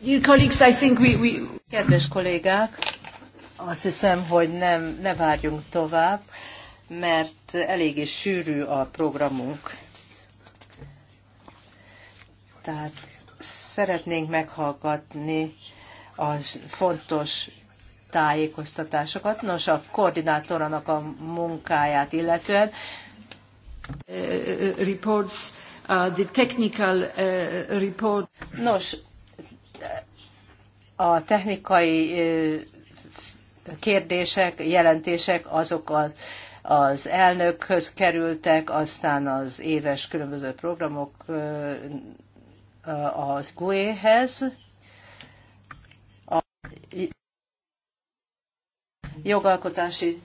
Dear colleagues, I think we, we... Kedves kollégák, azt hiszem, hogy nem, ne várjunk tovább, mert eléggé sűrű a programunk. Tehát szeretnénk meghallgatni a fontos tájékoztatásokat. Nos, a koordinátoranak a munkáját illetően. Uh, reports, uh, the technical uh, report. Nos, a technikai kérdések, jelentések azok az elnökhöz kerültek, aztán az éves különböző programok az GUE-hez. A jogalkotási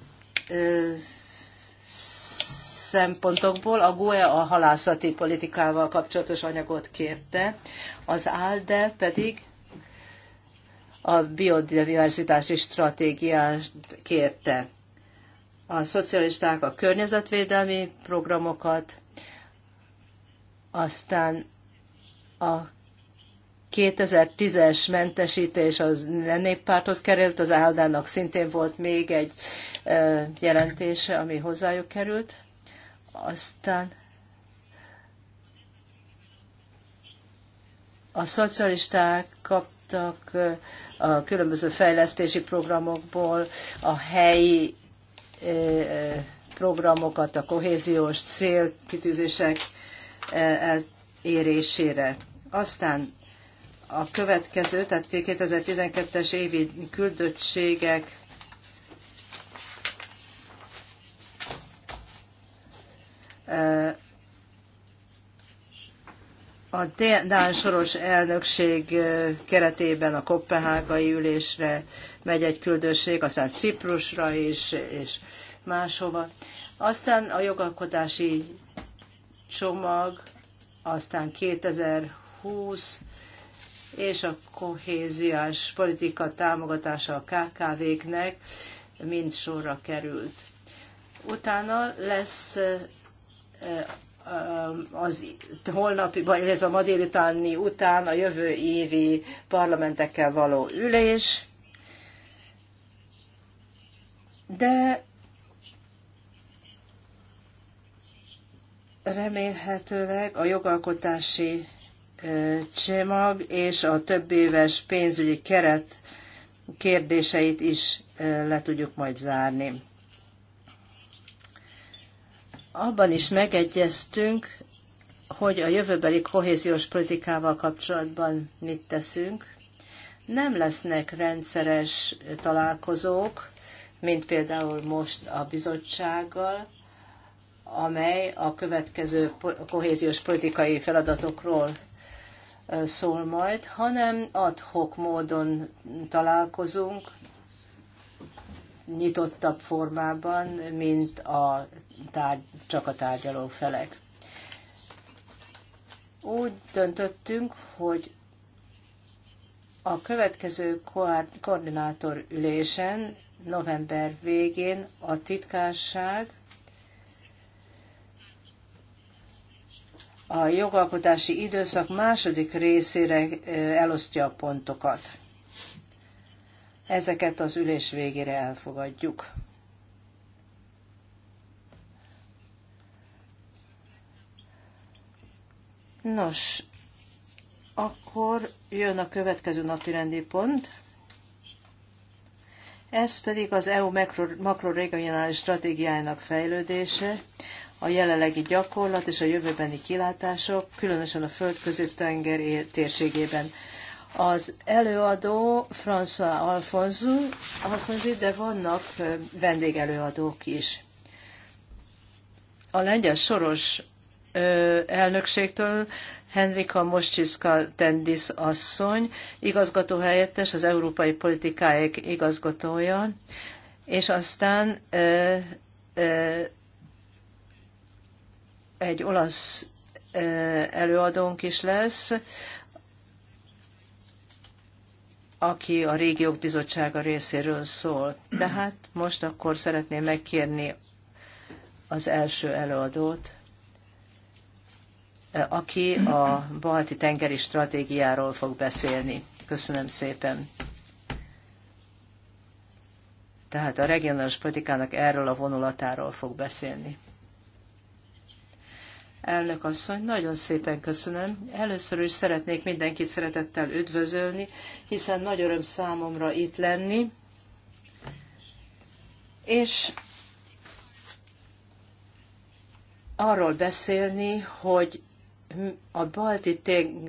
szempontokból. A GUE a halászati politikával kapcsolatos anyagot kérte, az ALDE pedig a biodiverzitási stratégiát kérte. A szocialisták a környezetvédelmi programokat, aztán a 2010-es mentesítés az néppárthoz került, az Áldának szintén volt még egy jelentése, ami hozzájuk került. Aztán a szocialisták kaptak a különböző fejlesztési programokból a helyi programokat, a kohéziós célkitűzések elérésére. Aztán a következő, tehát 2012-es évi küldöttségek a Dán soros elnökség keretében a kopenhágai ülésre megy egy küldösség, aztán Ciprusra is, és máshova. Aztán a jogalkotási csomag, aztán 2020, és a kohéziás politika támogatása a KKV-knek mind sorra került. Utána lesz az holnapi, illetve a ma délutáni után a jövő évi parlamentekkel való ülés, de remélhetőleg a jogalkotási csemag és a több éves pénzügyi keret kérdéseit is le tudjuk majd zárni abban is megegyeztünk, hogy a jövőbeli kohéziós politikával kapcsolatban mit teszünk. Nem lesznek rendszeres találkozók, mint például most a bizottsággal, amely a következő kohéziós politikai feladatokról szól majd, hanem adhok módon találkozunk, nyitottabb formában, mint a tárgy, csak a tárgyaló felek. Úgy döntöttünk, hogy a következő koordinátor ülésen november végén a titkárság a jogalkotási időszak második részére elosztja a pontokat. Ezeket az ülés végére elfogadjuk. Nos, akkor jön a következő napi rendi pont. Ez pedig az EU makroregionális stratégiájának fejlődése, a jelenlegi gyakorlat és a jövőbeni kilátások, különösen a földközi-tenger térségében. Az előadó François Alfonso, Alfonso, de vannak vendégelőadók is. A lengyel soros elnökségtől, Henrika Moscsiszka Tendis asszony, igazgatóhelyettes, az európai politikáik igazgatója, és aztán egy olasz előadónk is lesz, aki a régiók bizottsága részéről szól. Tehát most akkor szeretném megkérni az első előadót aki a balti tengeri stratégiáról fog beszélni. Köszönöm szépen. Tehát a regionális politikának erről a vonulatáról fog beszélni. Elnök asszony, nagyon szépen köszönöm. Először is szeretnék mindenkit szeretettel üdvözölni, hiszen nagy öröm számomra itt lenni. És arról beszélni, hogy a balti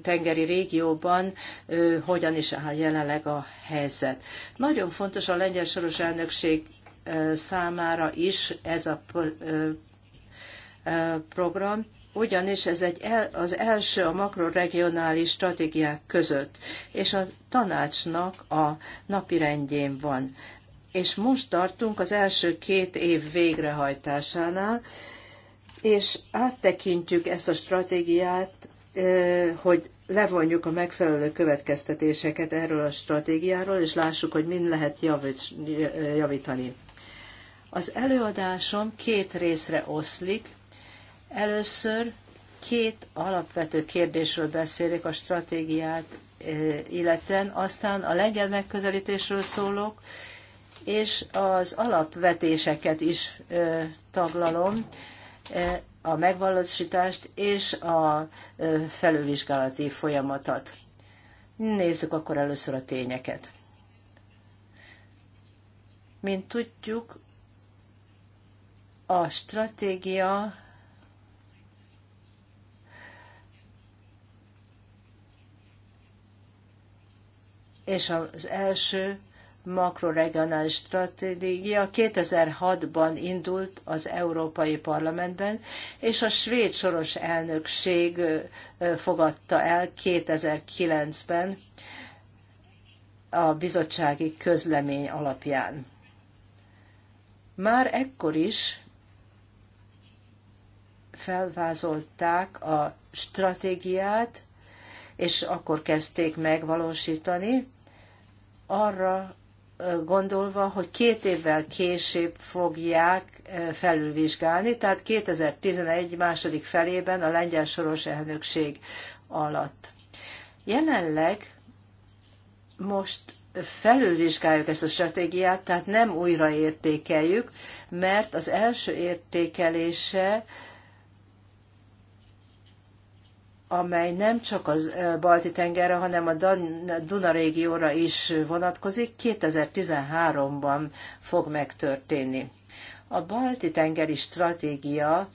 tengeri régióban hogyan is áll jelenleg a helyzet. Nagyon fontos a lengyel soros elnökség számára is ez a program, ugyanis ez egy el, az első a makroregionális stratégiák között, és a tanácsnak a napirendjén van. És most tartunk az első két év végrehajtásánál, és áttekintjük ezt a stratégiát, hogy levonjuk a megfelelő következtetéseket erről a stratégiáról, és lássuk, hogy mind lehet javítani. Az előadásom két részre oszlik. Először két alapvető kérdésről beszélek a stratégiát illetően, aztán a lengyel megközelítésről szólok, és az alapvetéseket is taglalom, a megvalósítást és a felülvizsgálati folyamatot. Nézzük akkor először a tényeket. Mint tudjuk, a stratégia és az első makroregionális stratégia 2006-ban indult az Európai Parlamentben, és a svéd soros elnökség fogadta el 2009-ben a bizottsági közlemény alapján. Már ekkor is felvázolták a stratégiát, és akkor kezdték megvalósítani arra gondolva, hogy két évvel később fogják felülvizsgálni, tehát 2011 második felében a lengyel soros elnökség alatt. Jelenleg most felülvizsgáljuk ezt a stratégiát, tehát nem újraértékeljük, mert az első értékelése amely nem csak a balti tengerre, hanem a Duna régióra is vonatkozik, 2013-ban fog megtörténni. A balti tengeri stratégia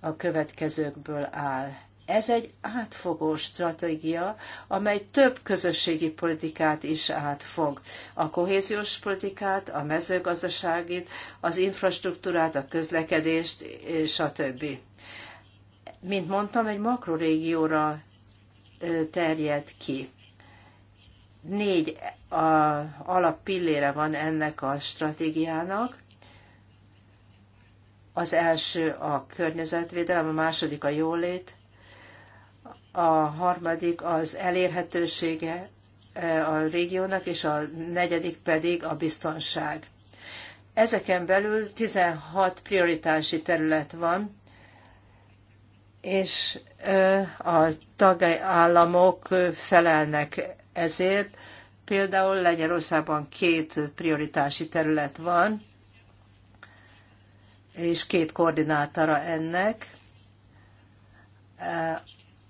a következőkből áll. Ez egy átfogó stratégia, amely több közösségi politikát is átfog. A kohéziós politikát, a mezőgazdaságit, az infrastruktúrát, a közlekedést, és a többi mint mondtam, egy makrorégióra terjed ki. Négy a, alappillére van ennek a stratégiának. Az első a környezetvédelem, a második a jólét, a harmadik az elérhetősége a régiónak, és a negyedik pedig a biztonság. Ezeken belül 16 prioritási terület van, és a tagállamok felelnek ezért. Például Lengyelországban két prioritási terület van, és két koordinátora ennek.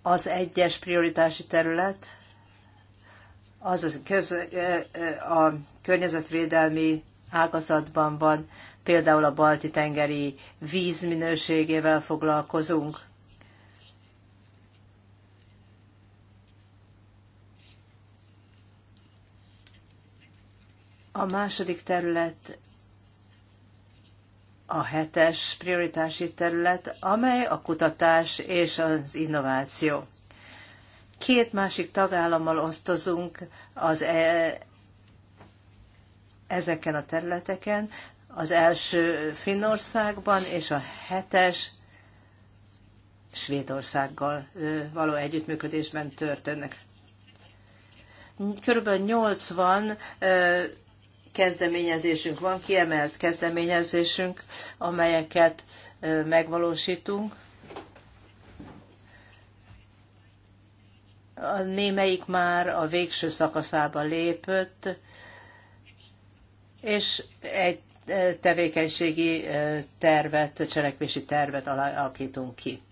Az egyes prioritási terület, az a, környezetvédelmi ágazatban van, például a balti tengeri vízminőségével foglalkozunk A második terület a hetes prioritási terület, amely a kutatás és az innováció. Két másik tagállammal osztozunk az e- ezeken a területeken, az első Finnországban és a hetes Svédországgal való együttműködésben történnek. Körülbelül 80 kezdeményezésünk van, kiemelt kezdeményezésünk, amelyeket megvalósítunk. A némelyik már a végső szakaszába lépött, és egy tevékenységi tervet, cselekvési tervet alakítunk ki.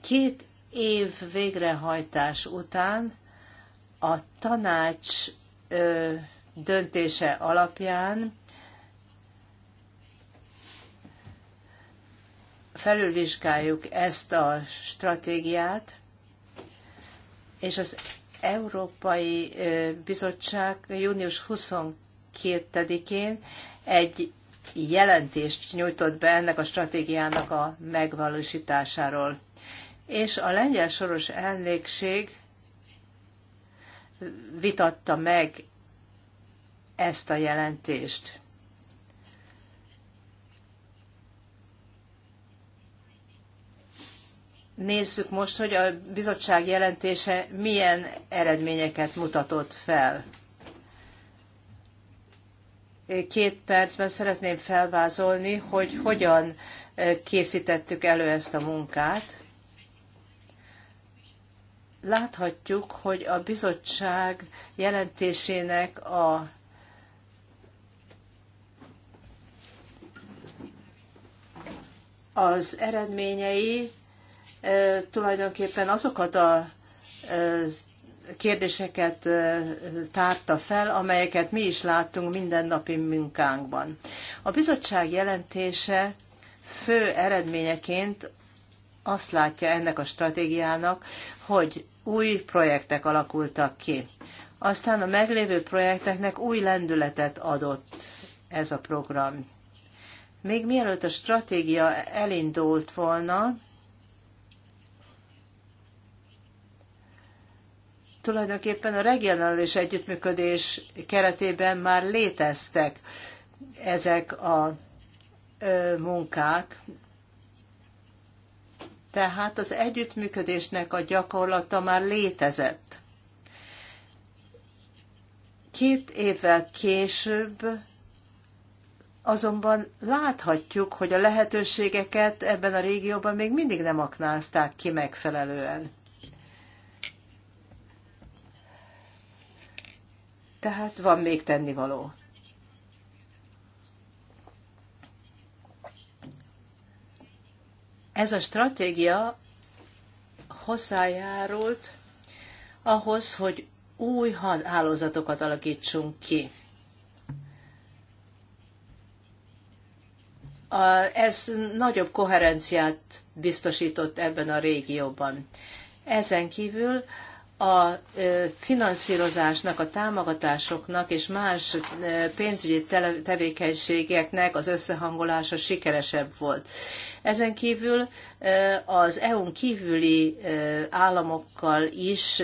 Két év végrehajtás után a tanács döntése alapján felülvizsgáljuk ezt a stratégiát, és az Európai Bizottság június 22-én egy jelentést nyújtott be ennek a stratégiának a megvalósításáról. És a lengyel soros elnökség vitatta meg ezt a jelentést. Nézzük most, hogy a bizottság jelentése milyen eredményeket mutatott fel. Két percben szeretném felvázolni, hogy hogyan eh, készítettük elő ezt a munkát láthatjuk, hogy a bizottság jelentésének a az eredményei tulajdonképpen azokat a kérdéseket tárta fel, amelyeket mi is láttunk mindennapi munkánkban. A bizottság jelentése fő eredményeként azt látja ennek a stratégiának, hogy új projektek alakultak ki. Aztán a meglévő projekteknek új lendületet adott ez a program. Még mielőtt a stratégia elindult volna, tulajdonképpen a regionális együttműködés keretében már léteztek ezek a munkák, tehát az együttműködésnek a gyakorlata már létezett. Két évvel később azonban láthatjuk, hogy a lehetőségeket ebben a régióban még mindig nem aknázták ki megfelelően. Tehát van még tennivaló. Ez a stratégia hozzájárult ahhoz, hogy új hálózatokat alakítsunk ki. Ez nagyobb koherenciát biztosított ebben a régióban. Ezen kívül a finanszírozásnak, a támogatásoknak és más pénzügyi tevékenységeknek az összehangolása sikeresebb volt. Ezen kívül az EU-n kívüli államokkal is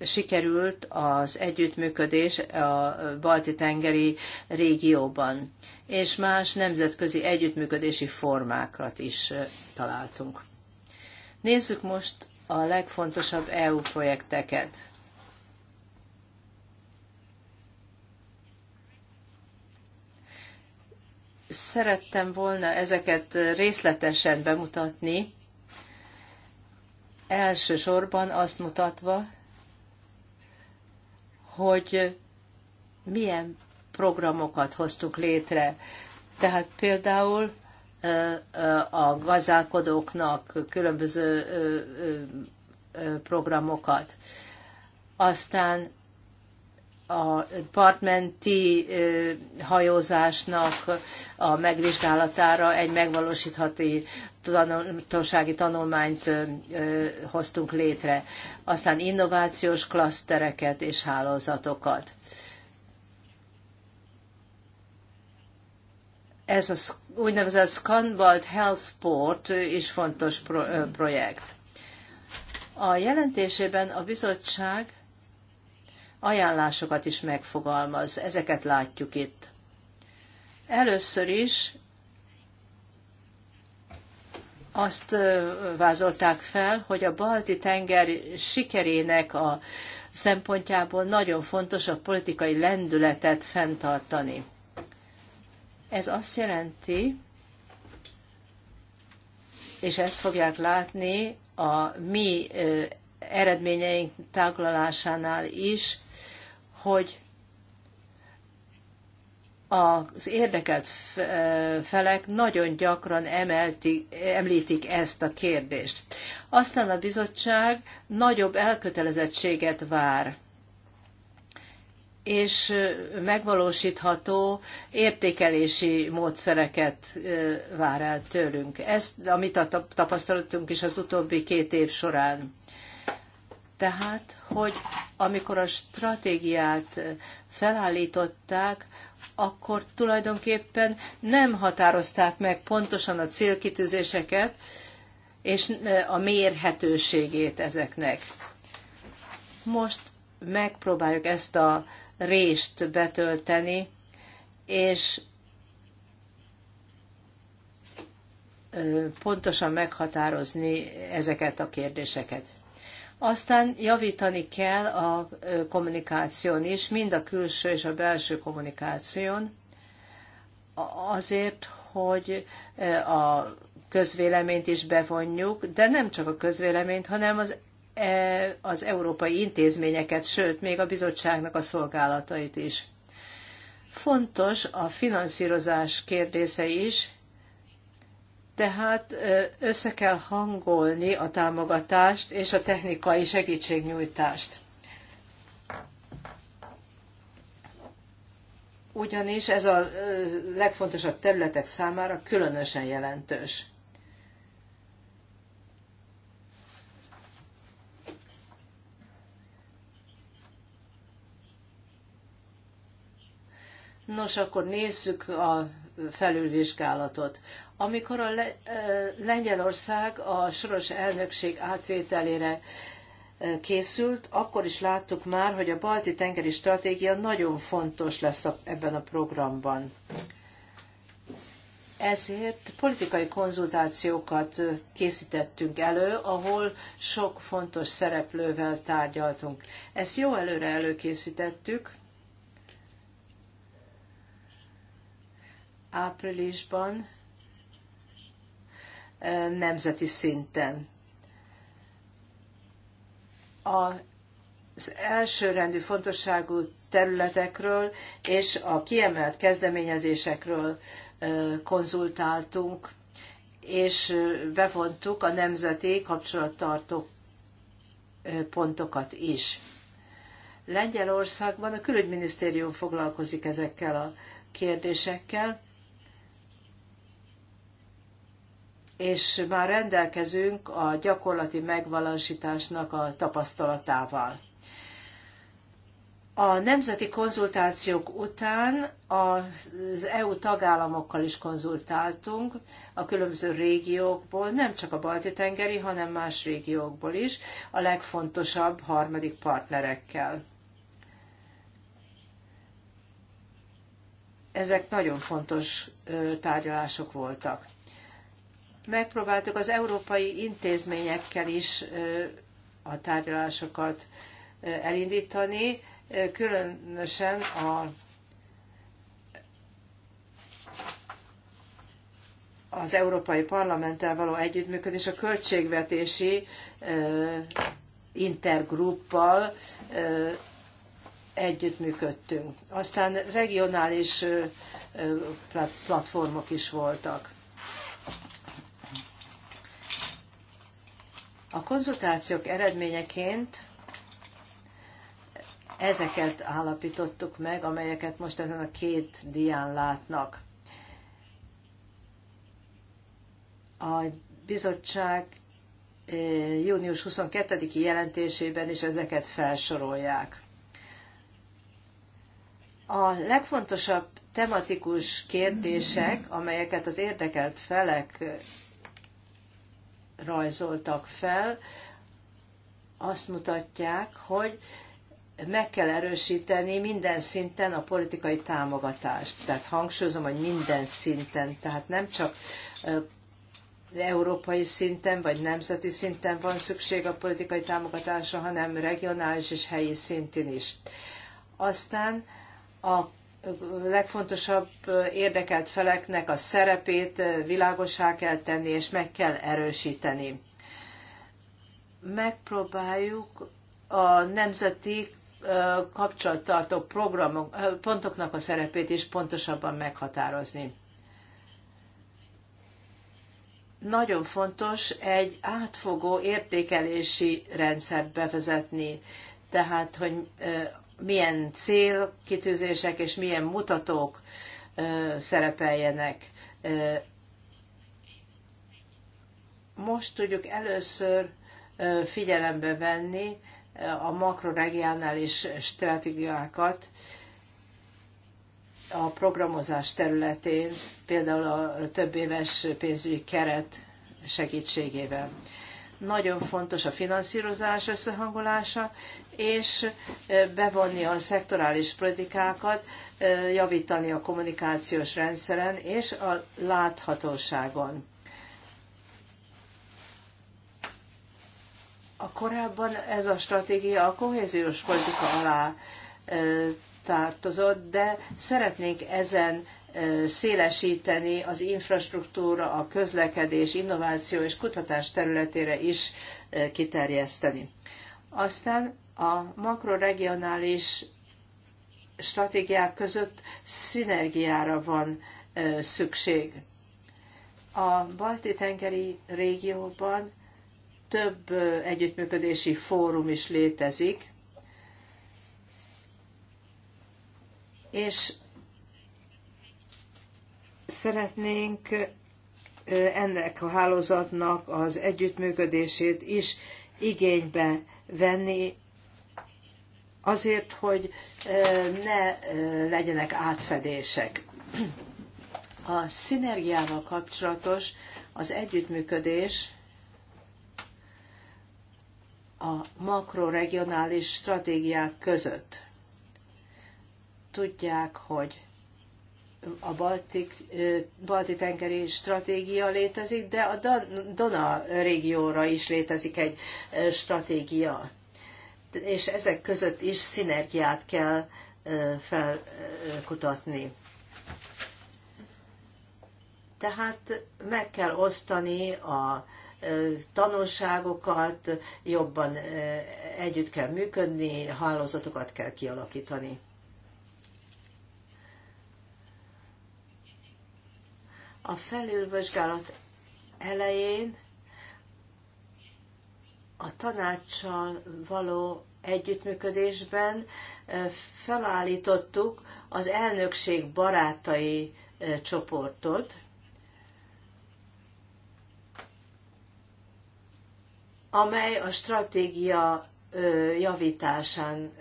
sikerült az együttműködés a Balti-tengeri régióban, és más nemzetközi együttműködési formákat is találtunk. Nézzük most a legfontosabb EU projekteket. Szerettem volna ezeket részletesen bemutatni, elsősorban azt mutatva, hogy milyen programokat hoztuk létre. Tehát például a gazdálkodóknak különböző programokat. Aztán a partmenti hajózásnak a megvizsgálatára egy megvalósítható tanulsági tanulmányt hoztunk létre, aztán innovációs klasztereket és hálózatokat. ez a úgynevezett Scanbald Health Sport is fontos pro- projekt. A jelentésében a bizottság ajánlásokat is megfogalmaz, ezeket látjuk itt. Először is azt vázolták fel, hogy a balti tenger sikerének a szempontjából nagyon fontos a politikai lendületet fenntartani. Ez azt jelenti, és ezt fogják látni a mi eredményeink taglalásánál is, hogy az érdekelt felek nagyon gyakran emelti, említik ezt a kérdést. Aztán a bizottság nagyobb elkötelezettséget vár és megvalósítható értékelési módszereket vár el tőlünk. Ezt, amit a tapasztalatunk is az utóbbi két év során. Tehát, hogy amikor a stratégiát felállították, akkor tulajdonképpen nem határozták meg pontosan a célkitűzéseket és a mérhetőségét ezeknek. Most megpróbáljuk ezt a rést betölteni, és pontosan meghatározni ezeket a kérdéseket. Aztán javítani kell a kommunikáción is, mind a külső és a belső kommunikáción, azért, hogy a közvéleményt is bevonjuk, de nem csak a közvéleményt, hanem az E, az európai intézményeket, sőt, még a bizottságnak a szolgálatait is. Fontos a finanszírozás kérdése is, tehát e, össze kell hangolni a támogatást és a technikai segítségnyújtást. Ugyanis ez a e, legfontosabb területek számára különösen jelentős. Nos, akkor nézzük a felülvizsgálatot. Amikor a Lengyelország a soros elnökség átvételére készült, akkor is láttuk már, hogy a balti tengeri stratégia nagyon fontos lesz ebben a programban. Ezért politikai konzultációkat készítettünk elő, ahol sok fontos szereplővel tárgyaltunk. Ezt jó előre előkészítettük, áprilisban nemzeti szinten. Az elsőrendű fontosságú területekről és a kiemelt kezdeményezésekről konzultáltunk, és bevontuk a nemzeti kapcsolattartó pontokat is. Lengyelországban a külügyminisztérium foglalkozik ezekkel a kérdésekkel, és már rendelkezünk a gyakorlati megvalósításnak a tapasztalatával. A nemzeti konzultációk után az EU tagállamokkal is konzultáltunk a különböző régiókból, nem csak a Balti-tengeri, hanem más régiókból is, a legfontosabb harmadik partnerekkel. Ezek nagyon fontos tárgyalások voltak megpróbáltuk az európai intézményekkel is a tárgyalásokat elindítani, különösen a az Európai Parlamenttel való együttműködés a költségvetési intergruppal együttműködtünk. Aztán regionális platformok is voltak. A konzultációk eredményeként ezeket állapítottuk meg, amelyeket most ezen a két dián látnak. A bizottság eh, június 22-i jelentésében is ezeket felsorolják. A legfontosabb tematikus kérdések, amelyeket az érdekelt felek rajzoltak fel, azt mutatják, hogy meg kell erősíteni minden szinten a politikai támogatást. Tehát hangsúlyozom, hogy minden szinten, tehát nem csak európai szinten vagy nemzeti szinten van szükség a politikai támogatásra, hanem regionális és helyi szinten is. Aztán a legfontosabb érdekelt feleknek a szerepét világosá kell tenni, és meg kell erősíteni. Megpróbáljuk a nemzeti kapcsolattartó programok, pontoknak a szerepét is pontosabban meghatározni. Nagyon fontos egy átfogó értékelési rendszert bevezetni, tehát hogy milyen célkitűzések és milyen mutatók szerepeljenek. Most tudjuk először figyelembe venni a makroregionális stratégiákat a programozás területén, például a több éves pénzügyi keret segítségével. Nagyon fontos a finanszírozás összehangolása, és bevonni a szektorális politikákat, javítani a kommunikációs rendszeren és a láthatóságon. A korábban ez a stratégia a kohéziós politika alá tartozott, de szeretnénk ezen szélesíteni az infrastruktúra, a közlekedés, innováció és kutatás területére is kiterjeszteni. Aztán a makroregionális stratégiák között szinergiára van szükség. A balti-tengeri régióban több együttműködési fórum is létezik, és szeretnénk ennek a hálózatnak az együttműködését is igénybe venni, azért, hogy ne legyenek átfedések. A szinergiával kapcsolatos az együttműködés a makroregionális stratégiák között. Tudják, hogy a Baltik, balti tengeri stratégia létezik, de a Dona régióra is létezik egy stratégia és ezek között is szinergiát kell felkutatni. Tehát meg kell osztani a tanulságokat, jobban együtt kell működni, hálózatokat kell kialakítani. A felülvizsgálat elején a tanácssal való együttműködésben felállítottuk az elnökség barátai csoportot, amely a stratégia javításán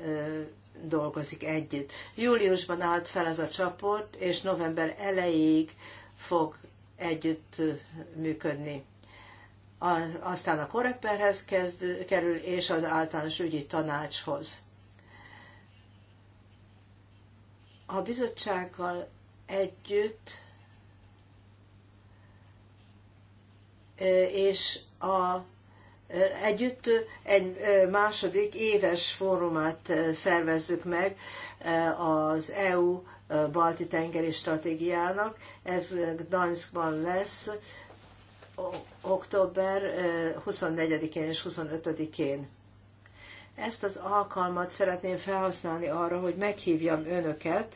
dolgozik együtt. Júliusban állt fel ez a csoport, és november elejéig fog együtt működni aztán a korrekperhez kerül, és az általános ügyi tanácshoz. A bizottsággal együtt és a, együtt egy második éves fórumát szervezzük meg az EU balti tengeri stratégiának. Ez Gdańskban lesz október 24-én és 25-én. Ezt az alkalmat szeretném felhasználni arra, hogy meghívjam önöket,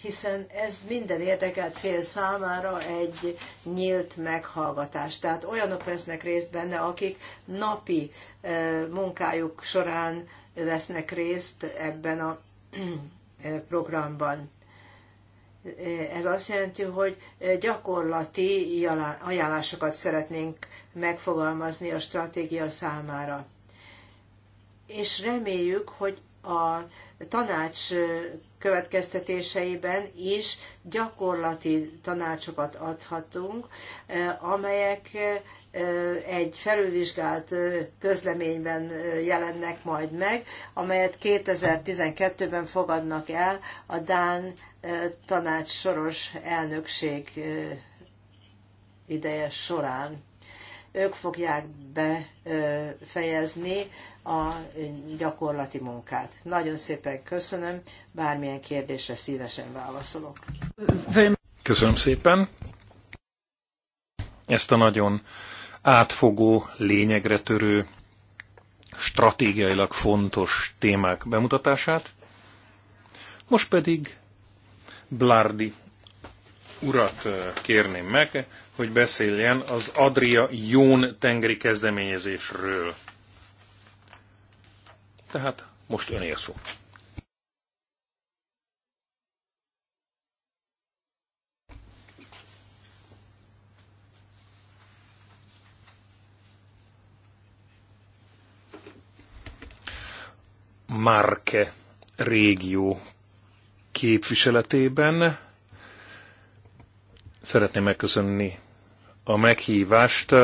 hiszen ez minden érdekelt fél számára egy nyílt meghallgatás. Tehát olyanok vesznek részt benne, akik napi munkájuk során vesznek részt ebben a programban. Ez azt jelenti, hogy gyakorlati ajánlásokat szeretnénk megfogalmazni a stratégia számára. És reméljük, hogy a tanács következtetéseiben is gyakorlati tanácsokat adhatunk, eh, amelyek eh, egy felülvizsgált közleményben jelennek majd meg, amelyet 2012-ben fogadnak el a Dán tanács soros elnökség ideje során. Ők fogják befejezni a gyakorlati munkát. Nagyon szépen köszönöm, bármilyen kérdésre szívesen válaszolok. Köszönöm szépen ezt a nagyon átfogó, lényegre törő, stratégiailag fontos témák bemutatását. Most pedig Blardi urat eh, kérném meg, hogy beszéljen az Adria Jón tengeri kezdeményezésről. Tehát most önél szó. Marke régió képviseletében. Szeretném megköszönni a meghívást.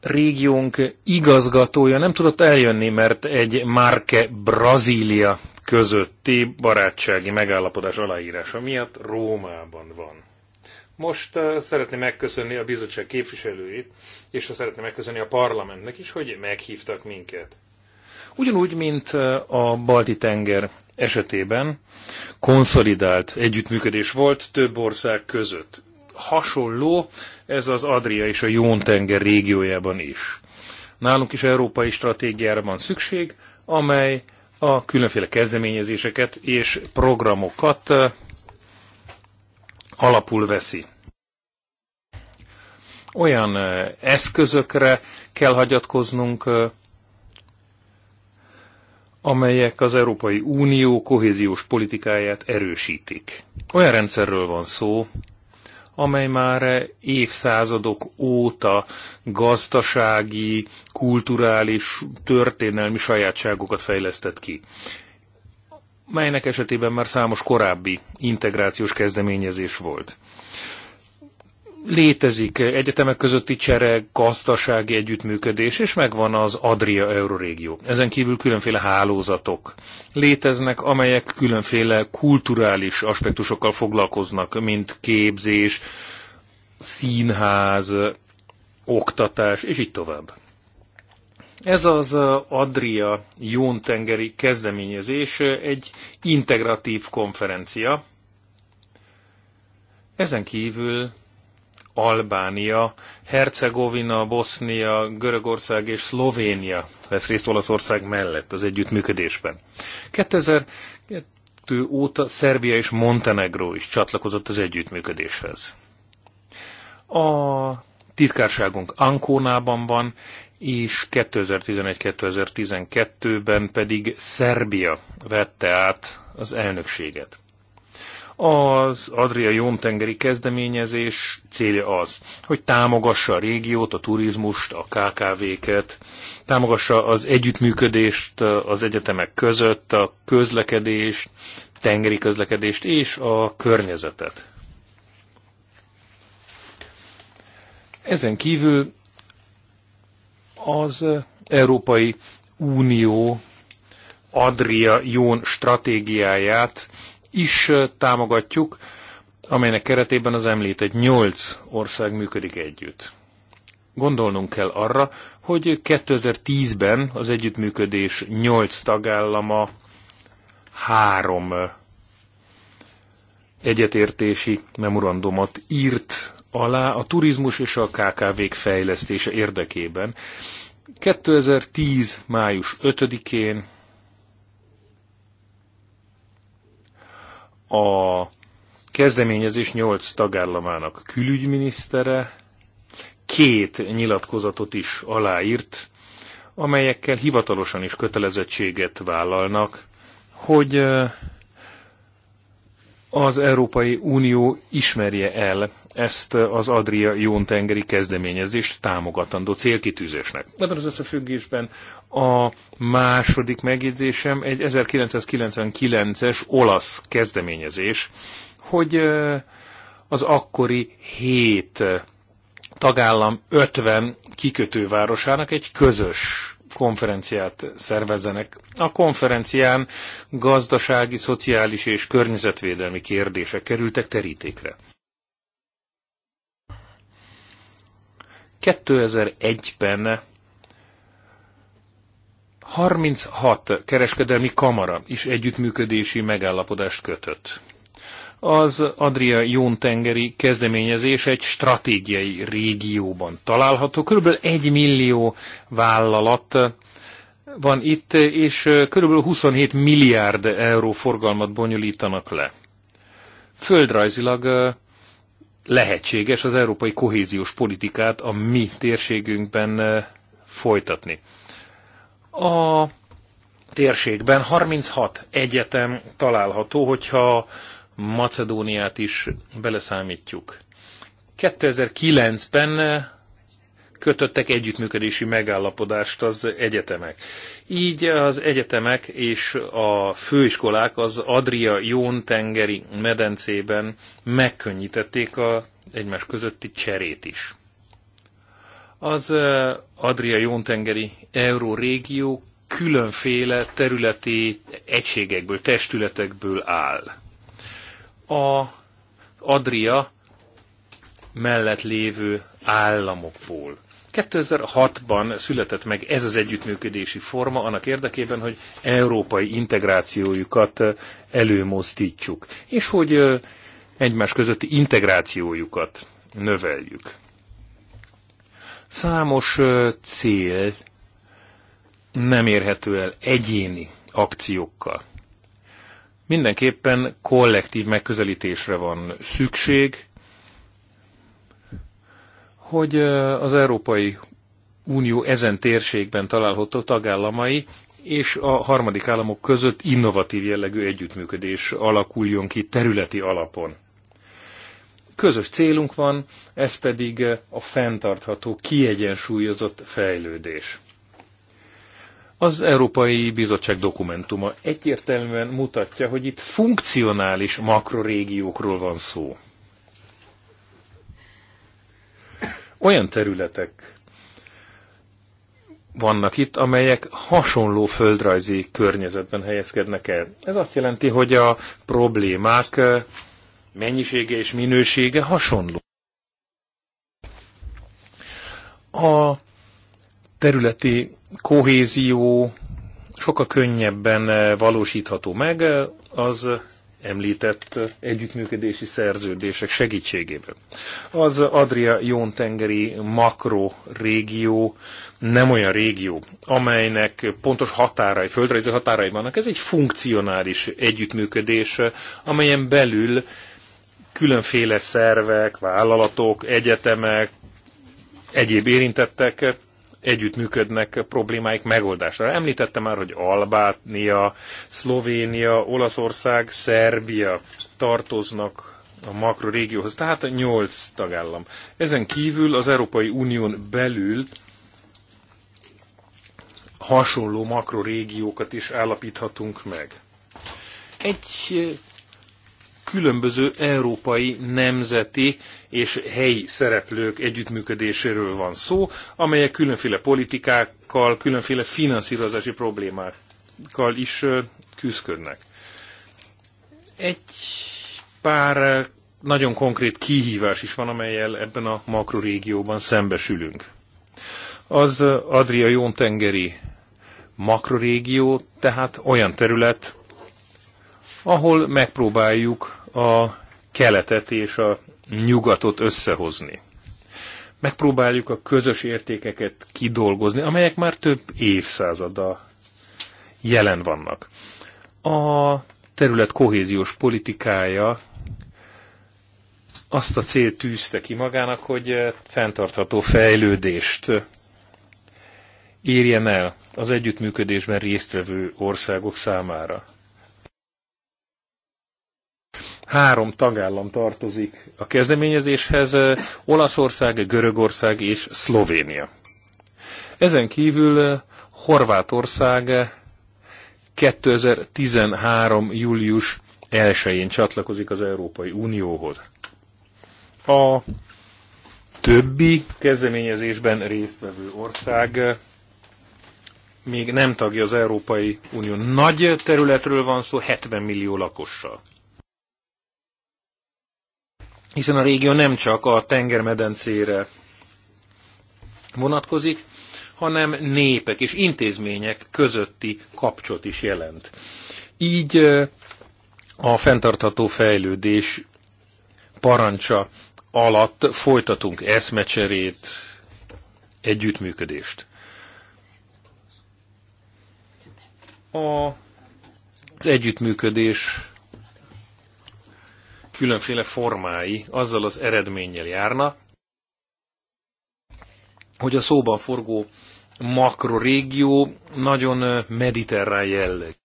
Régiónk igazgatója nem tudott eljönni, mert egy Marke Brazília közötti barátsági megállapodás aláírása miatt Rómában van. Most uh, szeretném megköszönni a bizottság képviselőit, és szeretném megköszönni a parlamentnek is, hogy meghívtak minket. Ugyanúgy, mint a Balti-tenger esetében konszolidált együttműködés volt több ország között. Hasonló ez az Adria és a Jón-tenger régiójában is. Nálunk is európai stratégiára van szükség, amely a különféle kezdeményezéseket és programokat alapul veszi. Olyan eszközökre kell hagyatkoznunk, amelyek az Európai Unió kohéziós politikáját erősítik. Olyan rendszerről van szó, amely már évszázadok óta gazdasági, kulturális, történelmi sajátságokat fejlesztett ki, melynek esetében már számos korábbi integrációs kezdeményezés volt létezik egyetemek közötti csere, gazdasági együttműködés, és megvan az Adria Eurorégió. Ezen kívül különféle hálózatok léteznek, amelyek különféle kulturális aspektusokkal foglalkoznak, mint képzés, színház, oktatás, és így tovább. Ez az Adria Jóntengeri kezdeményezés egy integratív konferencia. Ezen kívül Albánia, Hercegovina, Bosznia, Görögország és Szlovénia vesz részt Olaszország mellett az együttműködésben. 2002 óta Szerbia és Montenegró is csatlakozott az együttműködéshez. A titkárságunk Ankónában van, és 2011-2012-ben pedig Szerbia vette át az elnökséget. Az Adria Jóntengeri kezdeményezés célja az, hogy támogassa a régiót, a turizmust, a KKV-ket, támogassa az együttműködést az egyetemek között, a közlekedést, tengeri közlekedést és a környezetet. Ezen kívül az Európai Unió Adria Jón stratégiáját is támogatjuk, amelynek keretében az említett nyolc ország működik együtt. Gondolnunk kell arra, hogy 2010-ben az együttműködés nyolc tagállama három egyetértési memorandumot írt alá a turizmus és a KKV-k fejlesztése érdekében. 2010. május 5-én a kezdeményezés nyolc tagállamának külügyminisztere két nyilatkozatot is aláírt, amelyekkel hivatalosan is kötelezettséget vállalnak, hogy az Európai Unió ismerje el ezt az Adria Jóntengeri kezdeményezést támogatandó célkitűzésnek. Ebben az összefüggésben a második megjegyzésem egy 1999-es olasz kezdeményezés, hogy az akkori hét tagállam 50 kikötővárosának egy közös konferenciát szervezzenek. A konferencián gazdasági, szociális és környezetvédelmi kérdések kerültek terítékre. 2001-ben 36 kereskedelmi kamara is együttműködési megállapodást kötött az Adria Jóntengeri kezdeményezés egy stratégiai régióban található. Körülbelül egy millió vállalat van itt, és körülbelül 27 milliárd euró forgalmat bonyolítanak le. Földrajzilag lehetséges az európai kohéziós politikát a mi térségünkben folytatni. A térségben 36 egyetem található, hogyha Macedóniát is beleszámítjuk. 2009-ben eh, kötöttek együttműködési megállapodást az egyetemek. Így az egyetemek és a főiskolák az Adria Jón tengeri medencében megkönnyítették a egymás közötti cserét is. Az eh, Adria Jón tengeri eurórégió különféle területi egységekből, testületekből áll a Adria mellett lévő államokból. 2006-ban született meg ez az együttműködési forma annak érdekében, hogy európai integrációjukat előmozdítsuk, és hogy egymás közötti integrációjukat növeljük. Számos cél nem érhető el egyéni akciókkal. Mindenképpen kollektív megközelítésre van szükség, hogy az Európai Unió ezen térségben található tagállamai és a harmadik államok között innovatív jellegű együttműködés alakuljon ki területi alapon. Közös célunk van, ez pedig a fenntartható, kiegyensúlyozott fejlődés. Az Európai Bizottság dokumentuma egyértelműen mutatja, hogy itt funkcionális makrorégiókról van szó. Olyan területek vannak itt, amelyek hasonló földrajzi környezetben helyezkednek el. Ez azt jelenti, hogy a problémák mennyisége és minősége hasonló. A területi kohézió sokkal könnyebben eh, valósítható meg eh, az említett együttműködési szerződések segítségével. Az Adria-Jóntengeri makro régió nem olyan régió, amelynek pontos határai, földrajzi határai vannak. Ez egy funkcionális együttműködés, amelyen belül különféle szervek, vállalatok, egyetemek, egyéb érintettek együttműködnek problémáik megoldására. Említettem már, hogy Albánia, Szlovénia, Olaszország, Szerbia tartoznak a makrorégióhoz, tehát 8 tagállam. Ezen kívül az Európai Unión belül hasonló makrorégiókat is állapíthatunk meg. Egy különböző európai, nemzeti és helyi szereplők együttműködéséről van szó, amelyek különféle politikákkal, különféle finanszírozási problémákkal is küzdködnek. Egy pár nagyon konkrét kihívás is van, amelyel ebben a makrorégióban szembesülünk. Az Adria-Jóntengeri makrorégió, tehát olyan terület, ahol megpróbáljuk a keletet és a nyugatot összehozni. Megpróbáljuk a közös értékeket kidolgozni, amelyek már több évszázada jelen vannak. A terület kohéziós politikája azt a célt tűzte ki magának, hogy fenntartható fejlődést érjen el az együttműködésben résztvevő országok számára. Három tagállam tartozik a kezdeményezéshez, Olaszország, Görögország és Szlovénia. Ezen kívül Horvátország 2013. július 1-én csatlakozik az Európai Unióhoz. A többi kezdeményezésben résztvevő ország még nem tagja az Európai Unió. Nagy területről van szó, 70 millió lakossal hiszen a régió nem csak a tengermedencére vonatkozik, hanem népek és intézmények közötti kapcsot is jelent. Így a fenntartható fejlődés parancsa alatt folytatunk eszmecserét, együttműködést. A, az együttműködés különféle formái azzal az eredménnyel járna, hogy a szóban forgó makrorégió nagyon mediterrán jelleg.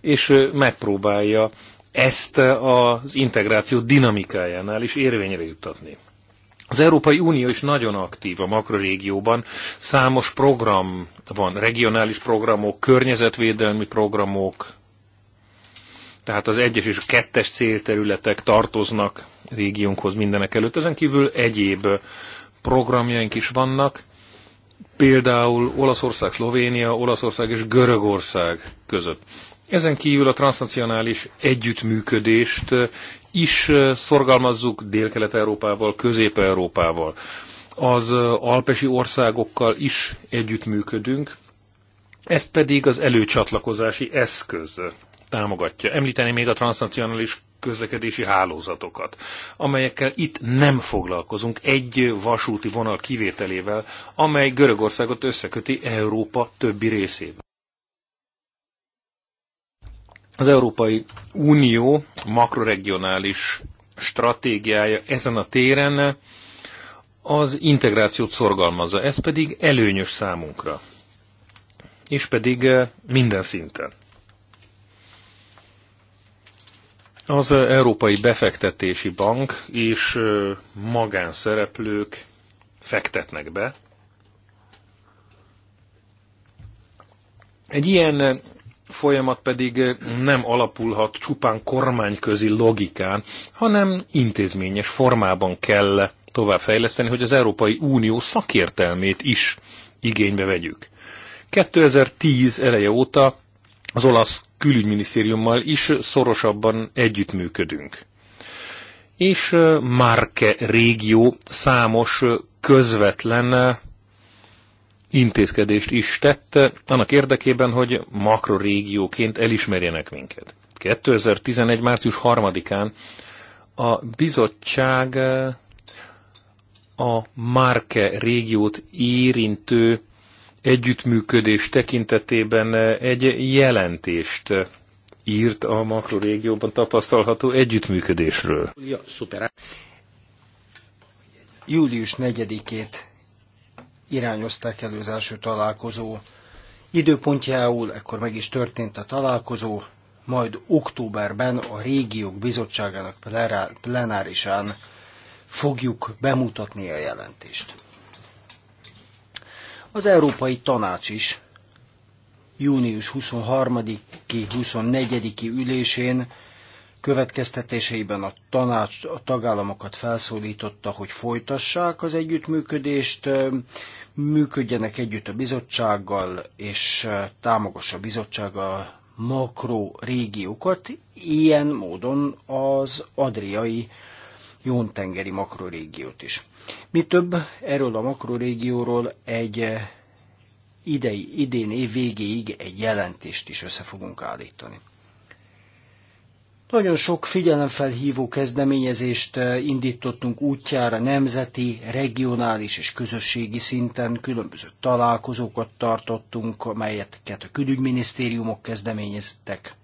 És megpróbálja ezt az integráció dinamikájánál is érvényre juttatni. Az Európai Unió is nagyon aktív a makrorégióban. Számos program van, regionális programok, környezetvédelmi programok, tehát az egyes és a kettes célterületek tartoznak régiónkhoz mindenek előtt. Ezen kívül egyéb programjaink is vannak, például Olaszország, Szlovénia, Olaszország és Görögország között. Ezen kívül a transnacionális együttműködést is szorgalmazzuk Dél-Kelet-Európával, Közép-Európával. Az alpesi országokkal is együttműködünk, ezt pedig az előcsatlakozási eszköz támogatja. Említeni még a transnacionális közlekedési hálózatokat, amelyekkel itt nem foglalkozunk egy vasúti vonal kivételével, amely Görögországot összeköti Európa többi részével. Az Európai Unió makroregionális stratégiája ezen a téren az integrációt szorgalmazza, ez pedig előnyös számunkra, és pedig eh, minden szinten. Az Európai Befektetési Bank és magánszereplők fektetnek be. Egy ilyen folyamat pedig nem alapulhat csupán kormányközi logikán, hanem intézményes formában kell továbbfejleszteni, hogy az Európai Unió szakértelmét is igénybe vegyük. 2010 eleje óta az olasz külügyminisztériummal is szorosabban együttműködünk. És Márke régió számos közvetlen intézkedést is tette, annak érdekében, hogy makrorégióként elismerjenek minket. 2011. március 3-án a bizottság a Márke régiót érintő együttműködés tekintetében egy jelentést írt a makrorégióban tapasztalható együttműködésről. Ja, szuper. Július 4-ét irányozták elő az első találkozó időpontjául, ekkor meg is történt a találkozó, majd októberben a régiók bizottságának plenárisán fogjuk bemutatni a jelentést. Az Európai Tanács is június 23-i, 24-i ülésén következtetéseiben a tanács a tagállamokat felszólította, hogy folytassák az együttműködést, működjenek együtt a bizottsággal, és támogassa a bizottság a makro régiókat, ilyen módon az adriai Jóntengeri makrorégiót is. Mi több, erről a makrorégióról egy eh, idei, idén év végéig egy jelentést is össze fogunk állítani. Nagyon sok figyelemfelhívó kezdeményezést eh, indítottunk útjára nemzeti, regionális és közösségi szinten, különböző találkozókat tartottunk, amelyeket a külügyminisztériumok kezdeményeztek.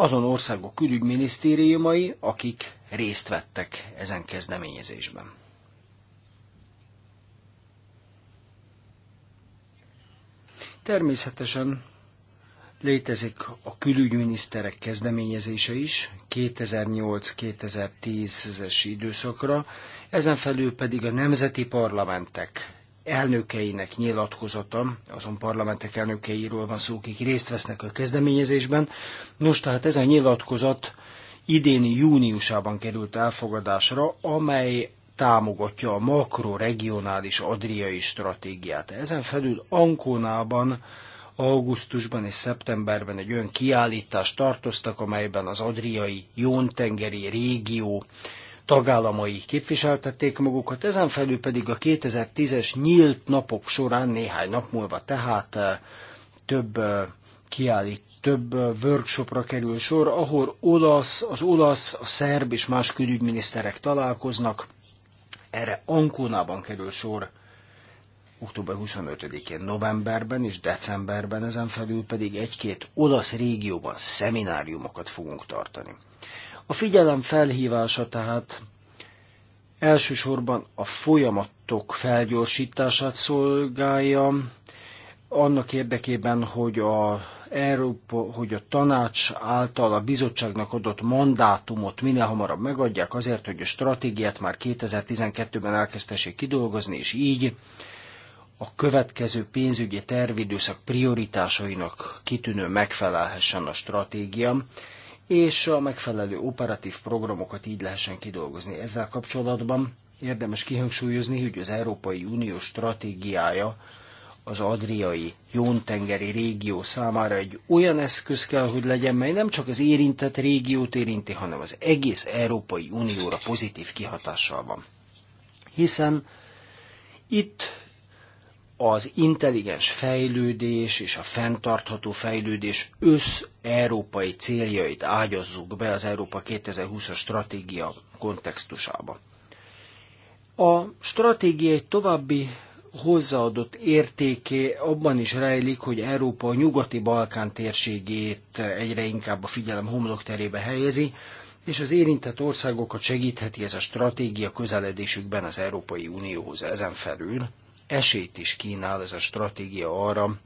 azon országok külügyminisztériumai, akik részt vettek ezen kezdeményezésben. Természetesen létezik a külügyminiszterek kezdeményezése is 2008-2010-es időszakra, ezen felül pedig a nemzeti parlamentek elnökeinek nyilatkozata, azon parlamentek elnökeiről van szó, akik részt vesznek a kezdeményezésben. Nos, tehát ez a nyilatkozat idén júniusában került elfogadásra, amely támogatja a makroregionális adriai stratégiát. Ezen felül Ankonában augusztusban és szeptemberben egy olyan kiállítást tartoztak, amelyben az adriai jóntengeri régió tagállamai képviseltették magukat, ezen felül pedig a 2010-es nyílt napok során néhány nap múlva tehát eh, több eh, kiállít, több eh, workshopra kerül sor, ahol olasz, az olasz, a szerb és más külügyminiszterek találkoznak. Erre Ankónában kerül sor október 25-én, novemberben és decemberben, ezen felül pedig egy-két olasz régióban szemináriumokat fogunk tartani. A figyelem felhívása tehát elsősorban a folyamatok felgyorsítását szolgálja, annak érdekében, hogy a Európa, hogy a tanács által a bizottságnak adott mandátumot minél hamarabb megadják, azért, hogy a stratégiát már 2012-ben elkezdtessék kidolgozni, és így a következő pénzügyi tervidőszak prioritásainak kitűnő megfelelhessen a stratégia és a megfelelő operatív programokat így lehessen kidolgozni. Ezzel kapcsolatban érdemes kihangsúlyozni, hogy az Európai Unió stratégiája az adriai jóntengeri régió számára egy olyan eszköz kell, hogy legyen, mely nem csak az érintett régiót érinti, hanem az egész Európai Unióra pozitív kihatással van. Hiszen itt az intelligens fejlődés és a fenntartható fejlődés össz-európai céljait ágyazzuk be az Európa 2020-as stratégia kontextusába. A stratégia egy további hozzáadott értéké abban is rejlik, hogy Európa a nyugati Balkán térségét egyre inkább a figyelem homlokterébe helyezi, és az érintett országokat segítheti ez a stratégia közeledésükben az Európai Unióhoz ezen felül esélyt is kínál ez a stratégia arra,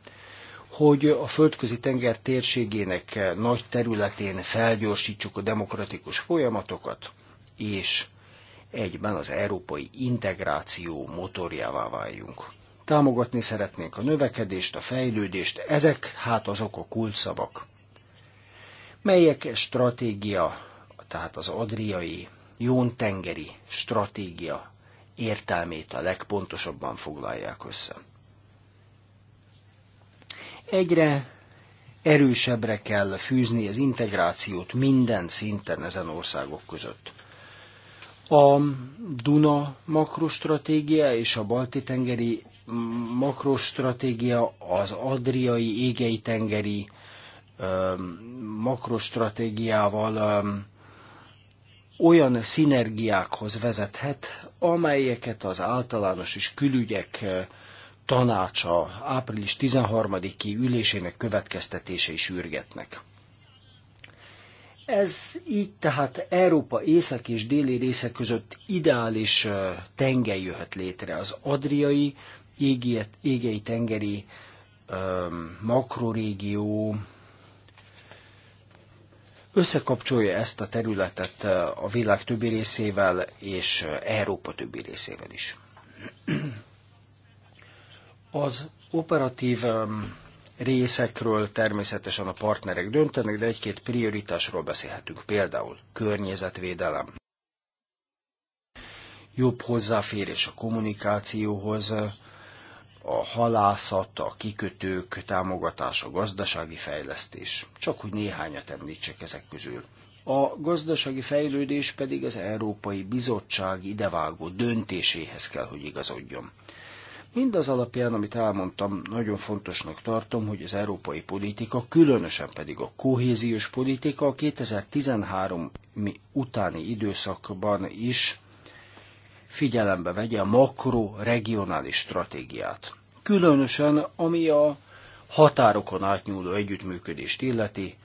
hogy a földközi tenger térségének nagy területén felgyorsítsuk a demokratikus folyamatokat, és egyben az európai integráció motorjává váljunk. Támogatni szeretnénk a növekedést, a fejlődést, ezek hát azok a kulcsszavak, melyek stratégia, tehát az adriai, jóntengeri stratégia értelmét a legpontosabban foglalják össze. Egyre erősebbre kell fűzni az integrációt minden szinten ezen országok között. A Duna makrostratégia és a Balti-tengeri makrostratégia, az Adriai égei tengeri makrostratégiával olyan szinergiákhoz vezethet, amelyeket az általános és külügyek eh, tanácsa április 13-i ülésének következtetései sürgetnek. Ez így tehát Európa észak és déli része között ideális eh, tenger jöhet létre. Az adriai, égei tengeri eh, makrorégió összekapcsolja ezt a területet eh, a világ többi részével és eh, Európa többi részével is. Az operatív részekről természetesen a partnerek döntenek, de egy-két prioritásról beszélhetünk, például környezetvédelem, jobb hozzáférés a kommunikációhoz, a halászat, a kikötők támogatás, a gazdasági fejlesztés. Csak hogy néhányat említsek ezek közül. A gazdasági fejlődés pedig az Európai Bizottság idevágó döntéséhez kell, hogy igazodjon. Mindaz alapján, amit elmondtam, nagyon fontosnak tartom, hogy az európai politika, különösen pedig a kohéziós politika a 2013 utáni időszakban is figyelembe vegye a makro makro-regionális stratégiát. Különösen, ami a határokon átnyúló együttműködést illeti,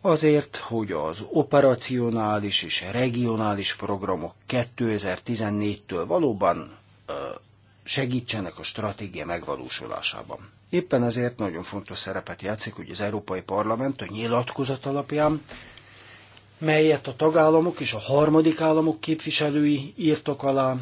azért, hogy az operacionális és regionális programok 2014-től valóban segítsenek a stratégia megvalósulásában. Éppen ezért nagyon fontos szerepet játszik, hogy az Európai Parlament a nyilatkozat alapján melyet a tagállamok és a harmadik államok képviselői írtak alá,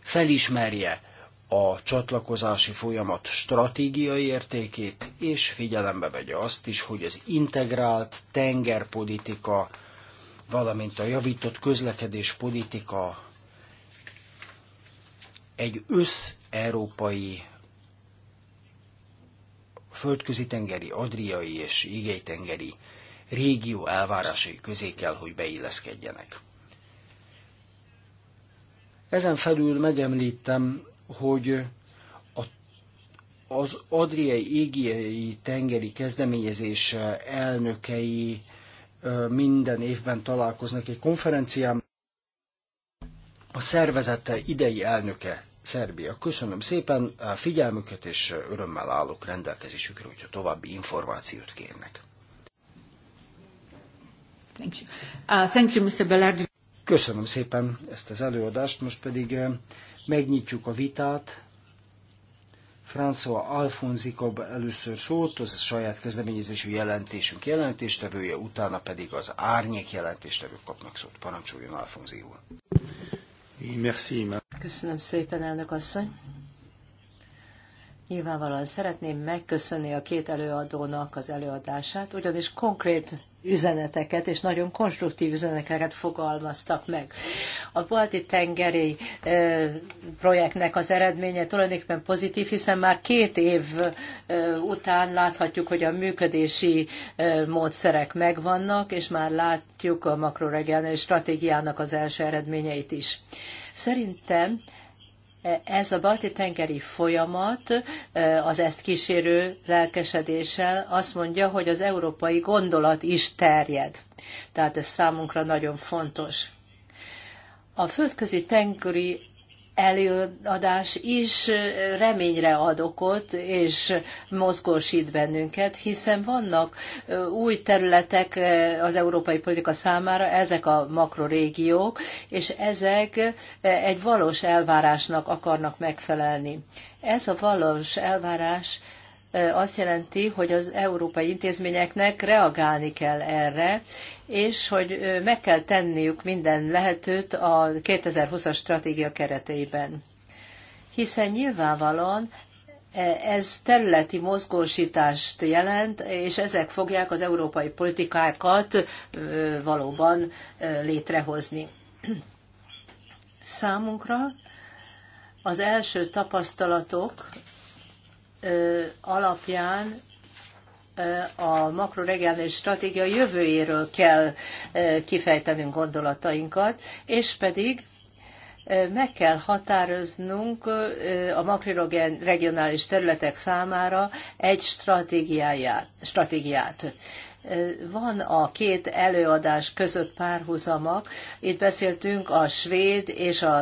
felismerje a csatlakozási folyamat stratégiai értékét, és figyelembe vegye azt is, hogy az integrált tengerpolitika, valamint a javított közlekedés politika egy össz-európai földközi-tengeri, adriai és igéi tengeri régió elvárásai közé kell, hogy beilleszkedjenek. Ezen felül megemlítem, hogy az Adriai Égiai Tengeri Kezdeményezés elnökei minden évben találkoznak egy konferencián. A szervezete idei elnöke Szerbia. Köszönöm szépen a figyelmüket, és örömmel állok rendelkezésükre, hogyha további információt kérnek. Thank you. Uh, thank you, Mr. Bellardi. Köszönöm szépen ezt az előadást, most pedig eh, megnyitjuk a vitát. François Alfonzi kap először szólt, az a saját kezdeményezésű jelentésünk jelentéstevője, utána pedig az árnyék jelentéstevő kapnak szót. Parancsoljon Alfonzi úr. Merci. Köszönöm szépen, elnök asszony. Nyilvánvalóan szeretném megköszönni a két előadónak az előadását, ugyanis konkrét üzeneteket, és nagyon konstruktív üzeneteket fogalmaztak meg. A balti tengeri projektnek az eredménye tulajdonképpen pozitív, hiszen már két év után láthatjuk, hogy a működési módszerek megvannak, és már látjuk a makroregionális stratégiának az első eredményeit is. Szerintem ez a balti tengeri folyamat az ezt kísérő lelkesedéssel azt mondja, hogy az európai gondolat is terjed. Tehát ez számunkra nagyon fontos. A földközi tengeri előadás is reményre ad okot, és mozgósít bennünket, hiszen vannak új területek az európai politika számára, ezek a makrorégiók, és ezek egy valós elvárásnak akarnak megfelelni. Ez a valós elvárás azt jelenti, hogy az európai intézményeknek reagálni kell erre, és hogy meg kell tenniük minden lehetőt a 2020-as stratégia kereteiben. Hiszen nyilvánvalóan e, ez területi mozgósítást jelent, és ezek fogják az európai politikákat valóban létrehozni. Számunkra az első tapasztalatok alapján a makroregionális stratégia jövőjéről kell kifejtenünk gondolatainkat, és pedig meg kell határoznunk a makroregionális területek számára egy stratégiáját. stratégiát. Van a két előadás között párhuzamak. Itt beszéltünk a svéd és a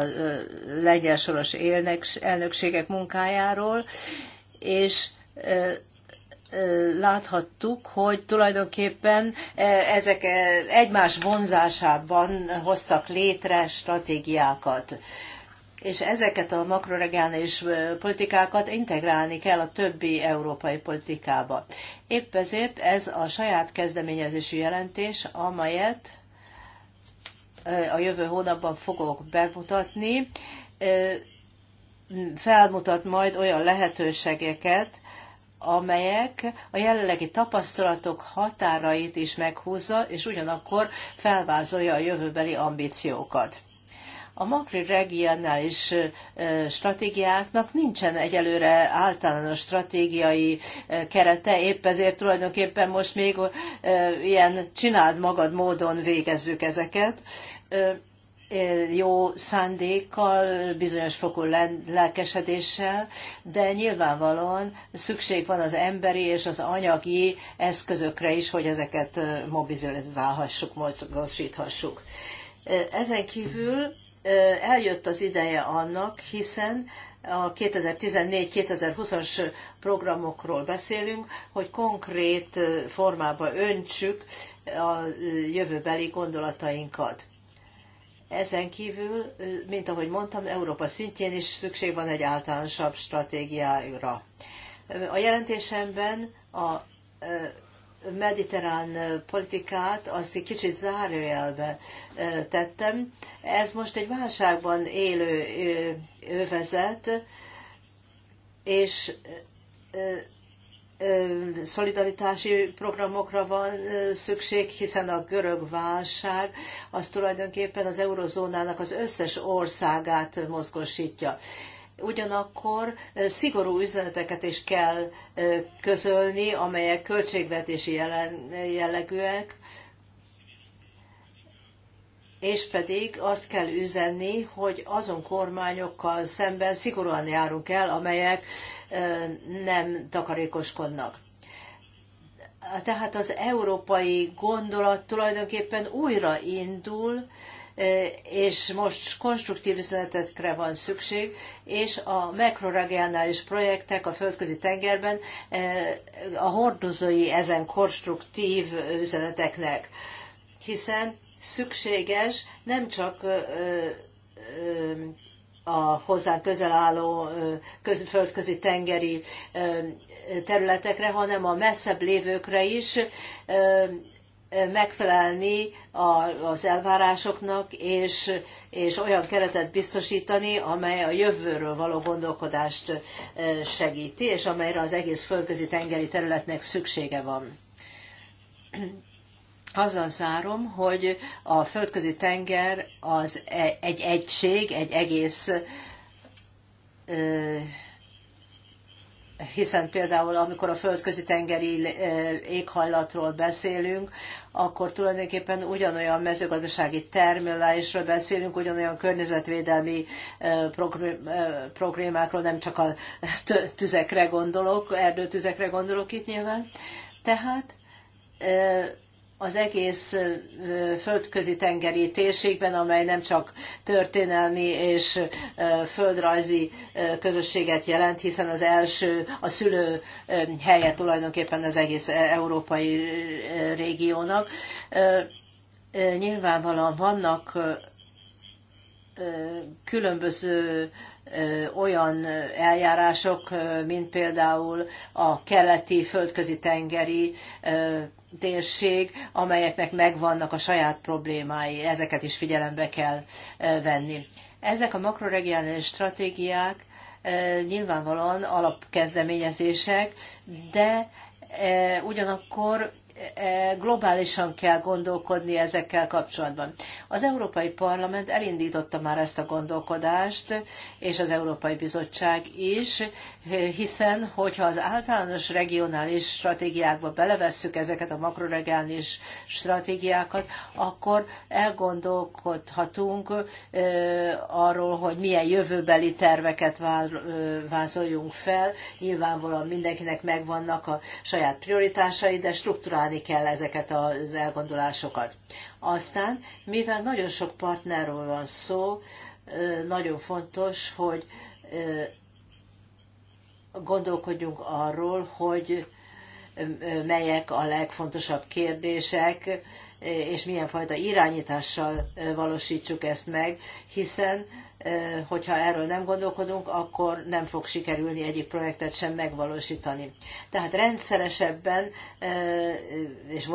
lengyel soros elnökségek munkájáról, és láthattuk, hogy tulajdonképpen ezek egymás vonzásában hoztak létre stratégiákat. És ezeket a makroregionális politikákat integrálni kell a többi európai politikába. Épp ezért ez a saját kezdeményezésű jelentés, amelyet a jövő hónapban fogok bemutatni, felmutat majd olyan lehetőségeket, amelyek a jelenlegi tapasztalatok határait is meghúzza, és ugyanakkor felvázolja a jövőbeli ambíciókat. A makri regionális stratégiáknak nincsen egyelőre általános stratégiai kerete, épp ezért tulajdonképpen most még ilyen csináld magad módon végezzük ezeket jó szándékkal, bizonyos fokú lelkesedéssel, de nyilvánvalóan szükség van az emberi és az anyagi eszközökre is, hogy ezeket mobilizálhassuk, mozgósíthassuk. Ezen kívül eljött az ideje annak, hiszen a 2014-2020-as programokról beszélünk, hogy konkrét formába öntsük a jövőbeli gondolatainkat. Ezen kívül, mint ahogy mondtam, Európa szintjén is szükség van egy általánosabb stratégiára. A jelentésemben a mediterrán politikát azt egy kicsit zárójelbe tettem. Ez most egy válságban élő övezet, és szolidaritási programokra van szükség, hiszen a görög válság az tulajdonképpen az eurozónának az összes országát mozgósítja. Ugyanakkor szigorú üzeneteket is kell közölni, amelyek költségvetési jellegűek, és pedig azt kell üzenni, hogy azon kormányokkal szemben szigorúan járunk el, amelyek nem takarékoskodnak. Tehát az európai gondolat tulajdonképpen újraindul, és most konstruktív üzenetekre van szükség, és a mikroregionális projektek a földközi tengerben a hordozói ezen konstruktív üzeneteknek, hiszen szükséges nem csak a hozzánk közel álló földközi tengeri területekre, hanem a messzebb lévőkre is megfelelni az elvárásoknak, és, és olyan keretet biztosítani, amely a jövőről való gondolkodást segíti, és amelyre az egész földközi tengeri területnek szüksége van azzal zárom, hogy a földközi tenger az e- egy egység, egy egész, hiszen például amikor a földközi tengeri éghajlatról beszélünk, akkor tulajdonképpen ugyanolyan mezőgazdasági termelésről beszélünk, ugyanolyan környezetvédelmi problémákról, nem csak a tüzekre gondolok, erdőtüzekre gondolok itt nyilván. Tehát az egész földközi tengeri térségben, amely nem csak történelmi és földrajzi közösséget jelent, hiszen az első, a szülő helye tulajdonképpen az egész európai régiónak. Nyilvánvalóan vannak különböző olyan eljárások, mint például a keleti földközi tengeri térség, amelyeknek megvannak a saját problémái, ezeket is figyelembe kell venni. Ezek a makroregionális stratégiák nyilvánvalóan alapkezdeményezések, de ugyanakkor E, globálisan kell gondolkodni ezekkel kapcsolatban. Az Európai Parlament elindította már ezt a gondolkodást, és az Európai Bizottság is, hiszen hogyha az általános regionális stratégiákba belevesszük ezeket a makroregionális stratégiákat, akkor elgondolkodhatunk e, arról, hogy milyen jövőbeli terveket e, vázoljunk fel. Nyilvánvalóan mindenkinek megvannak a saját prioritásai, de strukturális használni kell ezeket az elgondolásokat. Aztán, mivel nagyon sok partnerről van szó, nagyon fontos, hogy gondolkodjunk arról, hogy melyek a legfontosabb kérdések, és milyen fajta irányítással valósítsuk ezt meg, hiszen hogyha erről nem gondolkodunk, akkor nem fog sikerülni egyik projektet sem megvalósítani. Tehát rendszeresebben és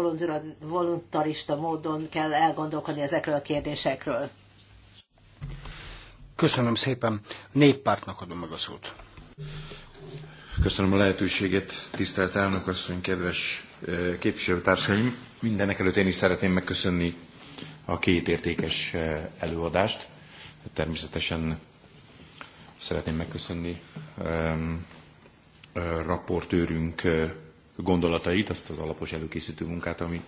voluntarista módon kell elgondolkodni ezekről a kérdésekről. Köszönöm szépen. Néppártnak adom meg a szót. Köszönöm a lehetőséget, tisztelt elnök asszony, kedves képviselőtársaim. Mindenek előtt én is szeretném megköszönni a két értékes előadást. Természetesen szeretném megköszönni raportőrünk gondolatait, azt az alapos előkészítő munkát, ami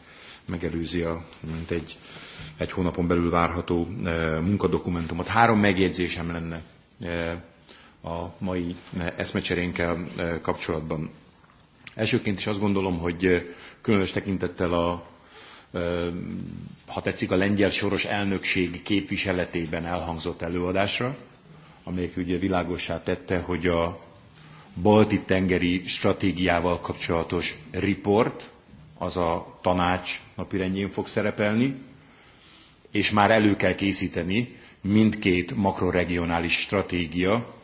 megelőzi a mint egy, egy hónapon belül várható munkadokumentumot. Három megjegyzésem lenne a mai eszmecserénkkel kapcsolatban. Elsőként is azt gondolom, hogy különös tekintettel a ha tetszik, a lengyel soros elnökség képviseletében elhangzott előadásra, amelyik ugye világosá tette, hogy a balti tengeri stratégiával kapcsolatos report, az a tanács napirendjén fog szerepelni, és már elő kell készíteni mindkét makroregionális stratégia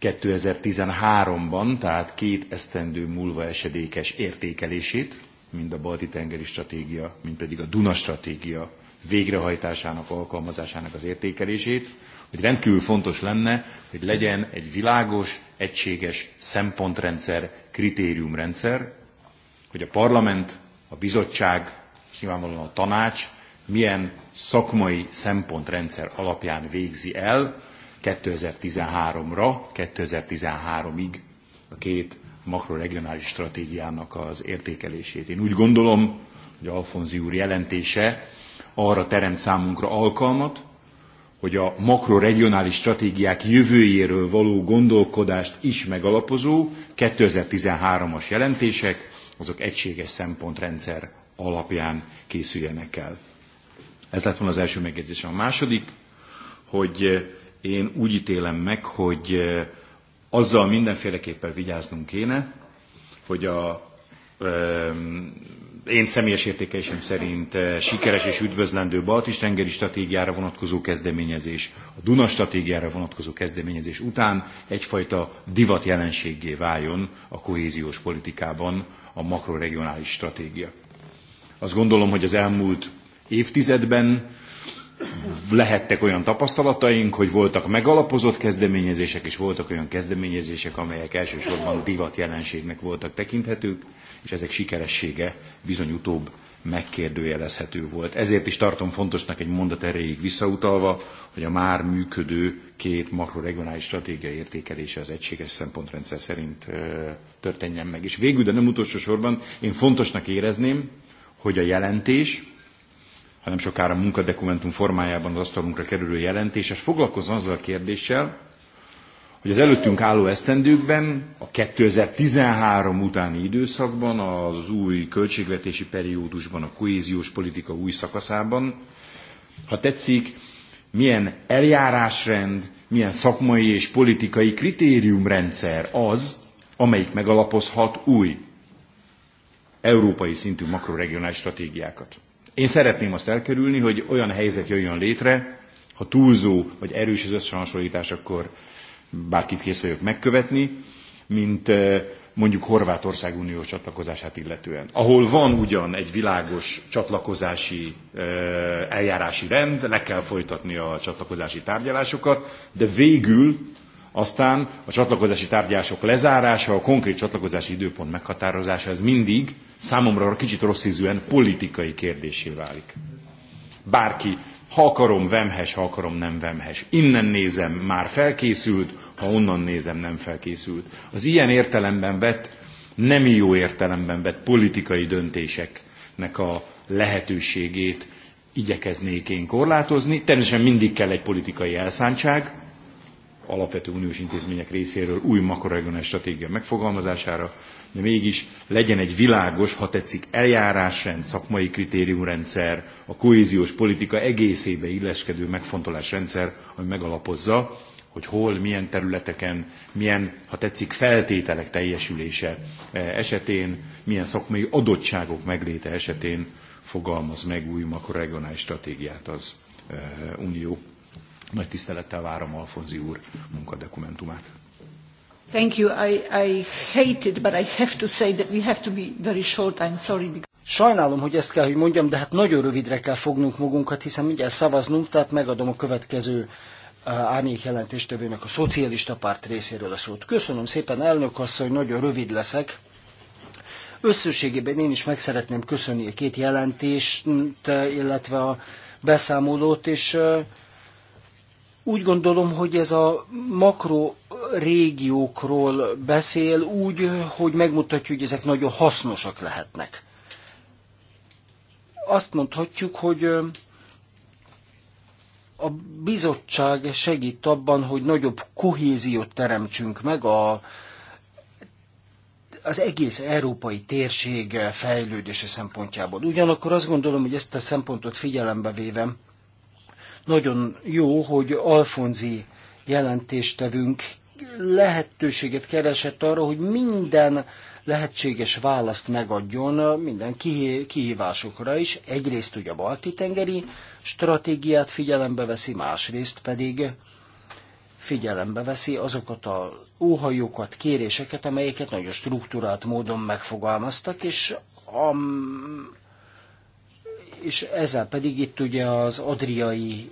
2013-ban, tehát két esztendő múlva esedékes értékelését, mind a Balti-tengeri stratégia, mind pedig a Duna stratégia végrehajtásának, alkalmazásának az értékelését, hogy rendkívül fontos lenne, hogy legyen egy világos, egységes szempontrendszer, kritériumrendszer, hogy a parlament, a bizottság, és nyilvánvalóan a tanács milyen szakmai szempontrendszer alapján végzi el 2013-ra, 2013-ig a két makroregionális stratégiának az értékelését. Én úgy gondolom, hogy Alfonzi úr jelentése arra teremt számunkra alkalmat, hogy a makroregionális stratégiák jövőjéről való gondolkodást is megalapozó 2013-as jelentések, azok egységes szempontrendszer alapján készüljenek el. Ez lett volna az első megjegyzésem. A második, hogy én úgy ítélem meg, hogy azzal mindenféleképpen vigyáznunk kéne, hogy a én személyes értékelésem szerint eh, sikeres és üdvözlendő Baltis-tengeri stratégiára vonatkozó kezdeményezés, a Duna stratégiára vonatkozó kezdeményezés után egyfajta divat jelenségé váljon a kohéziós politikában a makroregionális stratégia. Azt gondolom, hogy az elmúlt évtizedben lehettek olyan tapasztalataink, hogy voltak megalapozott kezdeményezések, és voltak olyan kezdeményezések, amelyek elsősorban divat jelenségnek voltak tekinthetők, és ezek sikeressége bizony utóbb megkérdőjelezhető volt. Ezért is tartom fontosnak egy mondat erejéig visszautalva, hogy a már működő két makroregionális stratégia értékelése az egységes szempontrendszer szerint történjen meg. És végül, de nem utolsó sorban, én fontosnak érezném, hogy a jelentés, ha nem sokára munkadokumentum formájában az asztalunkra kerülő jelentés, és foglalkozom azzal a kérdéssel, hogy az előttünk álló esztendőkben, a 2013 utáni időszakban, az új költségvetési periódusban, a kohéziós politika új szakaszában, ha tetszik, milyen eljárásrend, milyen szakmai és politikai kritériumrendszer az, amelyik megalapozhat új európai szintű makroregionális stratégiákat. Én szeretném azt elkerülni, hogy olyan helyzet jöjjön létre, ha túlzó vagy erős az összehasonlítás, akkor bárkit kész vagyok megkövetni, mint mondjuk Horvátország unió csatlakozását illetően. Ahol van ugyan egy világos csatlakozási eljárási rend, le kell folytatni a csatlakozási tárgyalásokat, de végül aztán a csatlakozási tárgyalások lezárása, a konkrét csatlakozási időpont meghatározása, ez mindig számomra kicsit rossz ízűen politikai kérdésé válik. Bárki, ha akarom, vemhes, ha akarom, nem vemhes. Innen nézem, már felkészült, ha onnan nézem, nem felkészült. Az ilyen értelemben vett, nem jó értelemben vett politikai döntéseknek a lehetőségét igyekeznék én korlátozni. Természetesen mindig kell egy politikai elszántság, alapvető uniós intézmények részéről új makroregionális stratégia megfogalmazására, de mégis legyen egy világos, ha tetszik, eljárásrend, szakmai kritériumrendszer, a kohéziós politika egészébe illeskedő megfontolásrendszer, ami megalapozza, hogy hol, milyen területeken, milyen, ha tetszik, feltételek teljesülése eh, esetén, milyen szakmai adottságok megléte esetén fogalmaz meg új makroregionális stratégiát az eh, Unió. Nagy tisztelettel várom Alfonzi úr munkadokumentumát. Sajnálom, hogy ezt kell, hogy mondjam, de hát nagyon rövidre kell fognunk magunkat, hiszen mindjárt szavaznunk, tehát megadom a következő uh, árnyék jelentéstevőnek a szocialista párt részéről a szót. Köszönöm szépen, elnök asszony, nagyon rövid leszek. Összességében én is meg szeretném köszönni a két jelentést, illetve a beszámolót, és uh, úgy gondolom, hogy ez a makro régiókról beszél úgy, hogy megmutatjuk, hogy ezek nagyon hasznosak lehetnek. Azt mondhatjuk, hogy a bizottság segít abban, hogy nagyobb kohéziót teremtsünk meg a, az egész európai térség fejlődése szempontjából. Ugyanakkor azt gondolom, hogy ezt a szempontot figyelembe véve, nagyon jó, hogy Alfonzi jelentéstevünk lehetőséget keresett arra, hogy minden lehetséges választ megadjon minden kihívásokra is. Egyrészt ugye a balti-tengeri stratégiát figyelembe veszi, másrészt pedig figyelembe veszi azokat a óhajókat, kéréseket, amelyeket nagyon struktúrált módon megfogalmaztak, és a, és ezzel pedig itt ugye az adriai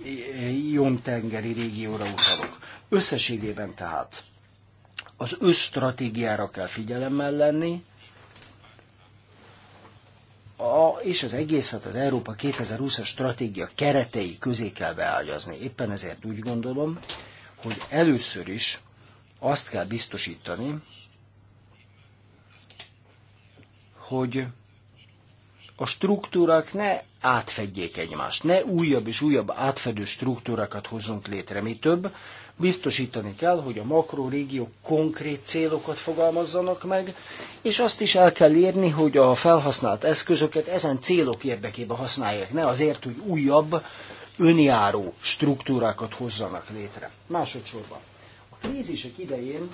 jontengeri régióra utalok. Összességében tehát az összstratégiára kell figyelemmel lenni, a, és az egészet az Európa 2020-as stratégia keretei közé kell beágyazni. Éppen ezért úgy gondolom, hogy először is azt kell biztosítani, hogy a struktúrák ne átfedjék egymást, ne újabb és újabb átfedő struktúrákat hozzunk létre, mi több, Biztosítani kell, hogy a makrorégiók konkrét célokat fogalmazzanak meg, és azt is el kell érni, hogy a felhasznált eszközöket ezen célok érdekében használják, ne azért, hogy újabb, önjáró struktúrákat hozzanak létre. Másodszorban, a krízisek idején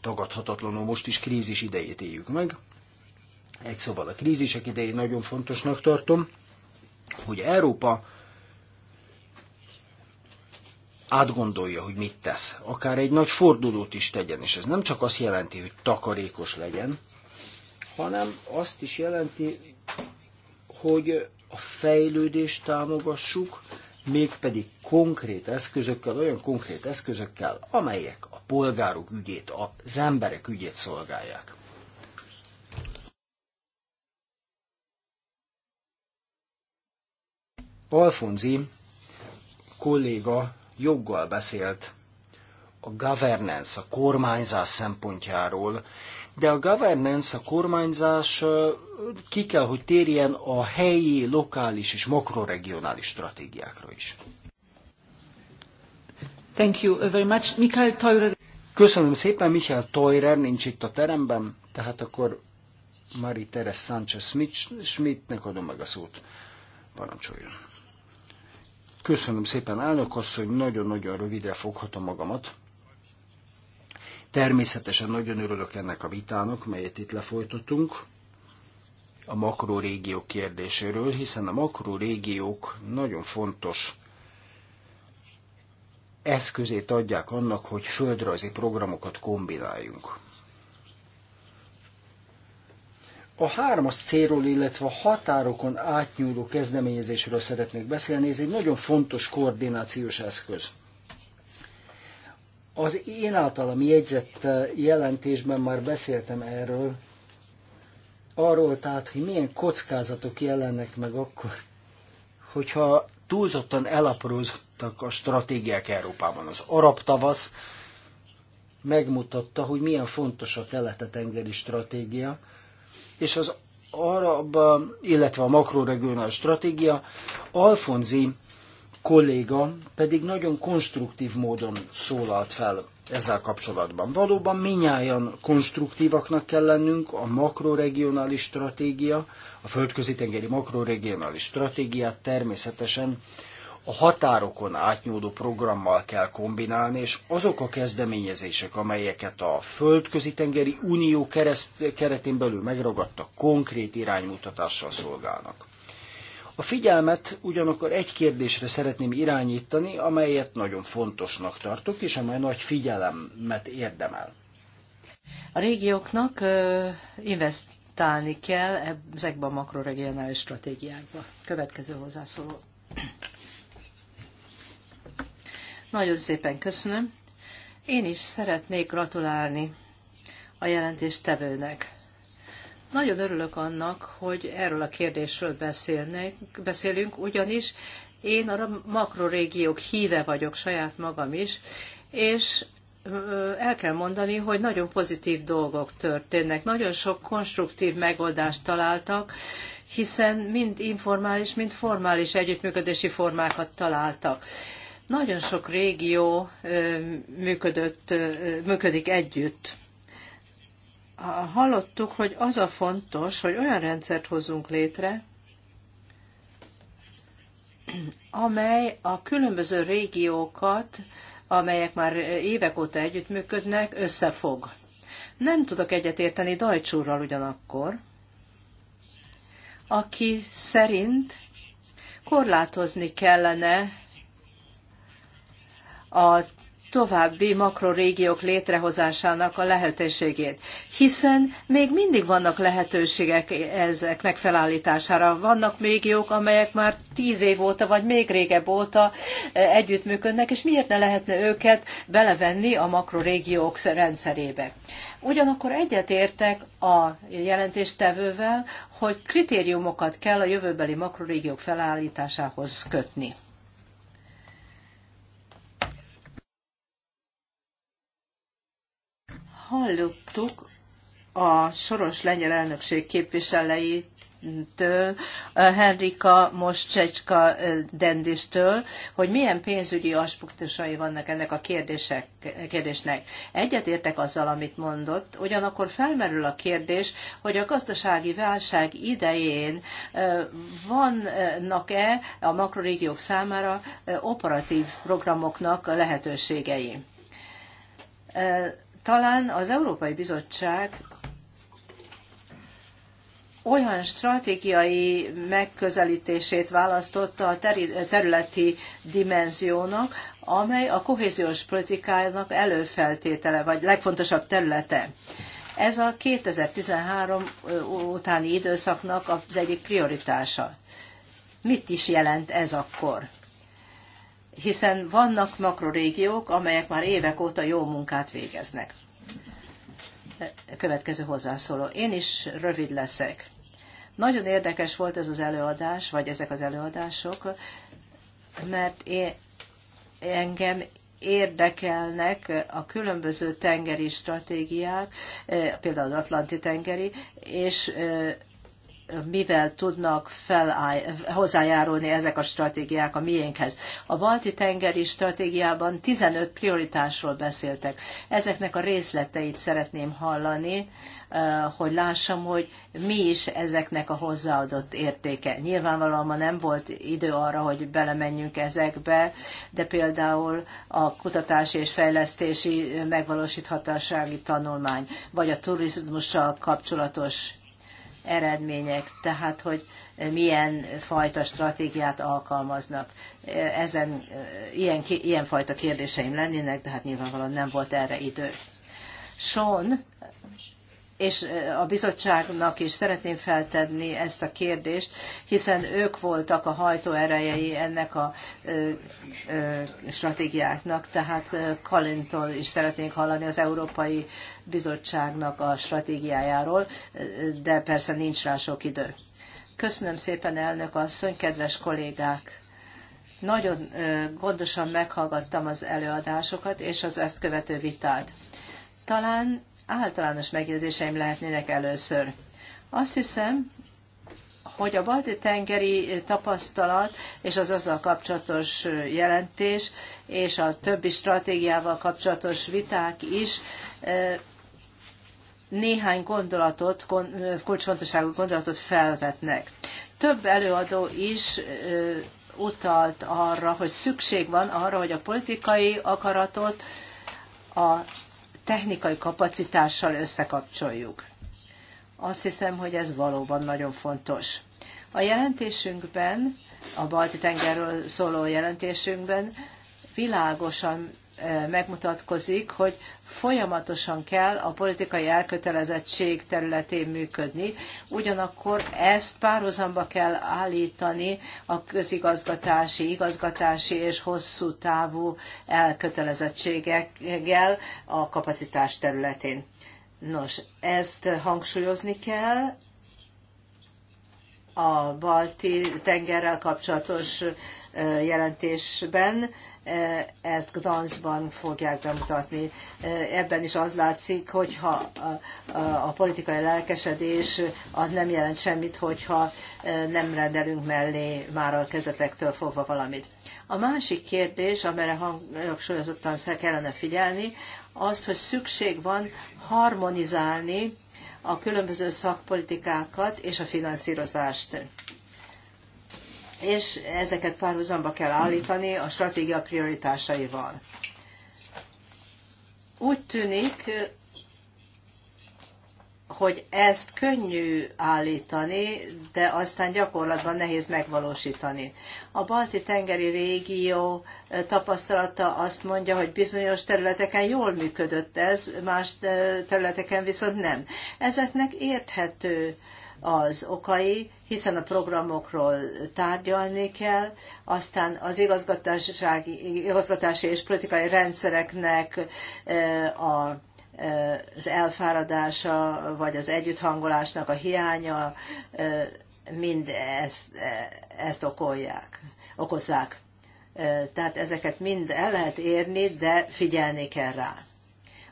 tagadhatatlanul most is krízis idejét éljük meg. Egy szóval a krízisek idején nagyon fontosnak tartom, hogy Európa átgondolja, hogy mit tesz. Akár egy nagy fordulót is tegyen, és ez nem csak azt jelenti, hogy takarékos legyen, hanem azt is jelenti, hogy a fejlődést támogassuk, mégpedig konkrét eszközökkel, olyan konkrét eszközökkel, amelyek a polgárok ügyét, az emberek ügyét szolgálják. Alfonzi kolléga joggal beszélt a governance, a kormányzás szempontjáról, de a governance, a kormányzás ki kell, hogy térjen a helyi, lokális és makroregionális stratégiákra is. Thank you very much. Michael Teurer. Köszönöm szépen, Michael Teurer nincs itt a teremben, tehát akkor Marie Teres Sánchez Schmidtnek adom meg a szót. Parancsoljon. Köszönöm szépen, elnök asszony, nagyon-nagyon rövidre foghatom magamat. Természetesen nagyon örülök ennek a vitának, melyet itt lefolytatunk a makrorégiók kérdéséről, hiszen a makrorégiók nagyon fontos eszközét adják annak, hogy földrajzi programokat kombináljunk. a hármas célról, illetve a határokon átnyúló kezdeményezésről szeretnék beszélni. Ez egy nagyon fontos koordinációs eszköz. Az én általam jegyzett eh, jelentésben már beszéltem erről, arról tehát, hogy milyen kockázatok jelennek meg akkor, hogyha túlzottan elaprózottak a stratégiák Európában. Az arab tavasz megmutatta, hogy milyen fontos a kelet tengeri stratégia, és az arab, illetve a makroregionális stratégia. Alfonzi kolléga pedig nagyon konstruktív módon szólalt fel ezzel kapcsolatban. Valóban minnyáján konstruktívaknak kell lennünk, a makroregionális stratégia, a földközi-tengeri makroregionális stratégiát természetesen a határokon átnyúló programmal kell kombinálni, és azok a kezdeményezések, amelyeket a Földközi Tengeri Unió kereszt, keretén belül megragadtak, konkrét iránymutatással szolgálnak. A figyelmet ugyanakkor egy kérdésre szeretném irányítani, amelyet nagyon fontosnak tartok, és amely nagy figyelemet érdemel. A régióknak investálni kell ezekbe a makroregionális stratégiákba. Következő hozzászóló. Nagyon szépen köszönöm. Én is szeretnék gratulálni a jelentéstevőnek. Nagyon örülök annak, hogy erről a kérdésről beszélnek, beszélünk, ugyanis én a makrorégiók híve vagyok saját magam is, és el kell mondani, hogy nagyon pozitív dolgok történnek. Nagyon sok konstruktív megoldást találtak, hiszen mind informális, mind formális együttműködési formákat találtak. Nagyon sok régió működött, működik együtt. Hallottuk, hogy az a fontos, hogy olyan rendszert hozzunk létre, amely a különböző régiókat, amelyek már évek óta együttműködnek, összefog. Nem tudok egyetérteni Dajcsúrral ugyanakkor, aki szerint korlátozni kellene a további makrorégiók létrehozásának a lehetőségét. Hiszen még mindig vannak lehetőségek ezeknek felállítására. Vannak régiók, amelyek már tíz év óta, vagy még régebb óta eh, együttműködnek, és miért ne lehetne őket belevenni a makrorégiók rendszerébe. Ugyanakkor egyetértek a jelentéstevővel, hogy kritériumokat kell a jövőbeli makrorégiók felállításához kötni. hallottuk a soros lengyel elnökség képviseleit, től, Henrika Moscsecska Dendistől, hogy milyen pénzügyi aspektusai vannak ennek a kérdések, kérdésnek. Egyet értek azzal, amit mondott, ugyanakkor felmerül a kérdés, hogy a gazdasági válság idején vannak-e a makrorégiók számára operatív programoknak lehetőségei talán az Európai Bizottság olyan stratégiai megközelítését választotta a területi dimenziónak, amely a kohéziós politikának előfeltétele, vagy legfontosabb területe. Ez a 2013 utáni időszaknak az egyik prioritása. Mit is jelent ez akkor? hiszen vannak makrorégiók, amelyek már évek óta jó munkát végeznek. Következő hozzászóló. Én is rövid leszek. Nagyon érdekes volt ez az előadás, vagy ezek az előadások, mert én, engem érdekelnek a különböző tengeri stratégiák, eh, például az Atlanti tengeri, és eh, mivel tudnak feláll, hozzájárulni ezek a stratégiák a miénkhez. A balti tengeri stratégiában 15 prioritásról beszéltek. Ezeknek a részleteit szeretném hallani, eh, hogy lássam, hogy mi is ezeknek a hozzáadott értéke. Nyilvánvalóan ma nem volt idő arra, hogy belemenjünk ezekbe, de például a kutatási és fejlesztési megvalósíthatósági tanulmány, vagy a turizmussal kapcsolatos eredmények, tehát hogy milyen fajta stratégiát alkalmaznak. Ezen ilyen, ilyen fajta kérdéseim lennének, de hát nyilvánvalóan nem volt erre idő. Sean és a bizottságnak is szeretném feltenni ezt a kérdést, hiszen ők voltak a hajtóerejei ennek a ö, ö, stratégiáknak, tehát Kalintól is szeretnénk hallani az Európai Bizottságnak a stratégiájáról, de persze nincs rá sok idő. Köszönöm szépen, elnök asszony, kedves kollégák! Nagyon gondosan meghallgattam az előadásokat és az ezt követő vitát. Talán általános megjegyzéseim lehetnének először. Azt hiszem, hogy a balti tengeri tapasztalat és az azzal kapcsolatos jelentés és a többi stratégiával kapcsolatos viták is eh, néhány gondolatot, eh, kulcsfontosságú gondolatot felvetnek. Több előadó is eh, utalt arra, hogy szükség van arra, hogy a politikai akaratot a technikai kapacitással összekapcsoljuk. Azt hiszem, hogy ez valóban nagyon fontos. A jelentésünkben, a Balti-tengerről szóló jelentésünkben világosan megmutatkozik, hogy folyamatosan kell a politikai elkötelezettség területén működni, ugyanakkor ezt párhuzamba kell állítani a közigazgatási, igazgatási és hosszú távú elkötelezettségekkel a kapacitás területén. Nos, ezt hangsúlyozni kell, a balti tengerrel kapcsolatos jelentésben, E, ezt Gdanszban fogják bemutatni. E, ebben is az látszik, hogyha a politikai lelkesedés az nem jelent semmit, hogyha e, nem rendelünk mellé már a kezetektől fogva valamit. A másik kérdés, amire hangsúlyozottan kellene figyelni, az, hogy szükség van harmonizálni a különböző szakpolitikákat és a finanszírozást és ezeket párhuzamba kell állítani a stratégia prioritásaival. Úgy tűnik, hogy ezt könnyű állítani, de aztán gyakorlatban nehéz megvalósítani. A balti tengeri régió tapasztalata azt mondja, hogy bizonyos területeken jól működött ez, más területeken viszont nem. Ezeknek érthető az okai, hiszen a programokról tárgyalni kell, aztán az igazgatási, és politikai rendszereknek a az elfáradása, vagy az együtthangolásnak a hiánya, mind ezt, ezt okolják, okozzák. Tehát ezeket mind el lehet érni, de figyelni kell rá.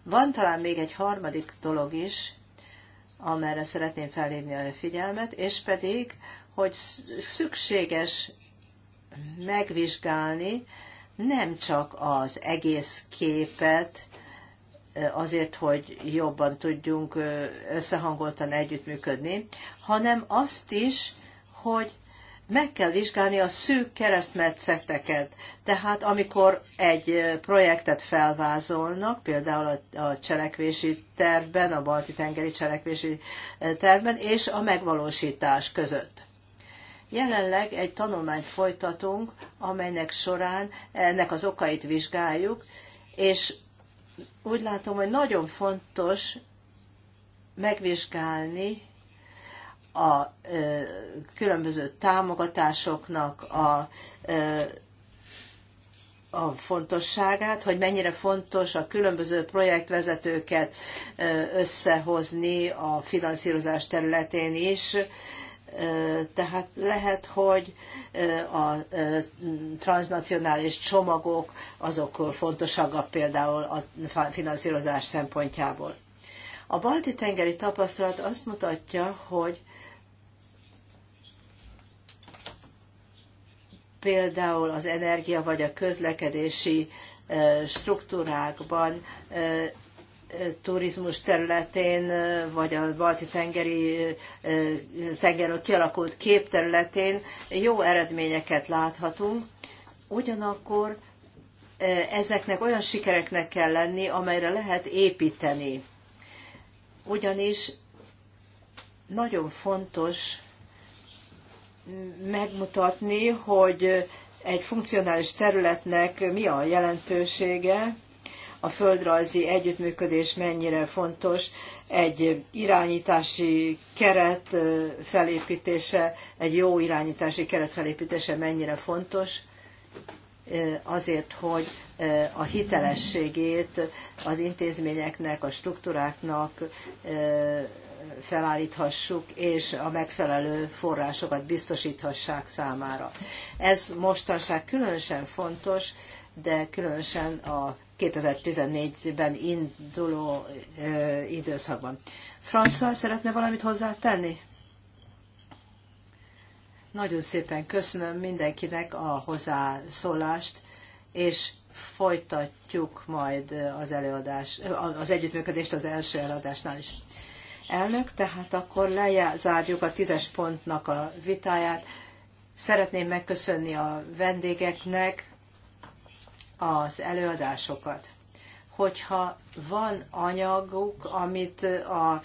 Van talán még egy harmadik dolog is, amerre szeretném felhívni a figyelmet, és pedig, hogy szükséges megvizsgálni nem csak az egész képet, azért, hogy jobban tudjunk összehangoltan együttműködni, hanem azt is, hogy meg kell vizsgálni a szűk keresztmetszeteket. Tehát amikor egy projektet felvázolnak, például a, cselekvési tervben, a balti tengeri cselekvési tervben, és a megvalósítás között. Jelenleg egy tanulmányt folytatunk, amelynek során ennek az okait vizsgáljuk, és úgy látom, hogy nagyon fontos megvizsgálni a különböző támogatásoknak a, a fontosságát, hogy mennyire fontos a különböző projektvezetőket összehozni a finanszírozás területén is. Tehát lehet, hogy a transnacionális csomagok azok fontosabbak például a finanszírozás szempontjából. A balti tengeri tapasztalat azt mutatja, hogy például az energia vagy a közlekedési struktúrákban, turizmus területén, vagy a balti tengeri tengeren kialakult kép területén jó eredményeket láthatunk. Ugyanakkor ezeknek olyan sikereknek kell lenni, amelyre lehet építeni. Ugyanis nagyon fontos megmutatni, hogy egy funkcionális területnek mi a jelentősége, a földrajzi együttműködés mennyire fontos, egy irányítási keret felépítése, egy jó irányítási keret felépítése mennyire fontos, azért, hogy a hitelességét az intézményeknek, a struktúráknak felállíthassuk, és a megfelelő forrásokat biztosíthassák számára. Ez mostanság különösen fontos, de különösen a 2014-ben induló időszakban. François szeretne valamit hozzátenni? Nagyon szépen köszönöm mindenkinek a hozzászólást, és folytatjuk majd az előadás, az együttműködést az első előadásnál is. Elnök, tehát akkor lezárjuk a tízes pontnak a vitáját. Szeretném megköszönni a vendégeknek az előadásokat. Hogyha van anyaguk, amit a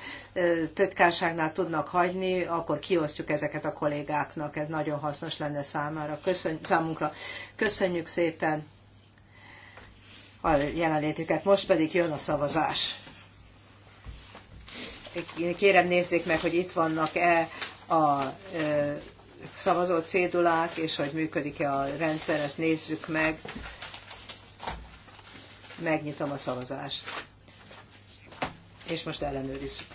tötkárságnál tudnak hagyni, akkor kiosztjuk ezeket a kollégáknak. Ez nagyon hasznos lenne számára. Köszön, számunkra. Köszönjük szépen a jelenlétüket. Most pedig jön a szavazás kérem nézzék meg, hogy itt vannak-e a szavazó cédulák, és hogy működik-e a rendszer, ezt nézzük meg. Megnyitom a szavazást. És most ellenőrizzük.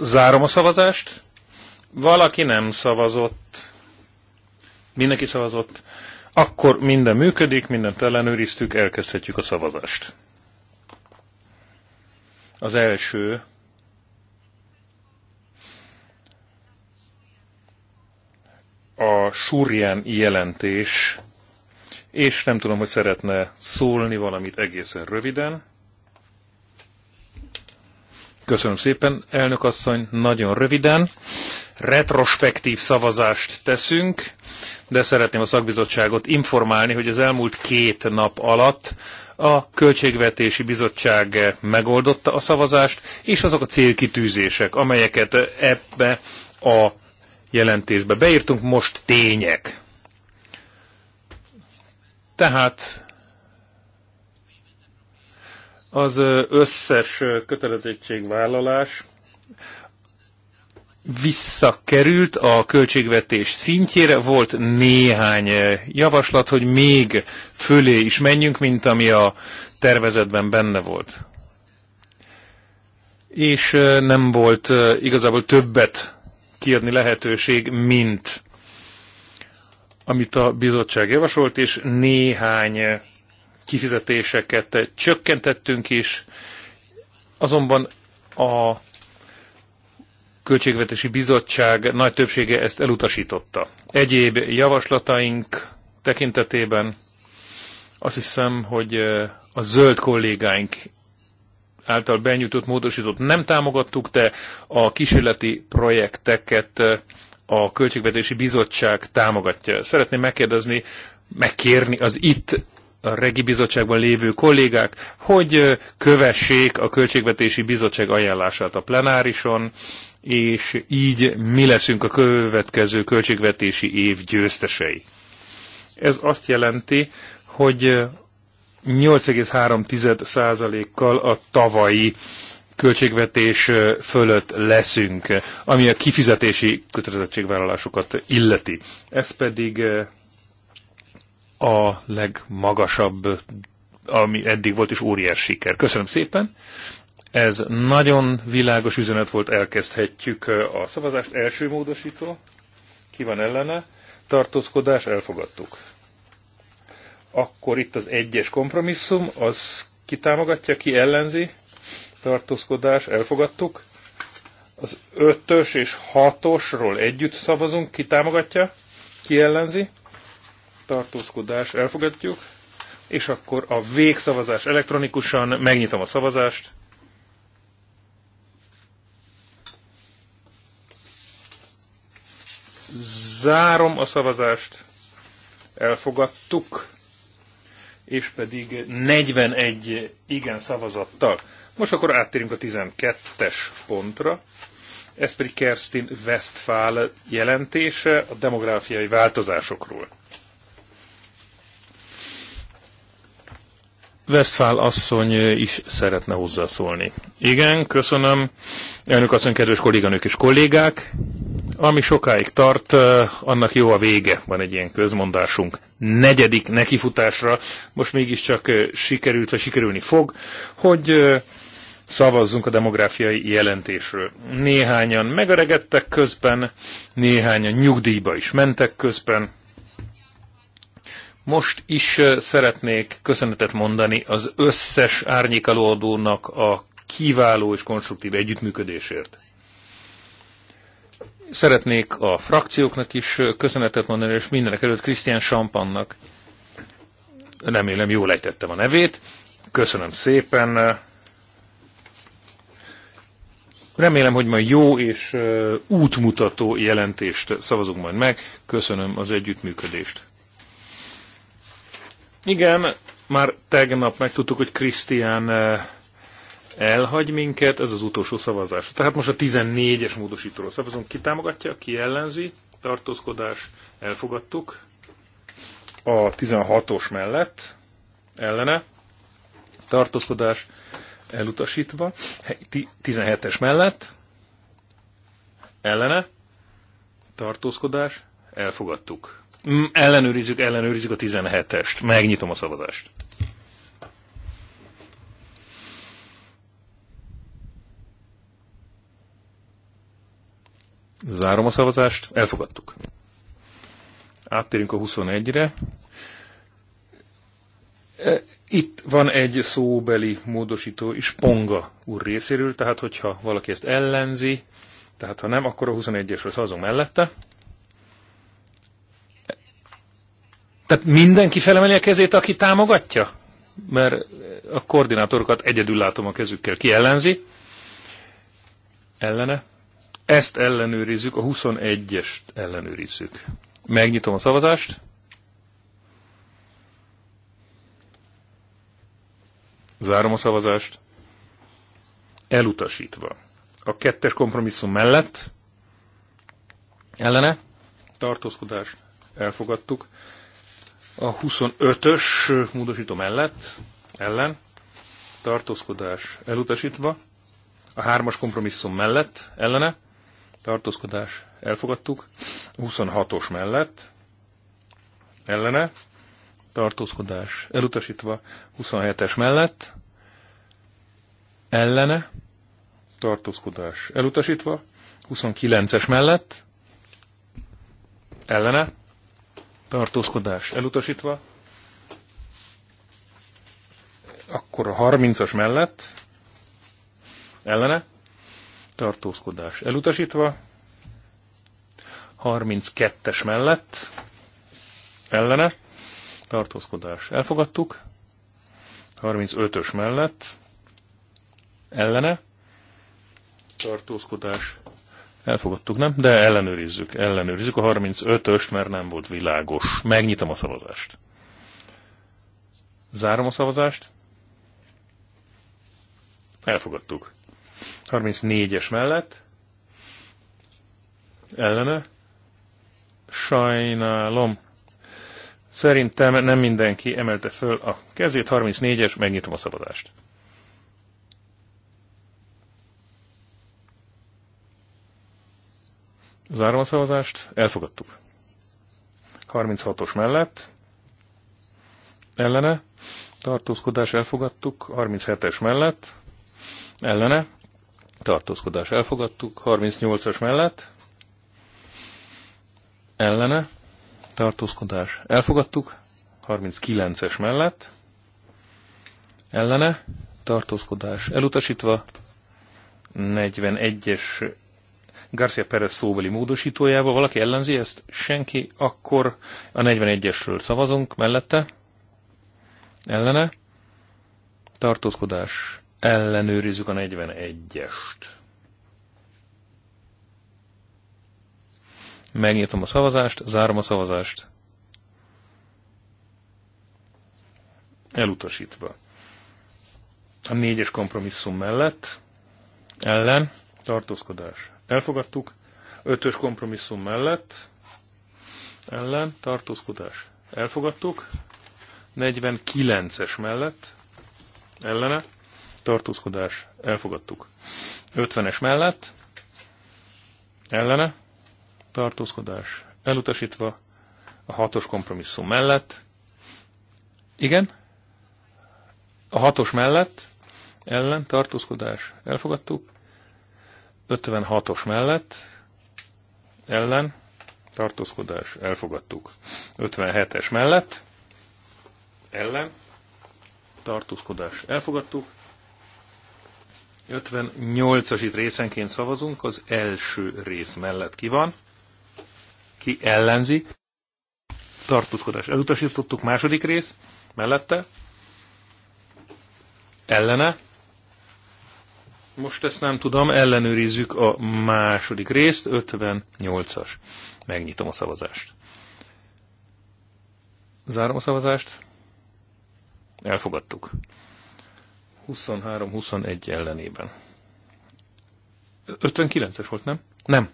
Zárom a szavazást. Valaki nem szavazott. Mindenki szavazott. Akkor minden működik, mindent ellenőriztük, elkezdhetjük a szavazást. Az első a Surján jelentés, és nem tudom, hogy szeretne szólni valamit egészen röviden. Köszönöm szépen, elnök asszony, nagyon röviden. Retrospektív szavazást teszünk, de szeretném a szakbizottságot informálni, hogy az elmúlt két nap alatt a Költségvetési Bizottság megoldotta a szavazást, és azok a célkitűzések, amelyeket ebbe a jelentésbe beírtunk, most tények. Tehát az összes kötelezettségvállalás visszakerült a költségvetés szintjére, volt néhány javaslat, hogy még fölé is menjünk, mint ami a tervezetben benne volt. És nem volt igazából többet kiadni lehetőség, mint amit a bizottság javasolt, és néhány kifizetéseket csökkentettünk is, azonban a Költségvetési Bizottság nagy többsége ezt elutasította. Egyéb javaslataink tekintetében azt hiszem, hogy a zöld kollégáink által benyújtott módosított nem támogattuk, de a kísérleti projekteket a Költségvetési Bizottság támogatja. Szeretném megkérdezni, megkérni az itt a regi bizottságban lévő kollégák, hogy kövessék a költségvetési bizottság ajánlását a plenárison, és így mi leszünk a következő költségvetési év győztesei. Ez azt jelenti, hogy 8,3%-kal a tavalyi költségvetés fölött leszünk, ami a kifizetési kötelezettségvállalásokat illeti. Ez pedig a legmagasabb, ami eddig volt, és óriás siker. Köszönöm szépen! Ez nagyon világos üzenet volt, elkezdhetjük a szavazást. Első módosító, ki van ellene? Tartózkodás, elfogadtuk. Akkor itt az egyes kompromisszum, az ki támogatja, ki ellenzi? Tartózkodás, elfogadtuk. Az ötös és hatosról együtt szavazunk, ki támogatja, ki ellenzi? tartózkodás elfogadjuk, és akkor a végszavazás elektronikusan, megnyitom a szavazást. Zárom a szavazást, elfogadtuk, és pedig 41 igen szavazattal. Most akkor áttérünk a 12-es pontra. Ez pedig Kerstin Westphal jelentése a demográfiai változásokról. Westfál asszony is szeretne hozzászólni. Igen, köszönöm. Elnök asszony, kedves kolléganők és kollégák. Ami sokáig tart, eh, annak jó a vége, van egy ilyen közmondásunk. Negyedik nekifutásra most mégiscsak eh, sikerült, vagy sikerülni fog, hogy eh, szavazzunk a demográfiai jelentésről. Néhányan megöregedtek közben, néhányan nyugdíjba is mentek közben, most is szeretnék köszönetet mondani az összes árnyékalóadónak a kiváló és konstruktív együttműködésért. Szeretnék a frakcióknak is köszönetet mondani, és mindenek előtt Krisztián Sampannak. Remélem jól ejtettem a nevét. Köszönöm szépen. Remélem, hogy majd jó és útmutató jelentést szavazunk majd meg. Köszönöm az együttműködést. Igen, már tegnap megtudtuk, hogy Krisztián eh, elhagy minket, ez az utolsó szavazás. Tehát most a 14-es módosítóról szavazunk, ki támogatja, ki ellenzi, tartózkodás, elfogadtuk. A 16-os mellett, ellene, tartózkodás, elutasítva, 17-es mellett, ellene, tartózkodás, elfogadtuk. Mm, ellenőrizzük, ellenőrizzük a 17-est. Megnyitom a szavazást. Zárom a szavazást, elfogadtuk. Áttérünk a 21-re. E, itt van egy szóbeli módosító is Ponga úr részéről, tehát hogyha valaki ezt ellenzi, tehát ha nem, akkor a 21-esre azon mellette. Tehát mindenki felemeli a kezét, aki támogatja? Mert a koordinátorokat egyedül látom a kezükkel. Ki ellenzi? Ellene? Ezt ellenőrizzük, a 21-est ellenőrizzük. Megnyitom a szavazást. Zárom a szavazást. Elutasítva. A kettes kompromisszum mellett ellene tartózkodás elfogadtuk. A 25-ös módosító mellett, ellen, tartózkodás elutasítva. A 3-as kompromisszum mellett, ellene, tartózkodás elfogadtuk. A 26-os mellett, ellene, tartózkodás elutasítva. 27-es mellett, ellene, tartózkodás elutasítva, 29-es mellett, ellene, tartózkodás elutasítva, akkor a 30-as mellett ellene tartózkodás elutasítva, 32-es mellett ellene tartózkodás elfogadtuk, 35-ös mellett ellene tartózkodás Elfogadtuk, nem? De ellenőrizzük, ellenőrizzük a 35 ös mert nem volt világos. Megnyitom a szavazást. Zárom a szavazást. Elfogadtuk. 34-es mellett. Ellene. Sajnálom. Szerintem nem mindenki emelte föl a kezét. 34-es, megnyitom a szavazást. Zárom a szavazást, elfogadtuk. 36-os mellett, ellene, tartózkodás elfogadtuk, 37-es mellett, ellene, tartózkodás elfogadtuk, 38-as mellett, ellene, tartózkodás elfogadtuk, 39-es mellett, ellene, tartózkodás elutasítva, 41-es Garcia Perez szóbeli módosítójával. Valaki ellenzi ezt? Senki. Akkor a 41-esről szavazunk mellette. Ellene. Tartózkodás. Ellenőrizzük a 41-est. Megnyitom a szavazást, zárom a szavazást. Elutasítva. A négyes kompromisszum mellett ellen tartózkodás elfogadtuk, ötös kompromisszum mellett, ellen, tartózkodás, elfogadtuk, 49-es mellett, ellene, tartózkodás, elfogadtuk. 50-es mellett, ellene, tartózkodás, elutasítva, a hatos kompromisszum mellett, igen, a hatos mellett, ellen, tartózkodás, elfogadtuk, 56-os mellett ellen tartózkodás elfogadtuk. 57-es mellett ellen tartózkodás elfogadtuk. 58-as itt részenként szavazunk, az első rész mellett ki van, ki ellenzi, tartózkodás elutasítottuk, második rész mellette, ellene, most ezt nem tudom, ellenőrizzük a második részt, 58-as. Megnyitom a szavazást. Zárom a szavazást. Elfogadtuk. 23-21 ellenében. 59-es volt, nem? Nem.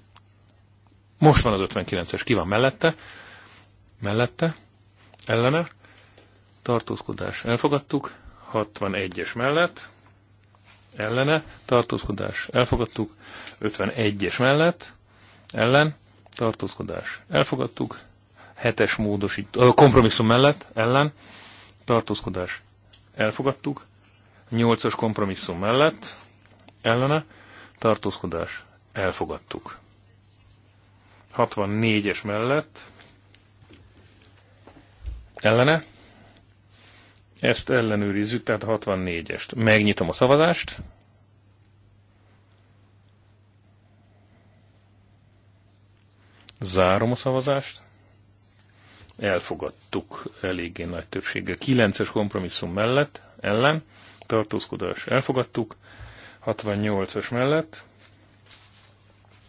Most van az 59-es. Ki van mellette? Mellette? Ellene? Tartózkodás. Elfogadtuk. 61-es mellett ellene, tartózkodás elfogadtuk, 51-es mellett, ellen, tartózkodás elfogadtuk, 7-es módosító, kompromisszum mellett, ellen, tartózkodás elfogadtuk, 8-as kompromisszum mellett, ellene, tartózkodás elfogadtuk. 64-es mellett, ellene, ezt ellenőrizzük, tehát a 64-est. Megnyitom a szavazást. Zárom a szavazást. Elfogadtuk eléggé nagy többséggel. 9-es kompromisszum mellett, ellen, tartózkodás elfogadtuk. 68-as mellett,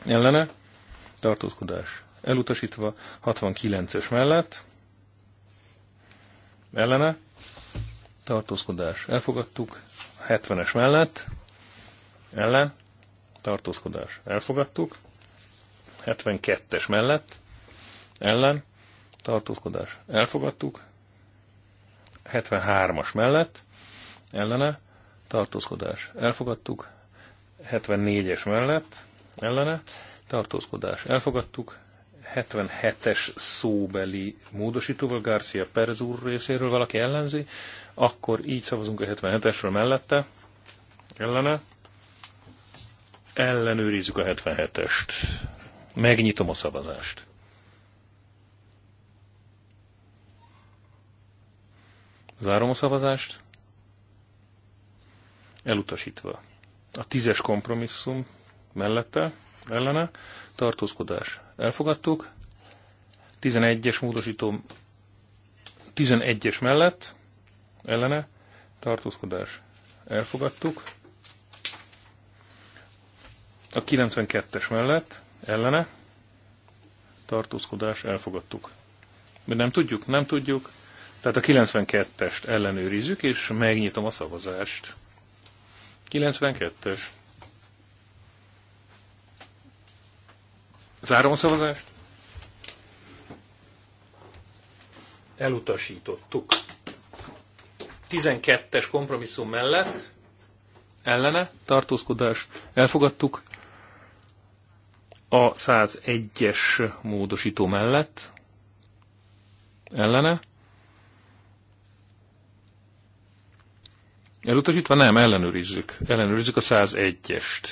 ellene, tartózkodás elutasítva. 69-es mellett, ellene, tartózkodás elfogadtuk, 70-es mellett, ellen, tartózkodás elfogadtuk, 72-es mellett, ellen, tartózkodás elfogadtuk, 73-as mellett, ellene, tartózkodás elfogadtuk, 74-es mellett, ellene, tartózkodás elfogadtuk, 77-es szóbeli módosítóval Garcia Perez úr részéről valaki ellenzi, akkor így szavazunk a 77-esről mellette. Ellene. Ellenőrizzük a 77-est. Megnyitom a szavazást. Zárom a szavazást. Elutasítva. A tízes kompromisszum mellette, ellene, tartózkodás. Elfogadtuk. 11-es módosítom. 11-es mellett, ellene, tartózkodás elfogadtuk. A 92-es mellett ellene, tartózkodás elfogadtuk. De nem tudjuk, nem tudjuk. Tehát a 92-est ellenőrizzük, és megnyitom a szavazást. 92-es. Zárom a szavazást. Elutasítottuk. 12-es kompromisszum mellett ellene tartózkodás elfogadtuk, a 101-es módosító mellett ellene Elutasítva? Nem, ellenőrizzük. Ellenőrizzük a 101-est.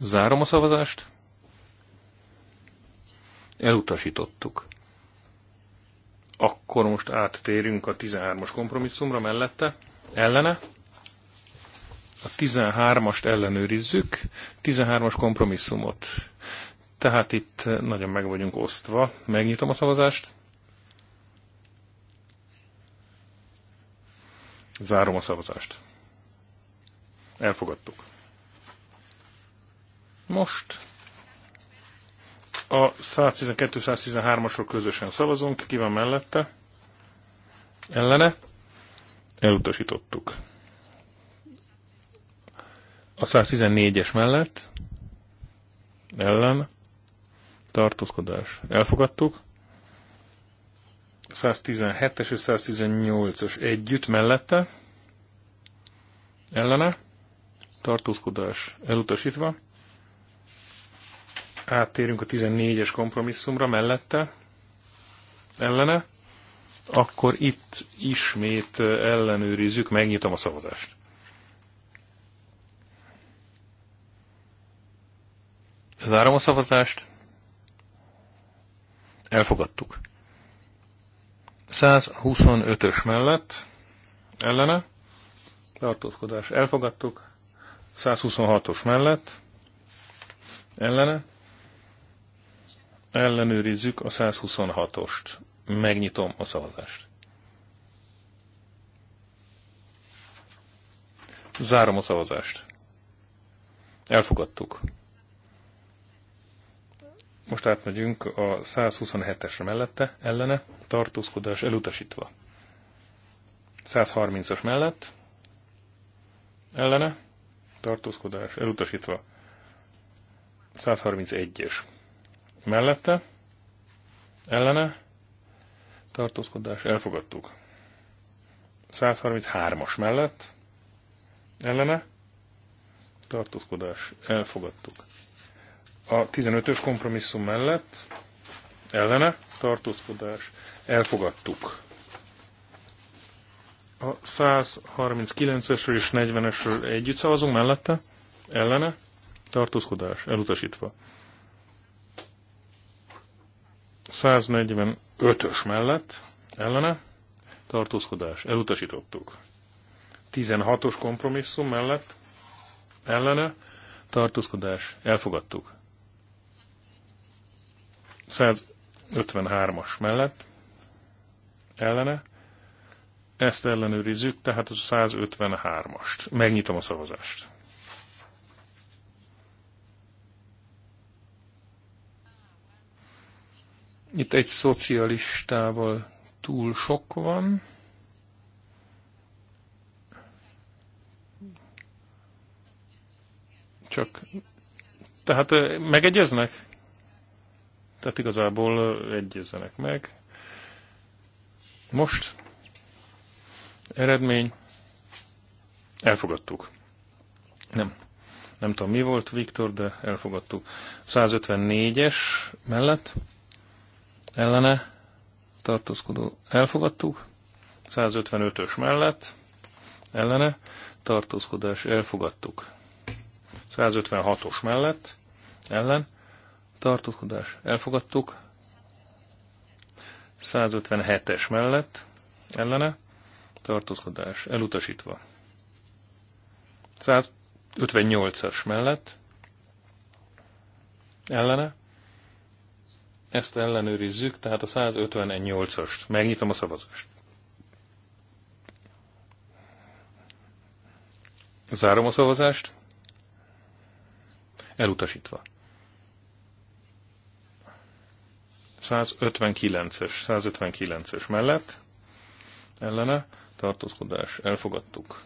Zárom a szavazást. Elutasítottuk. Akkor most áttérünk a 13-as kompromisszumra mellette. Ellene. A 13-ast ellenőrizzük. 13-as kompromisszumot. Tehát itt nagyon meg vagyunk osztva. Megnyitom a szavazást. Zárom a szavazást. Elfogadtuk. Most a 112-113-asról közösen szavazunk. Ki van mellette? Ellene? Elutasítottuk. A 114-es mellett? Ellen? Tartózkodás. Elfogadtuk. 117-es és 118-as együtt mellette, ellene, tartózkodás elutasítva, áttérünk a 14-es kompromisszumra mellette, ellene, akkor itt ismét ellenőrizzük, megnyitom a szavazást. Zárom a szavazást. Elfogadtuk. 125-ös mellett ellene tartózkodás. Elfogadtuk. 126-os mellett ellene Ellenőrizzük a 126-ost. Megnyitom a szavazást. Zárom a szavazást. Elfogadtuk. Most átmegyünk a 127-esre mellette, ellene, tartózkodás elutasítva. 130-as mellett, ellene, tartózkodás elutasítva. 131-es mellette, ellene, tartózkodás, elfogadtuk. 133-as mellett, ellene, tartózkodás, elfogadtuk. A 15-ös kompromisszum mellett, ellene, tartózkodás, elfogadtuk. A 139-esről és 40-esről együtt szavazunk mellette, ellene, tartózkodás, elutasítva. 145-ös mellett ellene tartózkodás elutasítottuk. 16-os kompromisszum mellett ellene tartózkodás elfogadtuk. 153-as mellett ellene ezt ellenőrizzük, tehát az 153-ast. Megnyitom a szavazást. Itt egy szocialistával túl sok van. Csak, tehát megegyeznek? Tehát igazából egyezzenek meg. Most eredmény. Elfogadtuk. Nem. Nem tudom, mi volt Viktor, de elfogadtuk. 154-es mellett ellene tartózkodó elfogadtuk, 155-ös mellett ellene tartózkodás elfogadtuk, 156-os mellett ellen tartózkodás elfogadtuk, 157-es mellett ellene tartózkodás elutasítva. 158-as mellett ellene ezt ellenőrizzük, tehát a 158-ast. Megnyitom a szavazást. Zárom a szavazást. Elutasítva. 159-es, 159-es mellett ellene tartózkodás elfogadtuk.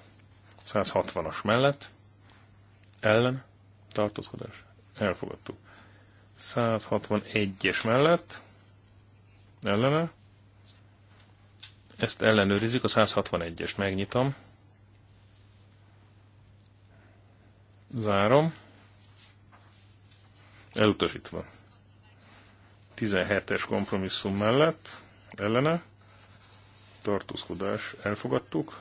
160-as mellett ellen tartózkodás elfogadtuk. 161-es mellett ellene. Ezt ellenőrizzük, a 161-es megnyitom. Zárom. Elutasítva. 17-es kompromisszum mellett ellene. Tartózkodás elfogadtuk.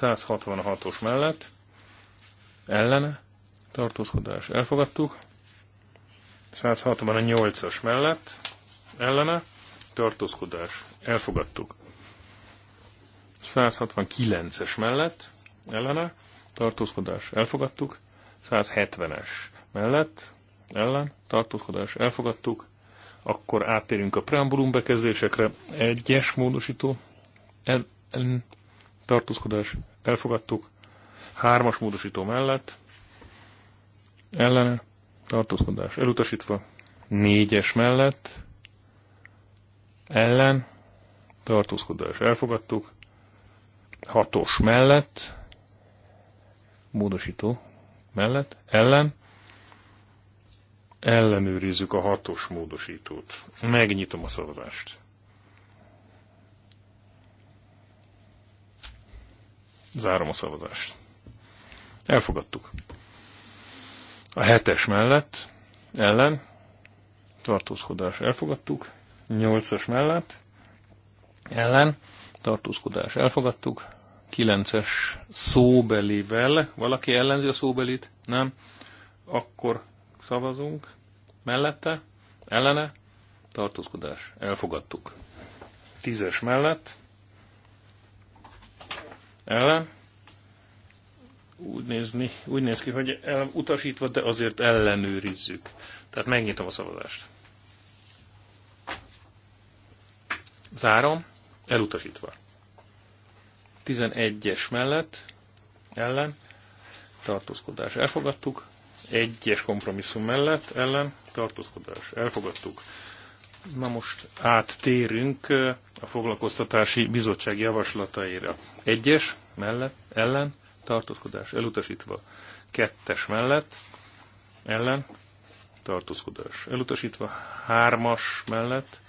166-os mellett ellene. Tartózkodás elfogadtuk. 168-as mellett ellene tartózkodás. Elfogadtuk. 169-es mellett ellene tartózkodás. Elfogadtuk. 170-es mellett ellen tartózkodás. Elfogadtuk. Akkor áttérünk a preambulum bekezdésekre. Egyes módosító el, el, tartózkodás. Elfogadtuk. Hármas módosító mellett ellene tartózkodás elutasítva, négyes mellett, ellen, tartózkodás elfogadtuk, hatos mellett, módosító mellett, ellen, ellenőrizzük a hatos módosítót. Megnyitom a szavazást. Zárom a szavazást. Elfogadtuk. A hetes mellett ellen tartózkodás elfogadtuk. Nyolcas mellett ellen tartózkodás elfogadtuk. Kilences szóbelivel. Valaki ellenzi a szóbelit? Nem? Akkor szavazunk. Mellette? Ellene? Tartózkodás. Elfogadtuk. Tízes mellett. Ellen? úgy, nézni, úgy néz ki, hogy utasítva, de azért ellenőrizzük. Tehát megnyitom a szavazást. Zárom, elutasítva. 11-es mellett, ellen, tartózkodás elfogadtuk. 1-es kompromisszum mellett, ellen, tartózkodás elfogadtuk. Na most áttérünk a foglalkoztatási bizottság javaslataira. Egyes mellett, ellen, tartózkodás elutasítva, kettes mellett, ellen, tartózkodás elutasítva, hármas mellett,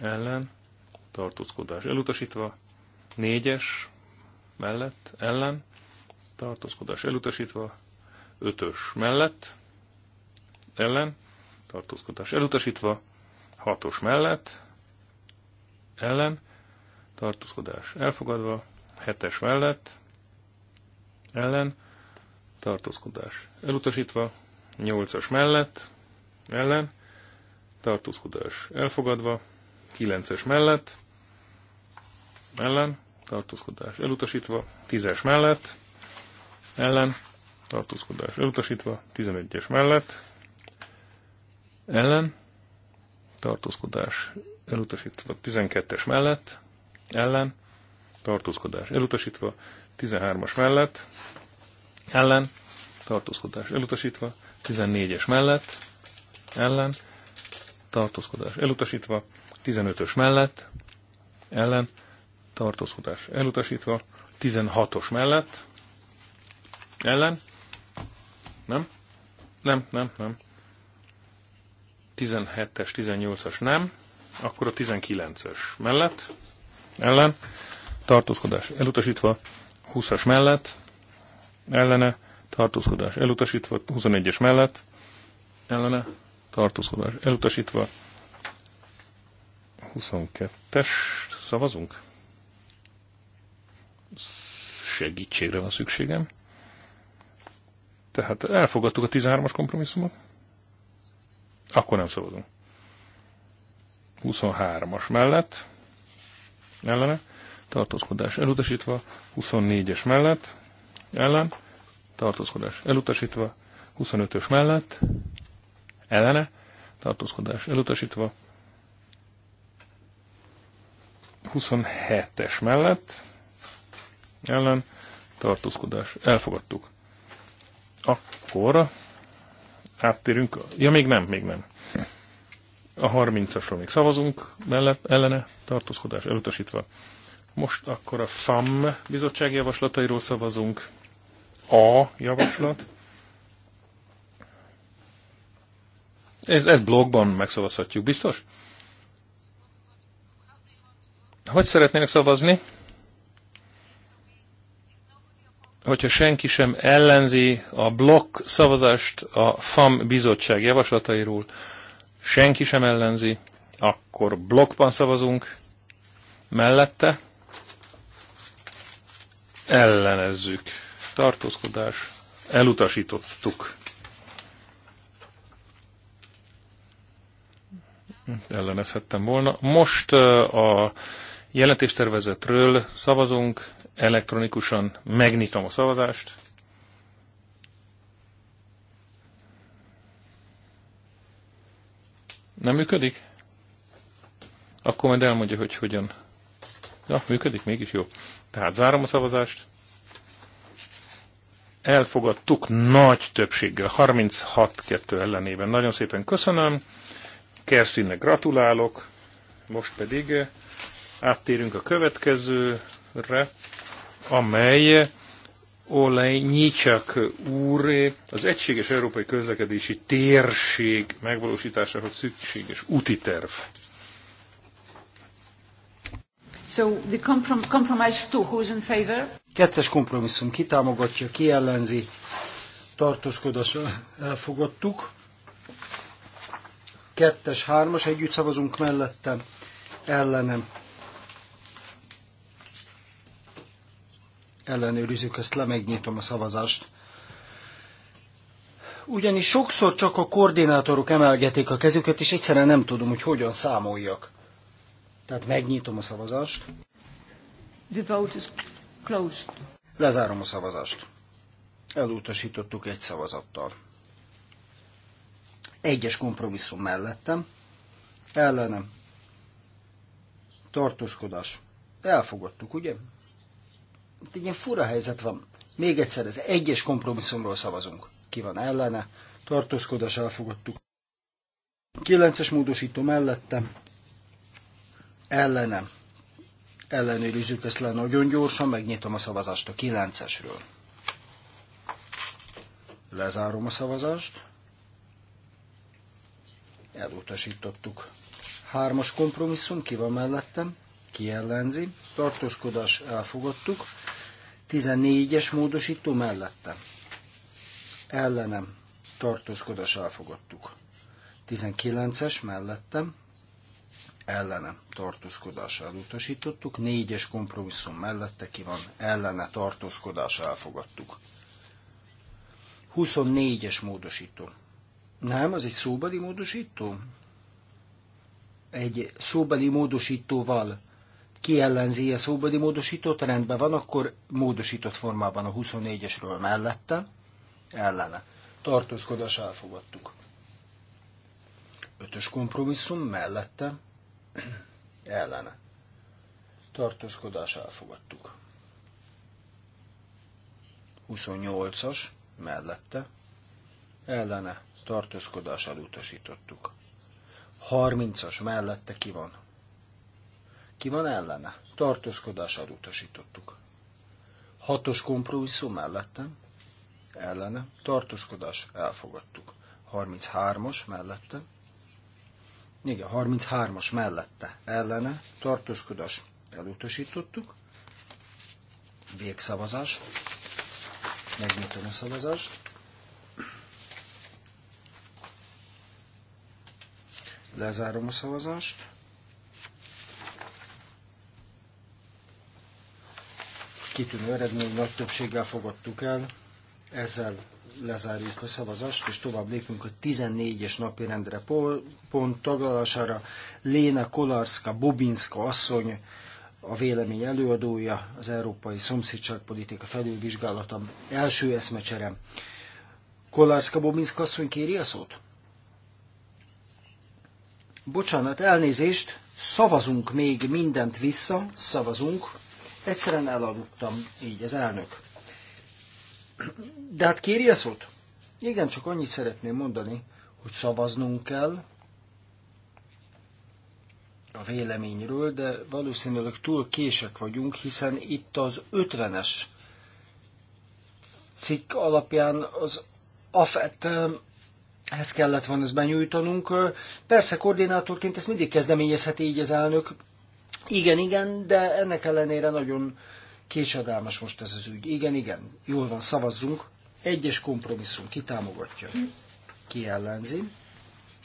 ellen, tartózkodás elutasítva, négyes mellett, ellen, tartózkodás elutasítva, ötös mellett, ellen, tartózkodás elutasítva, hatos mellett, ellen, tartózkodás elfogadva, hetes mellett, ellen, tartózkodás elutasítva, 8-as mellett, ellen, tartózkodás elfogadva, 9-es mellett, ellen, tartózkodás elutasítva, 10-es mellett, ellen, tartózkodás elutasítva, 11-es mellett, ellen, tartózkodás elutasítva, 12-es mellett, ellen, tartózkodás elutasítva, 13-as mellett, ellen, tartózkodás elutasítva, 14-es mellett, ellen, tartózkodás elutasítva, 15-ös mellett, ellen, tartózkodás elutasítva, 16-os mellett, ellen, nem, nem, nem, nem, 17-es, 18-as nem, akkor a 19-es mellett, ellen, tartózkodás elutasítva, 20-as mellett, ellene, tartózkodás elutasítva, 21-es mellett, ellene, tartózkodás elutasítva, 22-es, szavazunk? Segítségre van szükségem. Tehát elfogadtuk a 13-as kompromisszumot, akkor nem szavazunk. 23-as mellett, ellene, tartózkodás elutasítva, 24-es mellett, ellen, tartózkodás elutasítva, 25-ös mellett, ellene, tartózkodás elutasítva, 27-es mellett, ellen, tartózkodás elfogadtuk. Akkor áttérünk, ja még nem, még nem. A 30-asról még szavazunk, mellett, ellene, tartózkodás elutasítva. Most akkor a FAM bizottság javaslatairól szavazunk. A javaslat. Ez, ez blogban megszavazhatjuk, biztos? Hogy szeretnének szavazni? Hogyha senki sem ellenzi a blokk szavazást a FAM bizottság javaslatairól, senki sem ellenzi, akkor blokkban szavazunk mellette ellenezzük. Tartózkodás, elutasítottuk. Ellenezhettem volna. Most a jelentéstervezetről szavazunk, elektronikusan megnyitom a szavazást. Nem működik? Akkor majd elmondja, hogy hogyan. Ja, működik, mégis jó. Tehát zárom a szavazást. Elfogadtuk nagy többséggel, 36-2 ellenében. Nagyon szépen köszönöm. Kerszinnek gratulálok. Most pedig eh, áttérünk a következőre, amely Olej Nyicsak úr az egységes európai közlekedési térség megvalósításához szükséges úti terv. So the comprom- compromise two, who's in favor? Kettes kompromisszum kitámogatja, kiellenzi, tartózkodás elfogadtuk. Kettes, hármas, együtt szavazunk mellette. ellenem. Ellenőrizzük ezt le, megnyitom a szavazást ugyanis sokszor csak a koordinátorok emelgetik a kezüket, és egyszerűen nem tudom, hogy hogyan számoljak. Tehát megnyitom a szavazást. The vote is closed. Lezárom a szavazást. Elutasítottuk egy szavazattal. Egyes kompromisszum mellettem. Ellenem. Tartózkodás. Elfogadtuk, ugye? Itt egy ilyen fura helyzet van. Még egyszer, ez egyes kompromisszumról szavazunk. Ki van ellene? Tartózkodás elfogadtuk. Kilences módosító mellettem ellenem. Ellenőrizzük ezt le nagyon gyorsan, megnyitom a szavazást a 9-esről. Lezárom a szavazást. Elutasítottuk. Hármas kompromisszum, ki van mellettem? Ki ellenzi? Tartózkodás elfogadtuk. 14-es módosító mellettem. Ellenem. Tartózkodás elfogadtuk. 19-es mellettem ellene tartózkodás elutasítottuk, négyes kompromisszum mellette ki van, ellene tartózkodás elfogadtuk. 24-es módosító. Nem, az egy szóbeli módosító? Egy szóbeli módosítóval ki ellenzi a szóbeli módosítót, rendben van, akkor módosított formában a 24-esről mellette, ellene. Tartózkodás elfogadtuk. Ötös kompromisszum mellette, ellene tartózkodás elfogadtuk. 28-as mellette ellene tartózkodás elutasítottuk. 30-as mellette ki van? Ki van ellene? Tartózkodás elutasítottuk. 6-os kompromisszum mellettem? Ellene tartózkodás elfogadtuk. 33-as mellettem? igen, 33-as mellette ellene tartózkodás elutasítottuk. Végszavazás. Megnyitom a szavazást. Lezárom a szavazást. Kitűnő eredmény nagy többséggel fogadtuk el. Ezzel lezárjuk a szavazást, és tovább lépünk a 14-es napi rendre pont taglalására. Léna Kolarska, Bobinska asszony, a vélemény előadója, az Európai Szomszédságpolitika felülvizsgálata első eszmecsere. Kolarska Bobinska asszony kéri a szót? Bocsánat, elnézést, szavazunk még mindent vissza, szavazunk. Egyszerűen elaludtam, így az elnök. De hát kéri a szót? Igen, csak annyit szeretném mondani, hogy szavaznunk kell a véleményről, de valószínűleg túl kések vagyunk, hiszen itt az 50-es cikk alapján az AFET ez kellett volna ezt benyújtanunk. Persze koordinátorként ezt mindig kezdeményezheti így az elnök. Igen, igen, de ennek ellenére nagyon Késedelmes most ez az ügy. Igen, igen, jól van, szavazzunk. Egyes kompromisszum, ki támogatja? Ki ellenzi?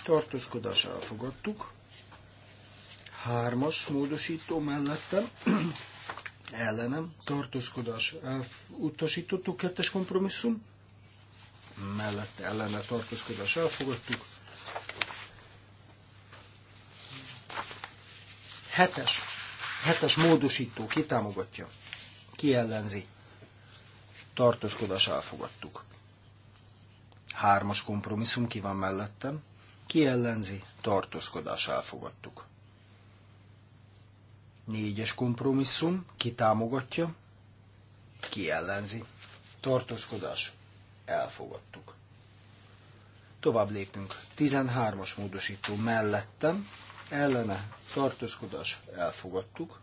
Tartózkodás elfogadtuk. Hármas módosító mellettem. Ellenem. Tartózkodás elutasítottuk. Kettes kompromisszum. Mellette ellene tartózkodás elfogadtuk. Hetes. Hetes módosító kitámogatja. Ki ellenzi? Tartózkodás elfogadtuk. Hármas kompromisszum ki van mellettem. Ki ellenzi? Tartózkodás elfogadtuk. Négyes kompromisszum ki támogatja? Ki ellenzi? Tartózkodás elfogadtuk. Tovább lépünk. 13-as módosító mellettem, ellene tartózkodás elfogadtuk.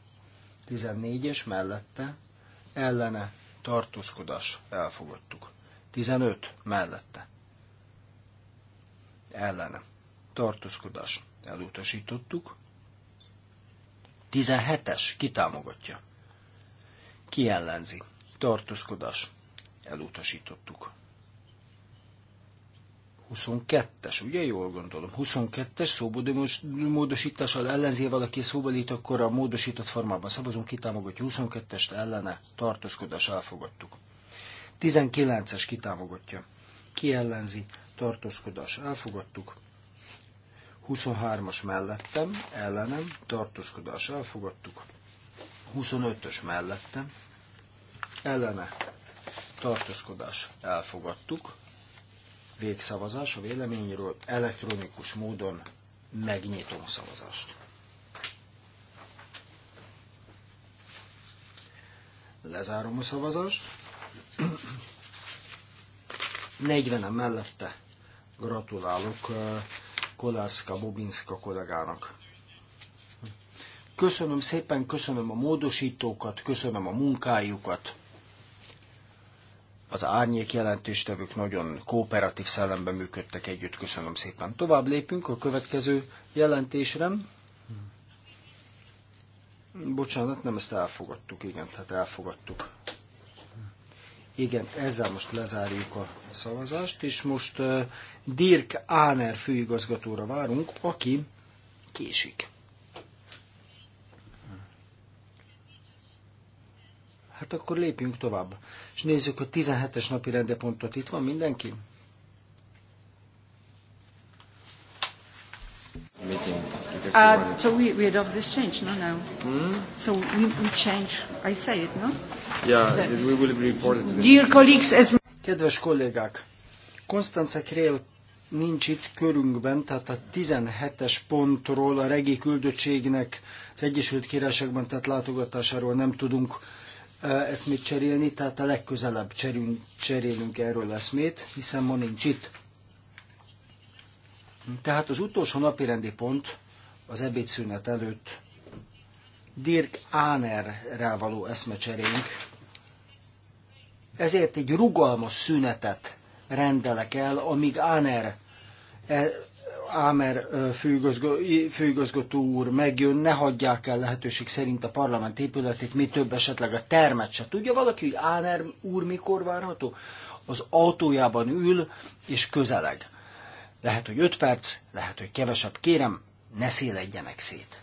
14-es mellette, ellene tartózkodás elfogadtuk. 15 mellette ellene tartózkodás elutasítottuk. 17-es kitámogatja. Ki ellenzi? Tartózkodás. Elutasítottuk. 22-es, ugye jól gondolom? 22-es szóbodi módosítással ellenzi valaki szóbelít, akkor a módosított formában szavazunk, kitámogatja 22-est ellene, tartózkodás elfogadtuk. 19-es kitámogatja, ki ellenzi, tartózkodás elfogadtuk. 23-as mellettem, ellenem, tartózkodás elfogadtuk. 25-ös mellettem, ellene, tartózkodás elfogadtuk végszavazás a véleményről elektronikus módon megnyitom szavazást. Lezárom a szavazást. 40 mellette gratulálok eh, Kolárszka Bobinska kollégának. Köszönöm szépen, köszönöm a módosítókat, köszönöm a munkájukat az árnyék jelentéstevők nagyon kooperatív szellemben működtek együtt. Köszönöm szépen. Tovább lépünk a következő jelentésre. Bocsánat, nem ezt elfogadtuk, igen, tehát elfogadtuk. Igen, ezzel most lezárjuk a szavazást, és most eh, Dirk Áner főigazgatóra várunk, aki késik. Hát akkor lépjünk tovább. És nézzük hogy 17-es napi rendepontot. Itt van mindenki? Uh, so we, we adopt this change, no, no. Hmm? So we, we change. I say it, no? Yeah, we will report it. Dear colleagues, as... Kedves kollégák, Konstance Krél nincs itt körünkben, tehát a 17-es pontról a regi küldöttségnek az Egyesült Királyságban tett látogatásáról nem tudunk Eh, eszmét cserélni, tehát a legközelebb cserünk, cserélünk erről eszmét, hiszen ma nincs itt. Tehát az utolsó napi rendi pont az ebédszünet előtt Dirk Ánerrel való eszmecserénk. Ezért egy rugalmas szünetet rendelek el, amíg Áner e- Ámer főigazgató úr megjön, ne hagyják el lehetőség szerint a parlament épületét, mi több esetleg a termet se tudja valaki, hogy Ámer úr mikor várható? Az autójában ül és közeleg. Lehet, hogy öt perc, lehet, hogy kevesebb. Kérem, ne széledjenek szét.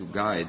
to guide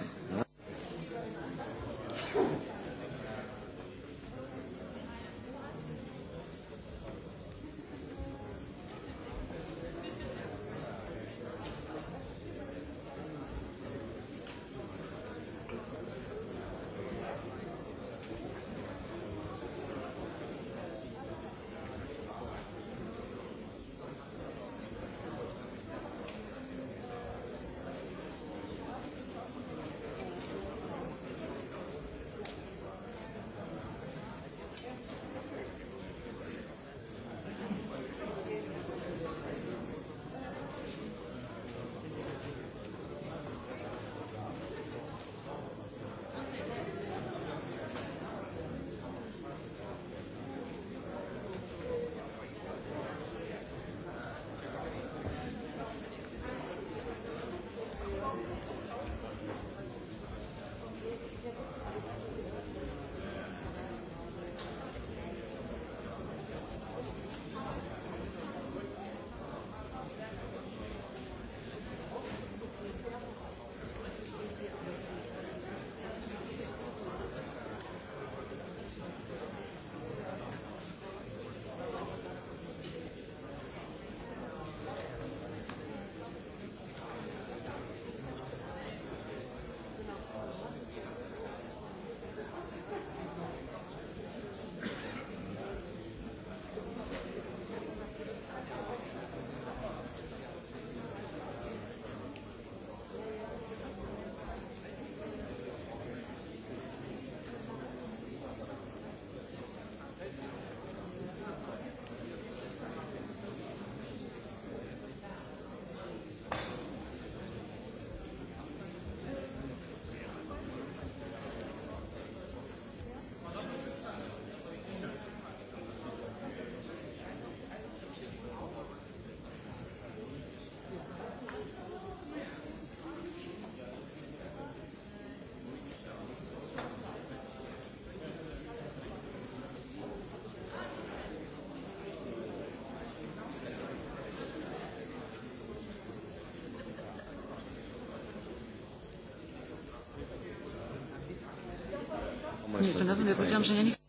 Ja powiedziałam, że ja nie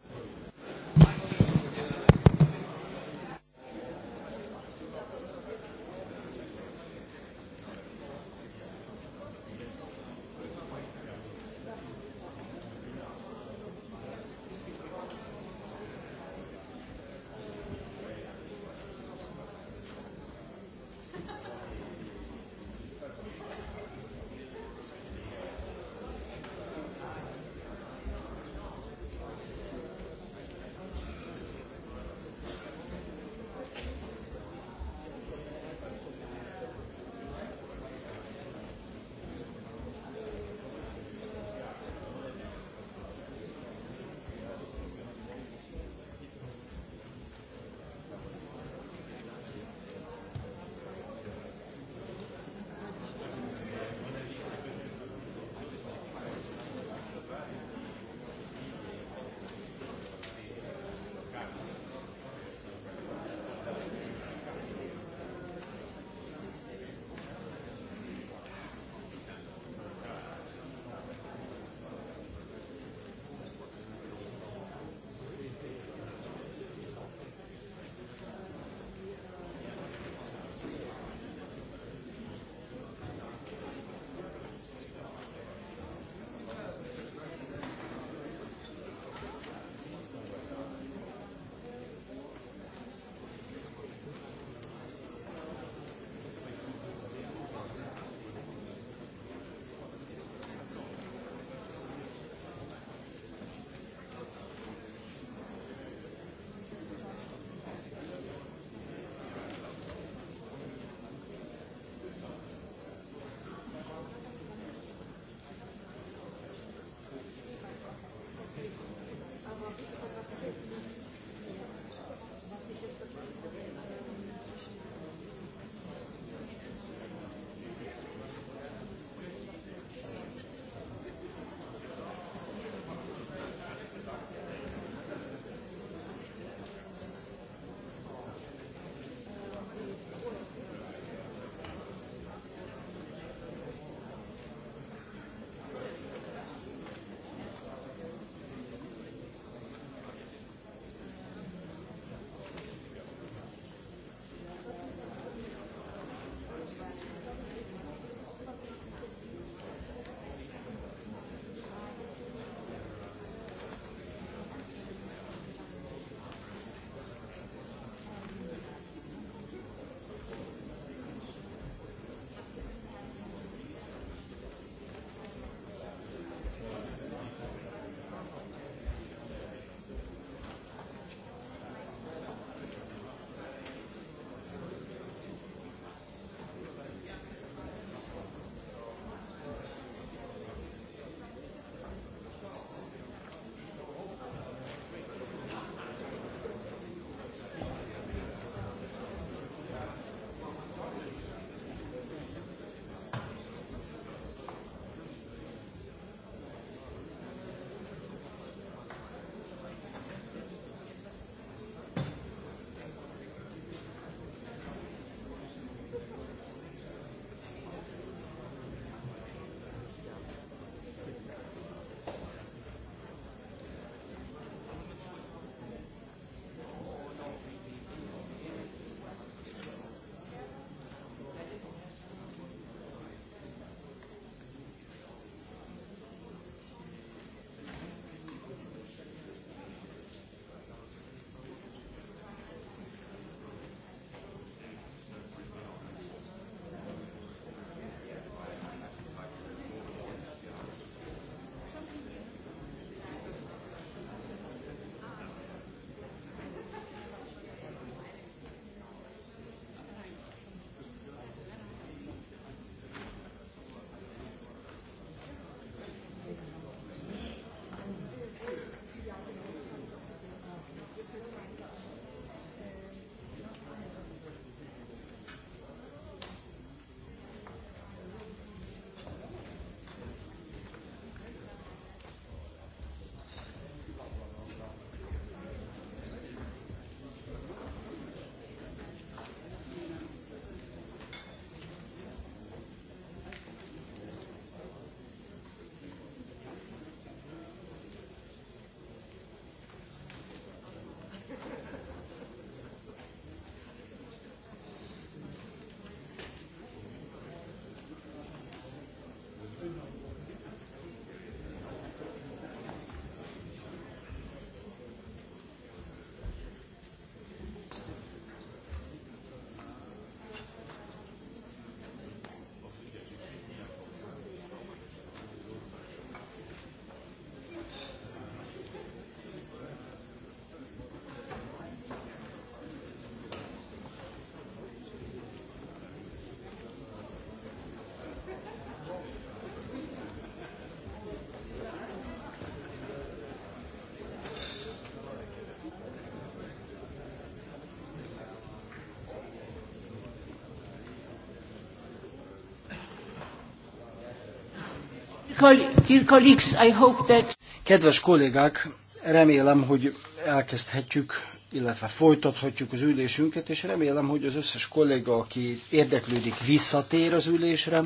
Kedves kollégák, remélem, hogy elkezdhetjük, illetve folytathatjuk az ülésünket, és remélem, hogy az összes kolléga, aki érdeklődik, visszatér az ülésre.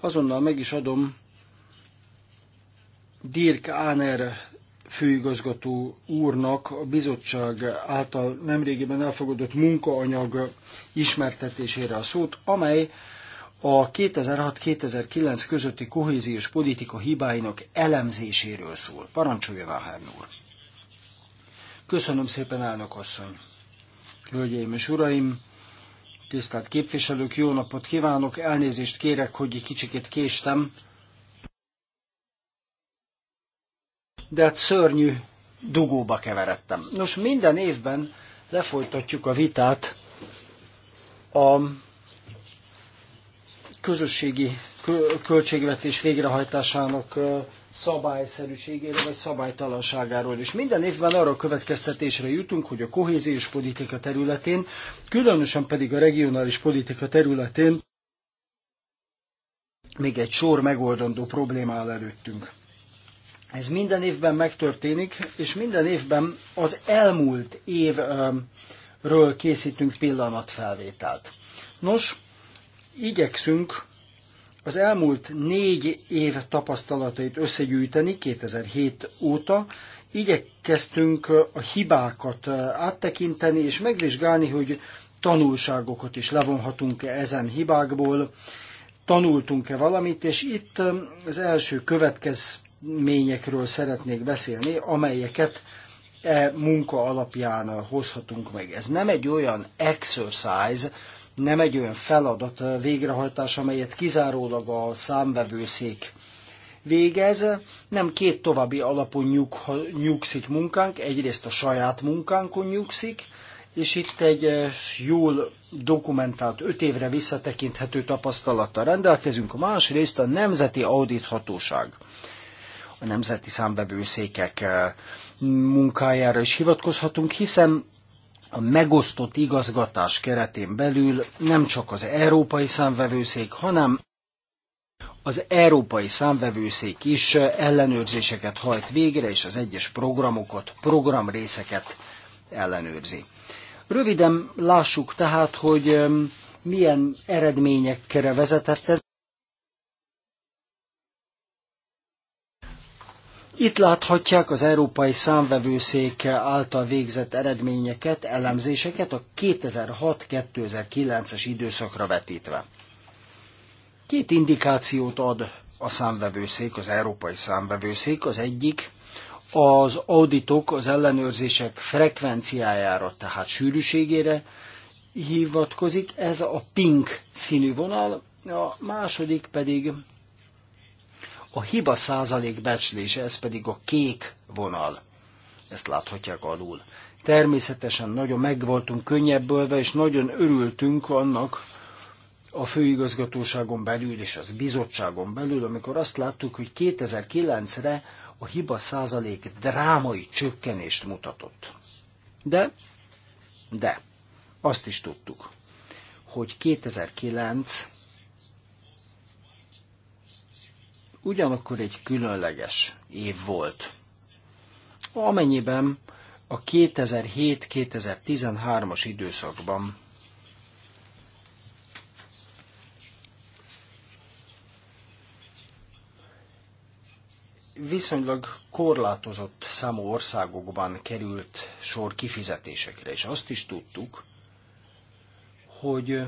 Azonnal meg is adom Dirk Áner főigazgató úrnak a bizottság által nemrégiben elfogadott munkaanyag ismertetésére a szót, amely a 2006-2009 közötti kohéziós politika hibáinak elemzéséről szól. Parancsolja Váhárn úr! Köszönöm szépen, elnök asszony! Hölgyeim és uraim! Tisztelt képviselők, jó napot kívánok! Elnézést kérek, hogy egy kicsikét késtem. De hát szörnyű dugóba keveredtem. Nos, minden évben lefolytatjuk a vitát a közösségi költségvetés végrehajtásának szabályszerűségéről vagy szabálytalanságáról. is. minden évben arra a következtetésre jutunk, hogy a kohéziós politika területén, különösen pedig a regionális politika területén még egy sor megoldandó probléma áll előttünk. Ez minden évben megtörténik, és minden évben az elmúlt évről készítünk pillanatfelvételt. Nos, igyekszünk az elmúlt négy év tapasztalatait összegyűjteni 2007 óta, igyekeztünk a hibákat eh, áttekinteni és megvizsgálni, hogy tanulságokat is levonhatunk-e ezen hibákból, tanultunk-e valamit, és itt eh, az első következményekről szeretnék beszélni, amelyeket e munka alapján hozhatunk meg. Ez nem egy olyan exercise, nem egy olyan feladat végrehajtás, amelyet kizárólag a számbevőszék végez. Nem két további alapon nyug, nyugszik munkánk, egyrészt a saját munkánkon nyugszik, és itt egy jól dokumentált, öt évre visszatekinthető tapasztalattal rendelkezünk, a másrészt a Nemzeti Audithatóság, a Nemzeti Számbevőszékek munkájára is hivatkozhatunk, hiszen a megosztott igazgatás keretén belül nem csak az európai számvevőszék, hanem az európai számvevőszék is ellenőrzéseket hajt végre, és az egyes programokat, programrészeket ellenőrzi. Röviden lássuk tehát, hogy milyen eredményekre vezetett ez. Itt láthatják az Európai Számvevőszék által végzett eredményeket, elemzéseket a 2006-2009-es időszakra vetítve. Két indikációt ad a számvevőszék, az Európai Számvevőszék. Az egyik az auditok, az ellenőrzések frekvenciájára, tehát sűrűségére hivatkozik. Ez a pink színű vonal, a második pedig a hiba százalék becslése, ez pedig a kék vonal. Ezt láthatják alul. Természetesen nagyon meg voltunk könnyebbölve, és nagyon örültünk annak a főigazgatóságon belül és az bizottságon belül, amikor azt láttuk, hogy 2009-re a hiba százalék drámai csökkenést mutatott. De, de, azt is tudtuk, hogy 2009 ugyanakkor egy különleges év volt. Amennyiben a 2007-2013-as időszakban viszonylag korlátozott számú országokban került sor kifizetésekre, és azt is tudtuk, hogy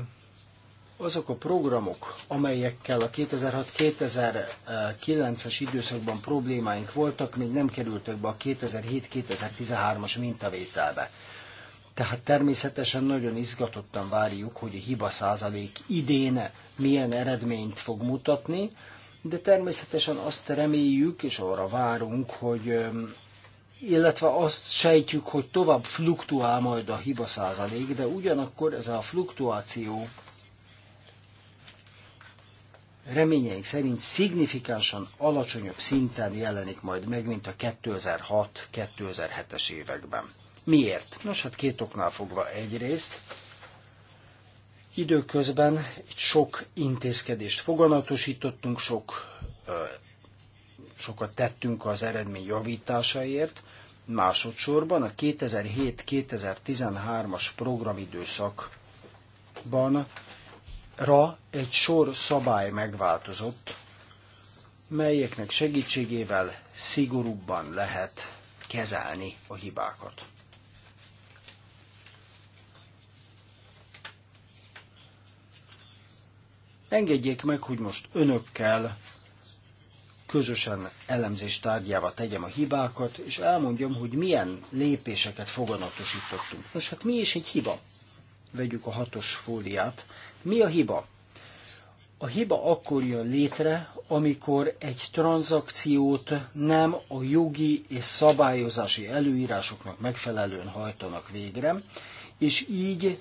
azok a programok, amelyekkel a 2006-2009-es időszakban problémáink voltak, még nem kerültek be a 2007-2013-as mintavételbe. Tehát természetesen nagyon izgatottan várjuk, hogy a hiba százalék idén milyen eredményt fog mutatni, de természetesen azt reméljük, és arra várunk, hogy illetve azt sejtjük, hogy tovább fluktuál majd a hiba százalék, de ugyanakkor ez a fluktuáció reményeink szerint szignifikánsan alacsonyabb szinten jelenik majd meg, mint a 2006-2007-es években. Miért? Nos, hát két oknál fogva egyrészt, időközben itt sok intézkedést foganatosítottunk, sok, sokat tettünk az eredmény javításáért, másodszorban a 2007-2013-as programidőszakban ra egy sor szabály megváltozott, melyeknek segítségével szigorúbban lehet kezelni a hibákat. Engedjék meg, hogy most önökkel közösen elemzés tárgyává tegyem a hibákat, és elmondjam, hogy milyen lépéseket foganatosítottunk. Nos, hát mi is egy hiba? Vegyük a hatos fóliát. Mi a hiba? A hiba akkor jön létre, amikor egy tranzakciót nem a jogi és szabályozási előírásoknak megfelelően hajtanak végre, és így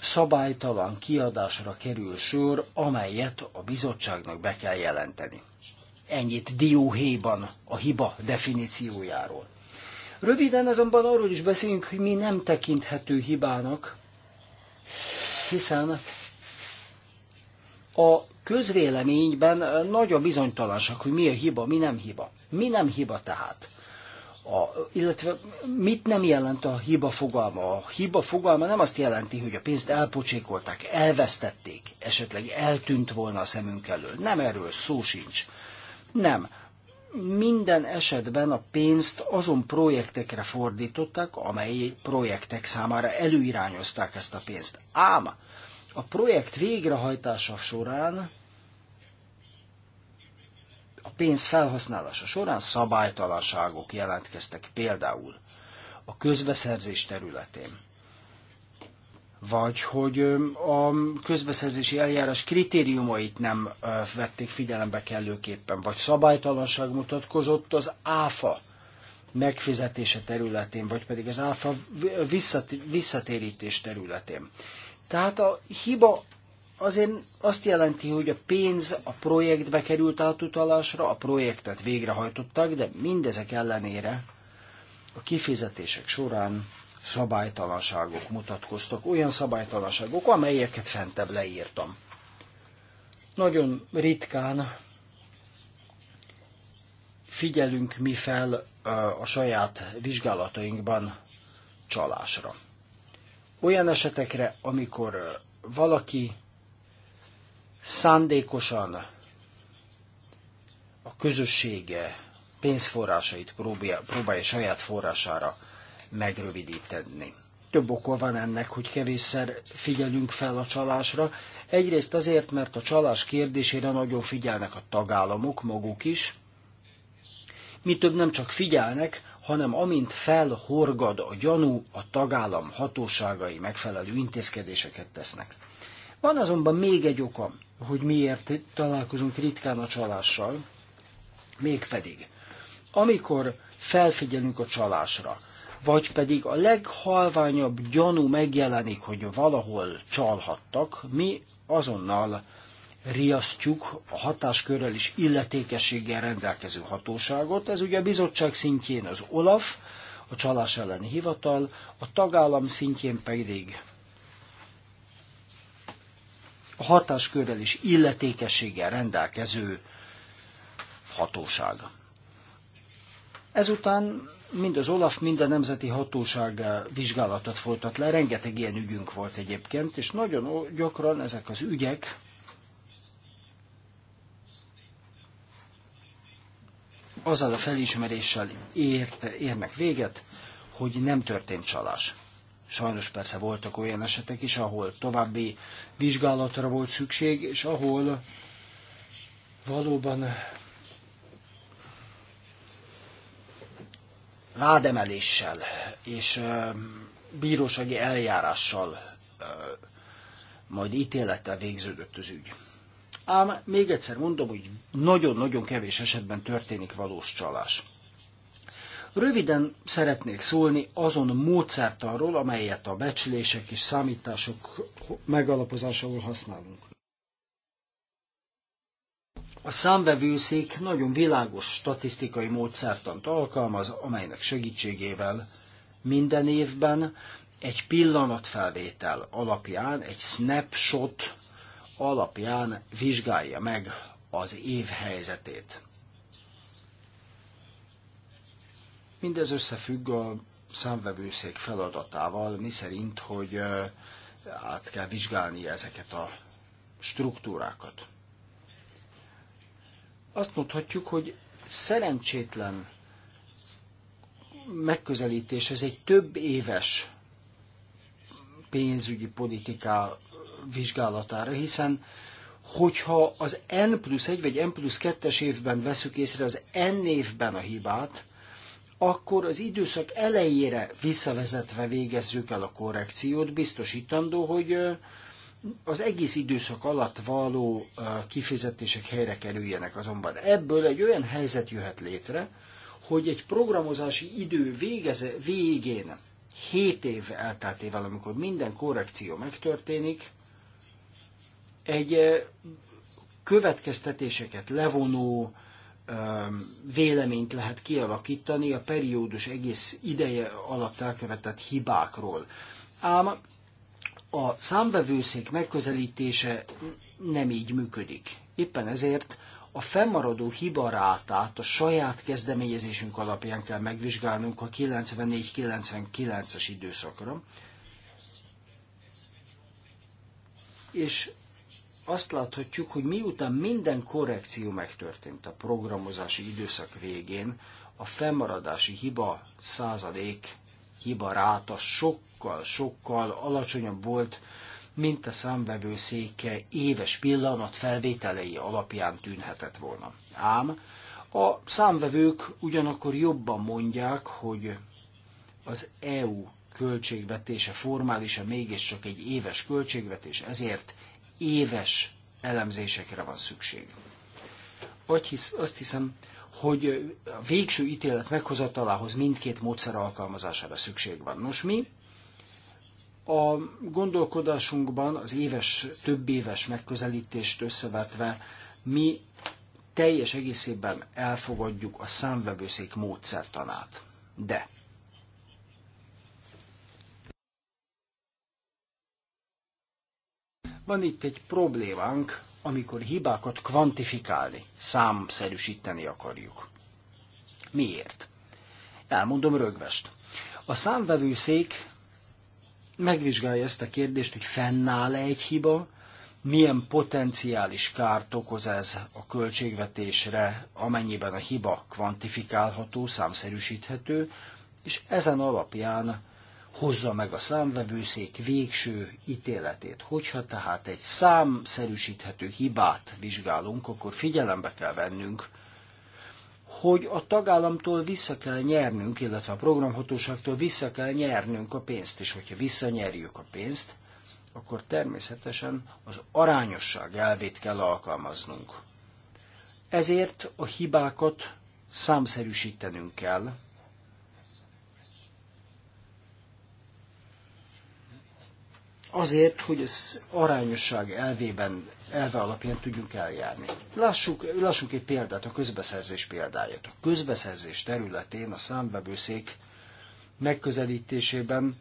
szabálytalan kiadásra kerül sor, amelyet a bizottságnak be kell jelenteni. Ennyit dióhéjban a hiba definíciójáról. Röviden azonban arról is beszéljünk, hogy mi nem tekinthető hibának, hiszen a közvéleményben nagy a bizonytalanság, hogy mi a hiba, mi nem hiba. Mi nem hiba tehát? A, illetve mit nem jelent a hiba fogalma? A hiba fogalma nem azt jelenti, hogy a pénzt elpocsékolták, elvesztették, esetleg eltűnt volna a szemünk elől. Nem erről szó sincs. Nem. Minden esetben a pénzt azon projektekre fordították, amely projektek számára előirányozták ezt a pénzt. Ám a projekt végrehajtása során, a pénz felhasználása során szabálytalanságok jelentkeztek például a közbeszerzés területén vagy hogy a közbeszerzési eljárás kritériumait nem vették figyelembe kellőképpen, vagy szabálytalanság mutatkozott az áfa megfizetése területén, vagy pedig az áfa visszatérítés területén. Tehát a hiba azért azt jelenti, hogy a pénz a projektbe került átutalásra, a projektet végrehajtották, de mindezek ellenére a kifizetések során szabálytalanságok mutatkoztak, olyan szabálytalanságok, amelyeket fentebb leírtam. Nagyon ritkán figyelünk mi fel a saját vizsgálatainkban csalásra olyan esetekre, amikor valaki szándékosan a közössége pénzforrásait próbálja, próbálja saját forrására megrövidíteni. Több okol van ennek, hogy kevésszer figyelünk fel a csalásra. Egyrészt azért, mert a csalás kérdésére nagyon figyelnek a tagállamok maguk is. Mi több nem csak figyelnek, hanem amint felhorgad a gyanú, a tagállam hatóságai megfelelő intézkedéseket tesznek. Van azonban még egy oka, hogy miért találkozunk ritkán a csalással, mégpedig, amikor felfigyelünk a csalásra, vagy pedig a leghalványabb gyanú megjelenik, hogy valahol csalhattak, mi azonnal riasztjuk a hatáskörrel és illetékességgel rendelkező hatóságot. Ez ugye a bizottság szintjén az OLAF, a csalás elleni hivatal, a tagállam szintjén pedig a hatáskörrel és illetékességgel rendelkező hatóság. Ezután mind az Olaf, mind a Nemzeti Hatóság vizsgálatot folytat le. Rengeteg ilyen ügyünk volt egyébként, és nagyon gyakran ezek az ügyek azzal a felismeréssel ért, érnek véget, hogy nem történt csalás. Sajnos persze voltak olyan esetek is, ahol további vizsgálatra volt szükség, és ahol valóban vádemeléssel és bírósági eljárással majd ítélettel végződött az ügy. Ám még egyszer mondom, hogy nagyon-nagyon kevés esetben történik valós csalás. Röviden szeretnék szólni azon módszertanról, amelyet a becslések és számítások megalapozásául használunk. A számvevőszék nagyon világos statisztikai módszertant alkalmaz, amelynek segítségével minden évben egy pillanatfelvétel alapján, egy snapshot alapján vizsgálja meg az év helyzetét. Mindez összefügg a számvevőszék feladatával, miszerint, hogy át kell vizsgálni ezeket a struktúrákat. Azt mondhatjuk, hogy szerencsétlen megközelítés, ez egy több éves pénzügyi politika vizsgálatára, hiszen hogyha az N plusz 1 vagy N plusz 2-es évben veszük észre az N évben a hibát, akkor az időszak elejére visszavezetve végezzük el a korrekciót, biztosítandó, hogy az egész időszak alatt való kifizetések helyre kerüljenek. Azonban ebből egy olyan helyzet jöhet létre, hogy egy programozási idő végeze, végén, 7 év elteltével, amikor minden korrekció megtörténik, egy következtetéseket levonó véleményt lehet kialakítani a periódus egész ideje alatt elkövetett hibákról. Ám a számbevőszék megközelítése nem így működik. Éppen ezért a fennmaradó hibarátát a saját kezdeményezésünk alapján kell megvizsgálnunk a 94-99-es időszakra. És azt láthatjuk, hogy miután minden korrekció megtörtént a programozási időszak végén, a fennmaradási hiba századék hiba ráta sokkal-sokkal alacsonyabb volt, mint a számvevőszéke éves pillanat felvételei alapján tűnhetett volna. Ám a számvevők ugyanakkor jobban mondják, hogy az EU költségvetése formálisan mégiscsak egy éves költségvetés, ezért éves elemzésekre van szükség. hisz, azt hiszem, hogy a végső ítélet meghozatalához mindkét módszer alkalmazására szükség van. Nos, mi a gondolkodásunkban az éves, több éves megközelítést összevetve mi teljes egészében elfogadjuk a számvevőszék módszertanát. De Van itt egy problémánk, amikor hibákat kvantifikálni, számszerűsíteni akarjuk. Miért? Elmondom rögvest. A számvevőszék megvizsgálja ezt a kérdést, hogy fennáll-e egy hiba, milyen potenciális kárt okoz ez a költségvetésre, amennyiben a hiba kvantifikálható, számszerűsíthető, és ezen alapján hozza meg a számvevőszék végső ítéletét. Hogyha tehát egy számszerűsíthető hibát vizsgálunk, akkor figyelembe kell vennünk, hogy a tagállamtól vissza kell nyernünk, illetve a programhatóságtól vissza kell nyernünk a pénzt, és hogyha visszanyerjük a pénzt, akkor természetesen az arányosság elvét kell alkalmaznunk. Ezért a hibákat számszerűsítenünk kell, azért, hogy az arányosság elvében, elve alapján tudjunk eljárni. Lássuk, lássuk egy példát, a közbeszerzés példáját. A közbeszerzés területén a számbevőszék megközelítésében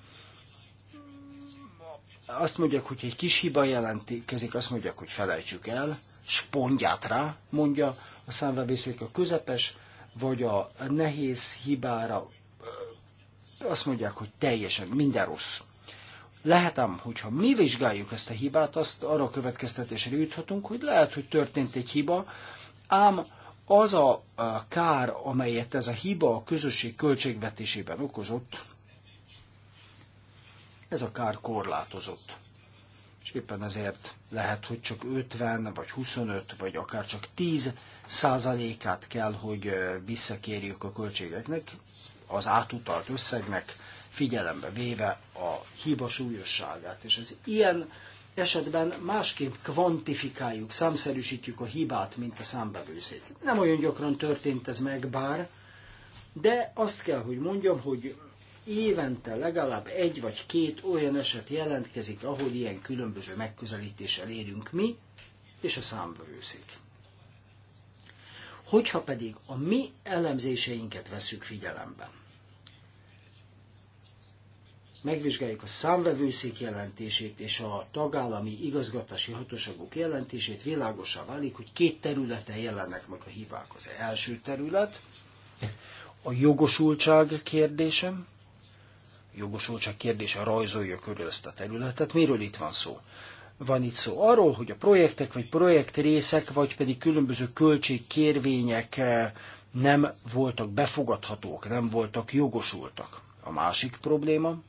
azt mondják, hogy egy kis hiba jelentkezik, azt mondják, hogy felejtsük el, spondját rá, mondja a számbevőszék a közepes, vagy a nehéz hibára azt mondják, hogy teljesen minden rossz lehet ám, hogyha mi vizsgáljuk ezt a hibát, azt arra a következtetésre juthatunk, hogy lehet, hogy történt egy hiba, ám az a kár, amelyet ez a hiba a közösség költségvetésében okozott, ez a kár korlátozott. És éppen ezért lehet, hogy csak 50, vagy 25, vagy akár csak 10 százalékát kell, hogy visszakérjük a költségeknek, az átutalt összegnek, figyelembe véve a hiba súlyosságát. És az ilyen esetben másként kvantifikáljuk, számszerűsítjük a hibát, mint a számbevőszét. Nem olyan gyakran történt ez meg, bár, de azt kell, hogy mondjam, hogy évente legalább egy vagy két olyan eset jelentkezik, ahol ilyen különböző megközelítéssel érünk mi és a számbevőszék. Hogyha pedig a mi elemzéseinket veszük figyelembe, megvizsgáljuk a számvevőszék jelentését és a tagállami igazgatási hatóságok jelentését, világosá válik, hogy két területen jelennek meg a hibák. Az első terület a jogosultság kérdésem, jogosultság kérdése rajzolja körül ezt a területet. Miről itt van szó? Van itt szó arról, hogy a projektek vagy projektrészek, vagy pedig különböző költségkérvények eh, nem voltak befogadhatók, nem voltak jogosultak. A másik probléma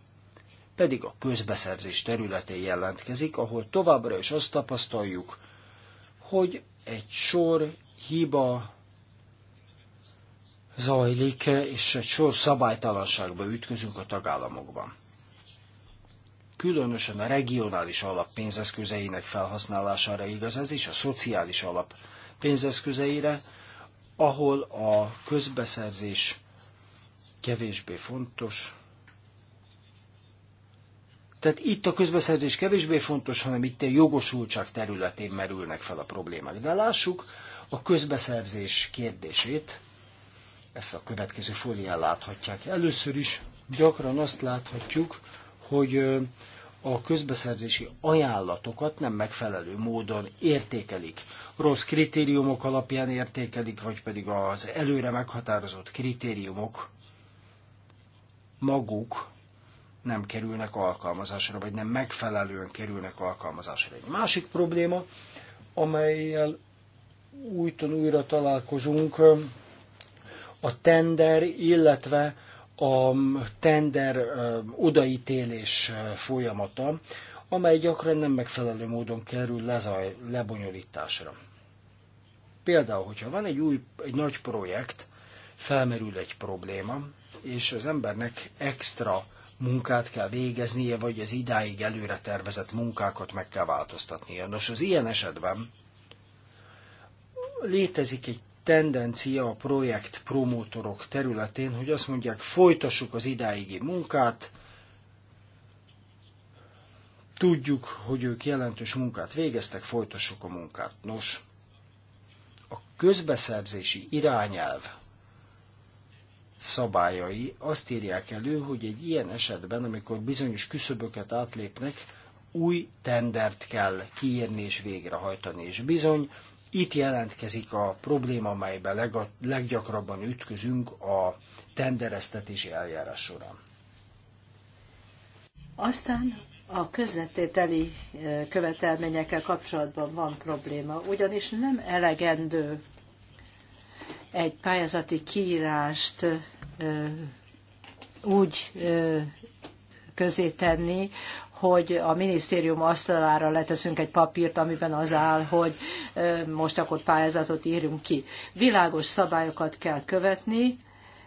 pedig a közbeszerzés területén jelentkezik, ahol továbbra is azt tapasztaljuk, hogy egy sor hiba zajlik, és egy sor szabálytalanságba ütközünk a tagállamokban. Különösen a regionális alap pénzeszközeinek felhasználására igaz ez, és a szociális alap pénzeszközeire, ahol a közbeszerzés kevésbé fontos, tehát itt a közbeszerzés kevésbé fontos, hanem itt a jogosultság területén merülnek fel a problémák. De lássuk a közbeszerzés kérdését, ezt a következő fólián láthatják. Először is gyakran azt láthatjuk, hogy a közbeszerzési ajánlatokat nem megfelelő módon értékelik. Rossz kritériumok alapján értékelik, vagy pedig az előre meghatározott kritériumok maguk nem kerülnek alkalmazásra, vagy nem megfelelően kerülnek alkalmazásra. Egy másik probléma, amelyel újton újra találkozunk, a tender, illetve a tender odaítélés folyamata, amely gyakran nem megfelelő módon kerül lezaj, lebonyolításra. Például, hogyha van egy új, egy nagy projekt, felmerül egy probléma, és az embernek extra munkát kell végeznie, vagy az idáig előre tervezett munkákat meg kell változtatnia. Nos, az ilyen esetben létezik egy tendencia a projekt promotorok területén, hogy azt mondják, folytassuk az idáigi munkát, tudjuk, hogy ők jelentős munkát végeztek, folytassuk a munkát. Nos, a közbeszerzési irányelv szabályai azt írják elő, hogy egy ilyen esetben, amikor bizonyos küszöböket átlépnek, új tendert kell kiírni és végrehajtani. És bizony, itt jelentkezik a probléma, amelyben leg, leggyakrabban ütközünk a tendereztetési eljárás során. Aztán a közvetételi követelményekkel kapcsolatban van probléma, ugyanis nem elegendő egy pályázati kiírást úgy közé tenni, hogy a minisztérium asztalára leteszünk egy papírt, amiben az áll, hogy most akkor pályázatot írjunk ki. Világos szabályokat kell követni,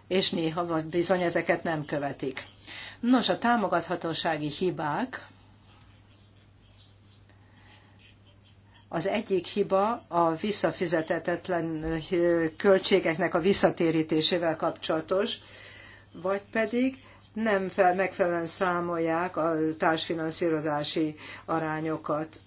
és néha bizony ezeket nem követik. Nos, a támogathatósági hibák Az egyik hiba a visszafizetetetlen költségeknek a visszatérítésével kapcsolatos, vagy pedig nem fel, megfelelően számolják a társfinanszírozási arányokat.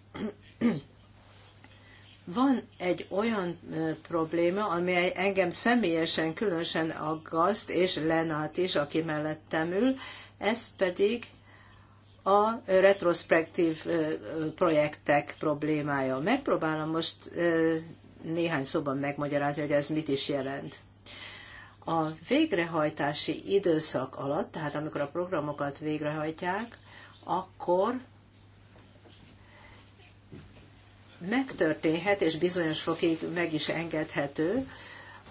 Van egy olyan probléma, ami engem személyesen különösen aggaszt, és Lenát is, aki mellettem ül, ez pedig a retrospektív projektek problémája. Megpróbálom most néhány szóban megmagyarázni, hogy ez mit is jelent. A végrehajtási időszak alatt, tehát amikor a programokat végrehajtják, akkor megtörténhet, és bizonyos fokig meg is engedhető,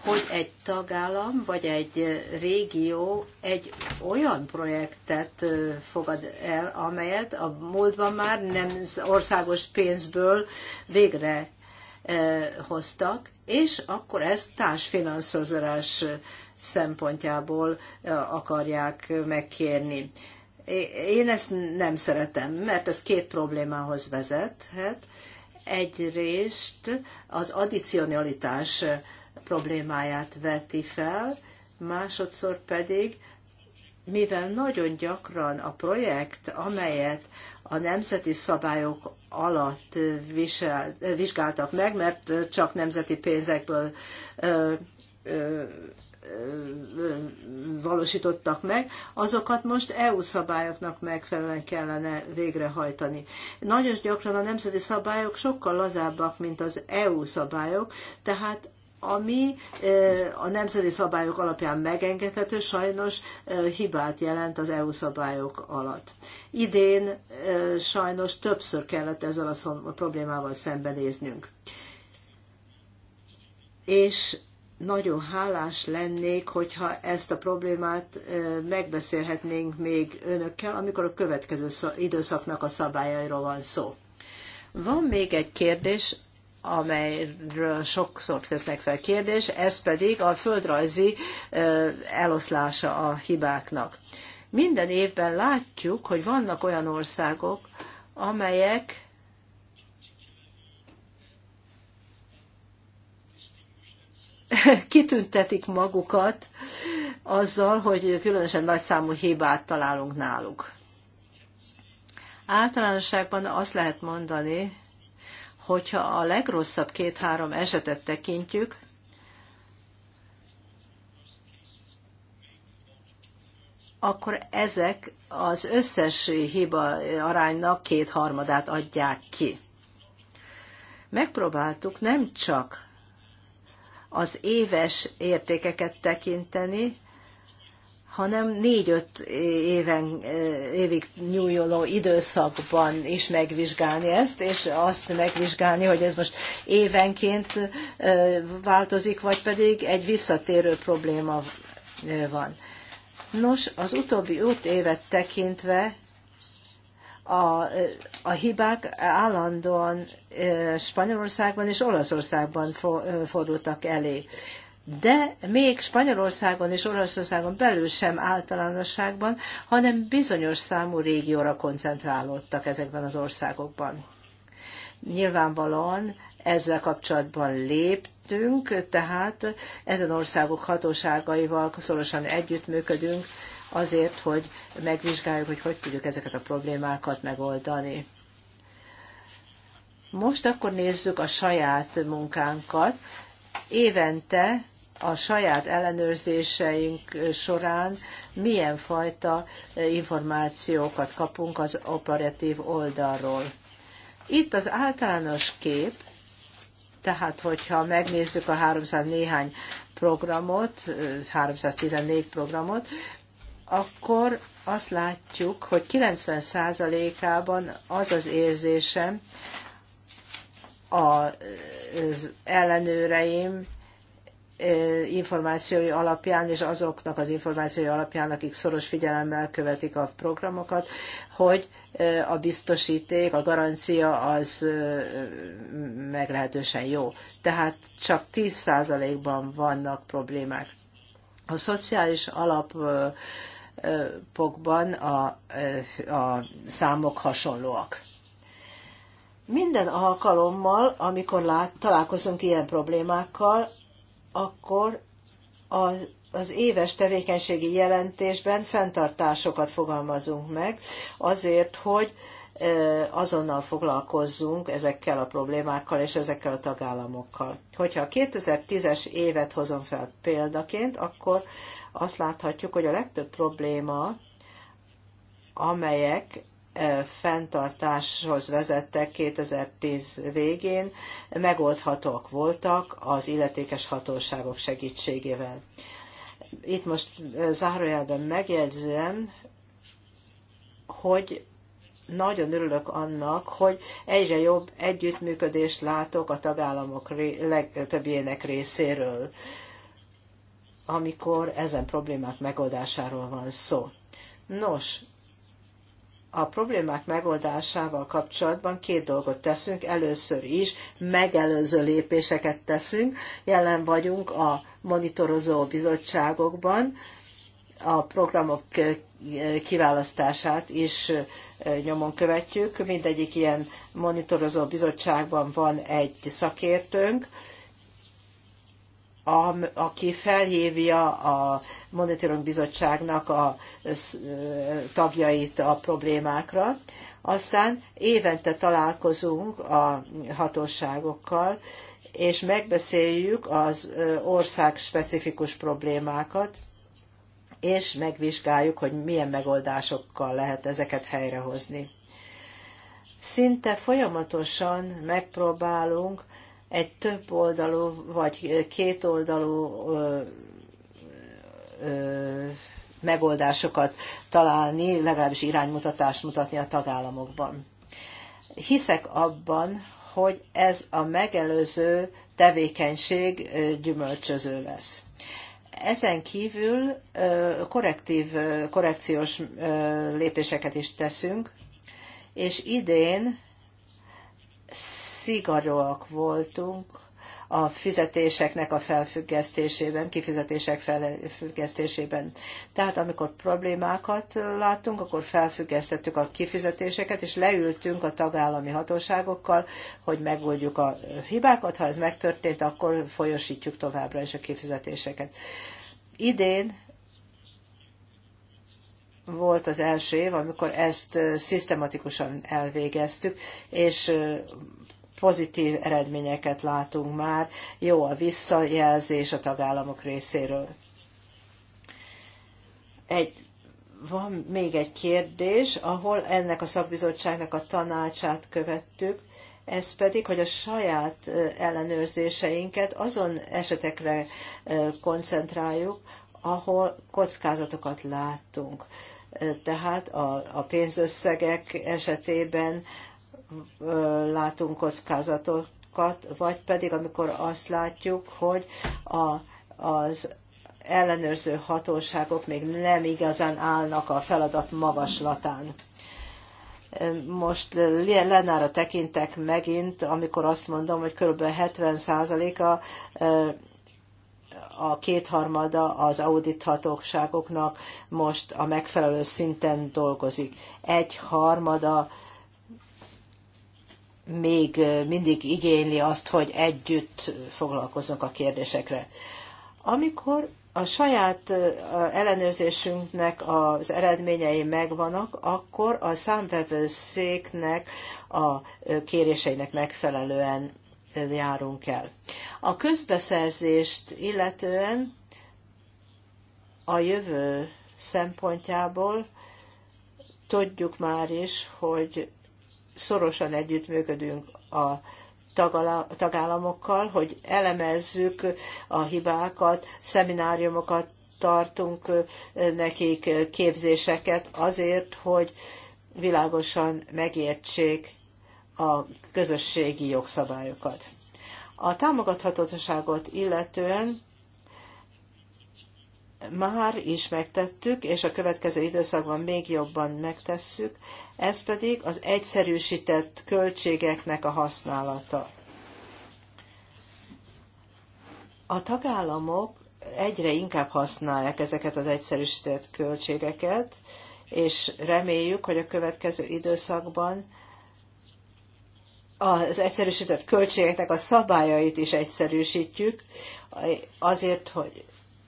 hogy egy tagállam vagy egy régió egy olyan projektet fogad el, amelyet a múltban már nem országos pénzből végre hoztak, és akkor ezt társfinanszírozás szempontjából akarják megkérni. Én ezt nem szeretem, mert ez két problémához vezethet. Egyrészt az addicionalitás problémáját veti fel, másodszor pedig, mivel nagyon gyakran a projekt, amelyet a nemzeti szabályok alatt visel, vizsgáltak meg, mert csak nemzeti pénzekből ö, ö, valósítottak meg, azokat most EU szabályoknak megfelelően kellene végrehajtani. Nagyon gyakran a nemzeti szabályok sokkal lazábbak, mint az EU szabályok, tehát ami a nemzeti szabályok alapján megengedhető, sajnos hibát jelent az EU szabályok alatt. Idén sajnos többször kellett ezzel a problémával szembenéznünk. És nagyon hálás lennék, hogyha ezt a problémát megbeszélhetnénk még önökkel, amikor a következő időszaknak a szabályairól van szó. Van még egy kérdés, amelyről sokszor tesznek fel kérdés, ez pedig a földrajzi eloszlása a hibáknak. Minden évben látjuk, hogy vannak olyan országok, amelyek kitüntetik magukat azzal, hogy különösen nagy számú hibát találunk náluk. Általánosságban azt lehet mondani, hogyha a legrosszabb két-három esetet tekintjük, akkor ezek az összes hiba aránynak kétharmadát adják ki. Megpróbáltuk nem csak az éves értékeket tekinteni, hanem négy-öt éven, eh, évig nyújuló időszakban is megvizsgálni ezt, és azt megvizsgálni, hogy ez most évenként eh, változik, vagy pedig egy visszatérő probléma eh, van. Nos, az utóbbi öt évet tekintve a, a hibák állandóan Spanyolországban és Olaszországban fordultak elé de még Spanyolországon és Oroszországon belül sem általánosságban, hanem bizonyos számú régióra koncentrálódtak ezekben az országokban. Nyilvánvalóan ezzel kapcsolatban léptünk, tehát ezen országok hatóságaival szorosan együttműködünk azért, hogy megvizsgáljuk, hogy hogy tudjuk ezeket a problémákat megoldani. Most akkor nézzük a saját munkánkat. Évente a saját ellenőrzéseink során milyen fajta e, információkat kapunk az operatív oldalról. Itt az általános kép, tehát hogyha megnézzük a 300 néhány programot, 314 e, programot, akkor azt látjuk, hogy 90%-ában az az érzésem, e, az ellenőreim információi alapján, és azoknak az információi alapján, akik szoros figyelemmel követik a programokat, hogy a biztosíték, a garancia az meglehetősen jó. Tehát csak 10%-ban vannak problémák. A szociális alapokban a, a számok hasonlóak. Minden alkalommal, amikor lát, találkozunk ilyen problémákkal, akkor az az éves tevékenységi jelentésben fenntartásokat fogalmazunk meg azért, hogy azonnal foglalkozzunk ezekkel a problémákkal és ezekkel a tagállamokkal. Hogyha a 2010-es évet hozom fel példaként, akkor azt láthatjuk, hogy a legtöbb probléma, amelyek fenntartáshoz vezettek 2010 végén, megoldhatóak voltak az illetékes hatóságok segítségével. Itt most zárójelben megjegyzem, hogy nagyon örülök annak, hogy egyre jobb együttműködést látok a tagállamok legtöbbjének részéről, amikor ezen problémák megoldásáról van szó. Nos, a problémák megoldásával kapcsolatban két dolgot teszünk. Először is megelőző lépéseket teszünk. Jelen vagyunk a monitorozó bizottságokban, a programok kiválasztását is nyomon követjük. Mindegyik ilyen monitorozó bizottságban van egy szakértőnk, a, aki felhívja a Monitoring Bizottságnak a tagjait a problémákra. Aztán évente találkozunk a hatóságokkal, és megbeszéljük az ország specifikus problémákat, és megvizsgáljuk, hogy milyen megoldásokkal lehet ezeket helyrehozni. Szinte folyamatosan megpróbálunk egy több oldalú vagy két oldalú megoldásokat találni, legalábbis iránymutatást mutatni a tagállamokban. Hiszek abban, hogy ez a megelőző tevékenység gyümölcsöző lesz. Ezen kívül korrektív, korrekciós lépéseket is teszünk, és idén szigorúak voltunk a fizetéseknek a felfüggesztésében, kifizetések felfüggesztésében. Tehát amikor problémákat láttunk, akkor felfüggesztettük a kifizetéseket, és leültünk a tagállami hatóságokkal, hogy megoldjuk a hibákat. Ha ez megtörtént, akkor folyosítjuk továbbra is a kifizetéseket. Idén volt az első év, amikor ezt szisztematikusan elvégeztük, és pozitív eredményeket látunk már, jó a visszajelzés a tagállamok részéről. Egy, van még egy kérdés, ahol ennek a szakbizottságnak a tanácsát követtük, ez pedig, hogy a saját ellenőrzéseinket azon esetekre koncentráljuk, ahol kockázatokat láttunk. Tehát a, a pénzösszegek esetében látunk kockázatokat, vagy pedig amikor azt látjuk, hogy a, az ellenőrző hatóságok még nem igazán állnak a feladat magaslatán. Most Lenára tekintek megint, amikor azt mondom, hogy kb. 70% a a kétharmada az audithatóságoknak most a megfelelő szinten dolgozik. Egy harmada még mindig igényli azt, hogy együtt foglalkozunk a kérdésekre. Amikor a saját ellenőrzésünknek az eredményei megvannak, akkor a számvevőszéknek a kéréseinek megfelelően járunk el. A közbeszerzést illetően a jövő szempontjából tudjuk már is, hogy szorosan együttműködünk a tagállamokkal, hogy elemezzük a hibákat, szemináriumokat tartunk nekik, képzéseket azért, hogy világosan megértsék a közösségi jogszabályokat. A támogathatóságot illetően már is megtettük, és a következő időszakban még jobban megtesszük, ez pedig az egyszerűsített költségeknek a használata. A tagállamok egyre inkább használják ezeket az egyszerűsített költségeket, és reméljük, hogy a következő időszakban az egyszerűsített költségeknek a szabályait is egyszerűsítjük, azért, hogy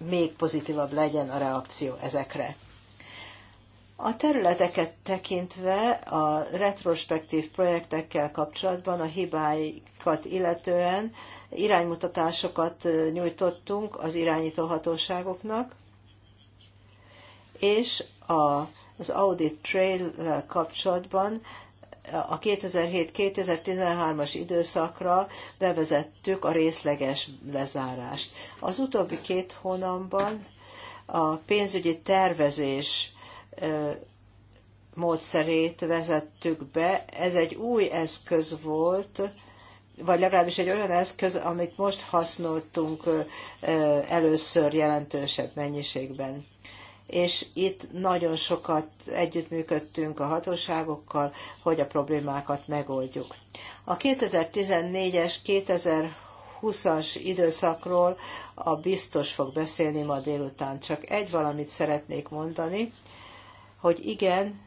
még pozitívabb legyen a reakció ezekre. A területeket tekintve a retrospektív projektekkel kapcsolatban a hibáikat illetően iránymutatásokat nyújtottunk az irányító hatóságoknak, és a, az audit trail kapcsolatban a 2007-2013-as időszakra bevezettük a részleges lezárást. Az utóbbi két hónapban a pénzügyi tervezés módszerét vezettük be. Ez egy új eszköz volt, vagy legalábbis egy olyan eszköz, amit most használtunk először jelentősebb mennyiségben és itt nagyon sokat együttműködtünk a hatóságokkal, hogy a problémákat megoldjuk. A 2014-es, 2020-as időszakról a biztos fog beszélni ma délután. Csak egy valamit szeretnék mondani, hogy igen,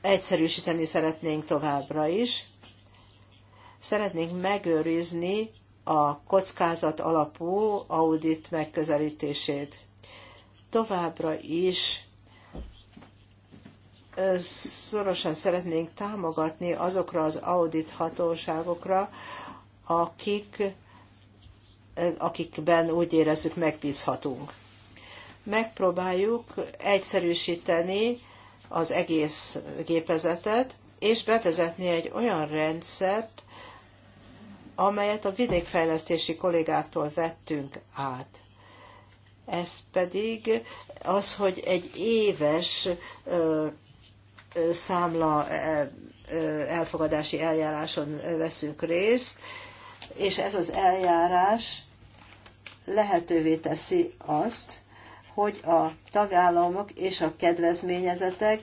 egyszerűsíteni szeretnénk továbbra is. Szeretnénk megőrizni a kockázat alapú audit megközelítését. Továbbra is szorosan szeretnénk támogatni azokra az audit hatóságokra, akik, akikben úgy érezzük megbízhatunk. Megpróbáljuk egyszerűsíteni az egész gépezetet, és bevezetni egy olyan rendszert, amelyet a vidékfejlesztési kollégáktól vettünk át. Ez pedig az, hogy egy éves számla elfogadási eljáráson veszünk részt, és ez az eljárás lehetővé teszi azt, hogy a tagállamok és a kedvezményezetek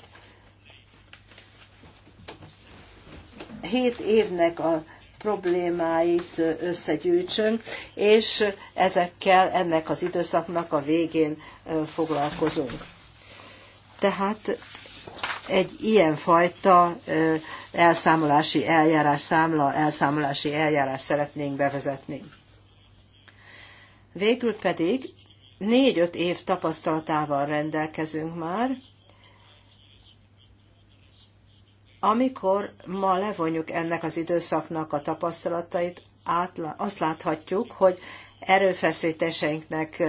7 évnek a problémáit összegyűjtsön, és ezekkel ennek az időszaknak a végén foglalkozunk. Tehát egy ilyen fajta elszámolási eljárás, számla elszámolási eljárás szeretnénk bevezetni. Végül pedig négy-öt év tapasztalatával rendelkezünk már, amikor ma levonjuk ennek az időszaknak a tapasztalatait, azt láthatjuk, hogy erőfeszítéseinknek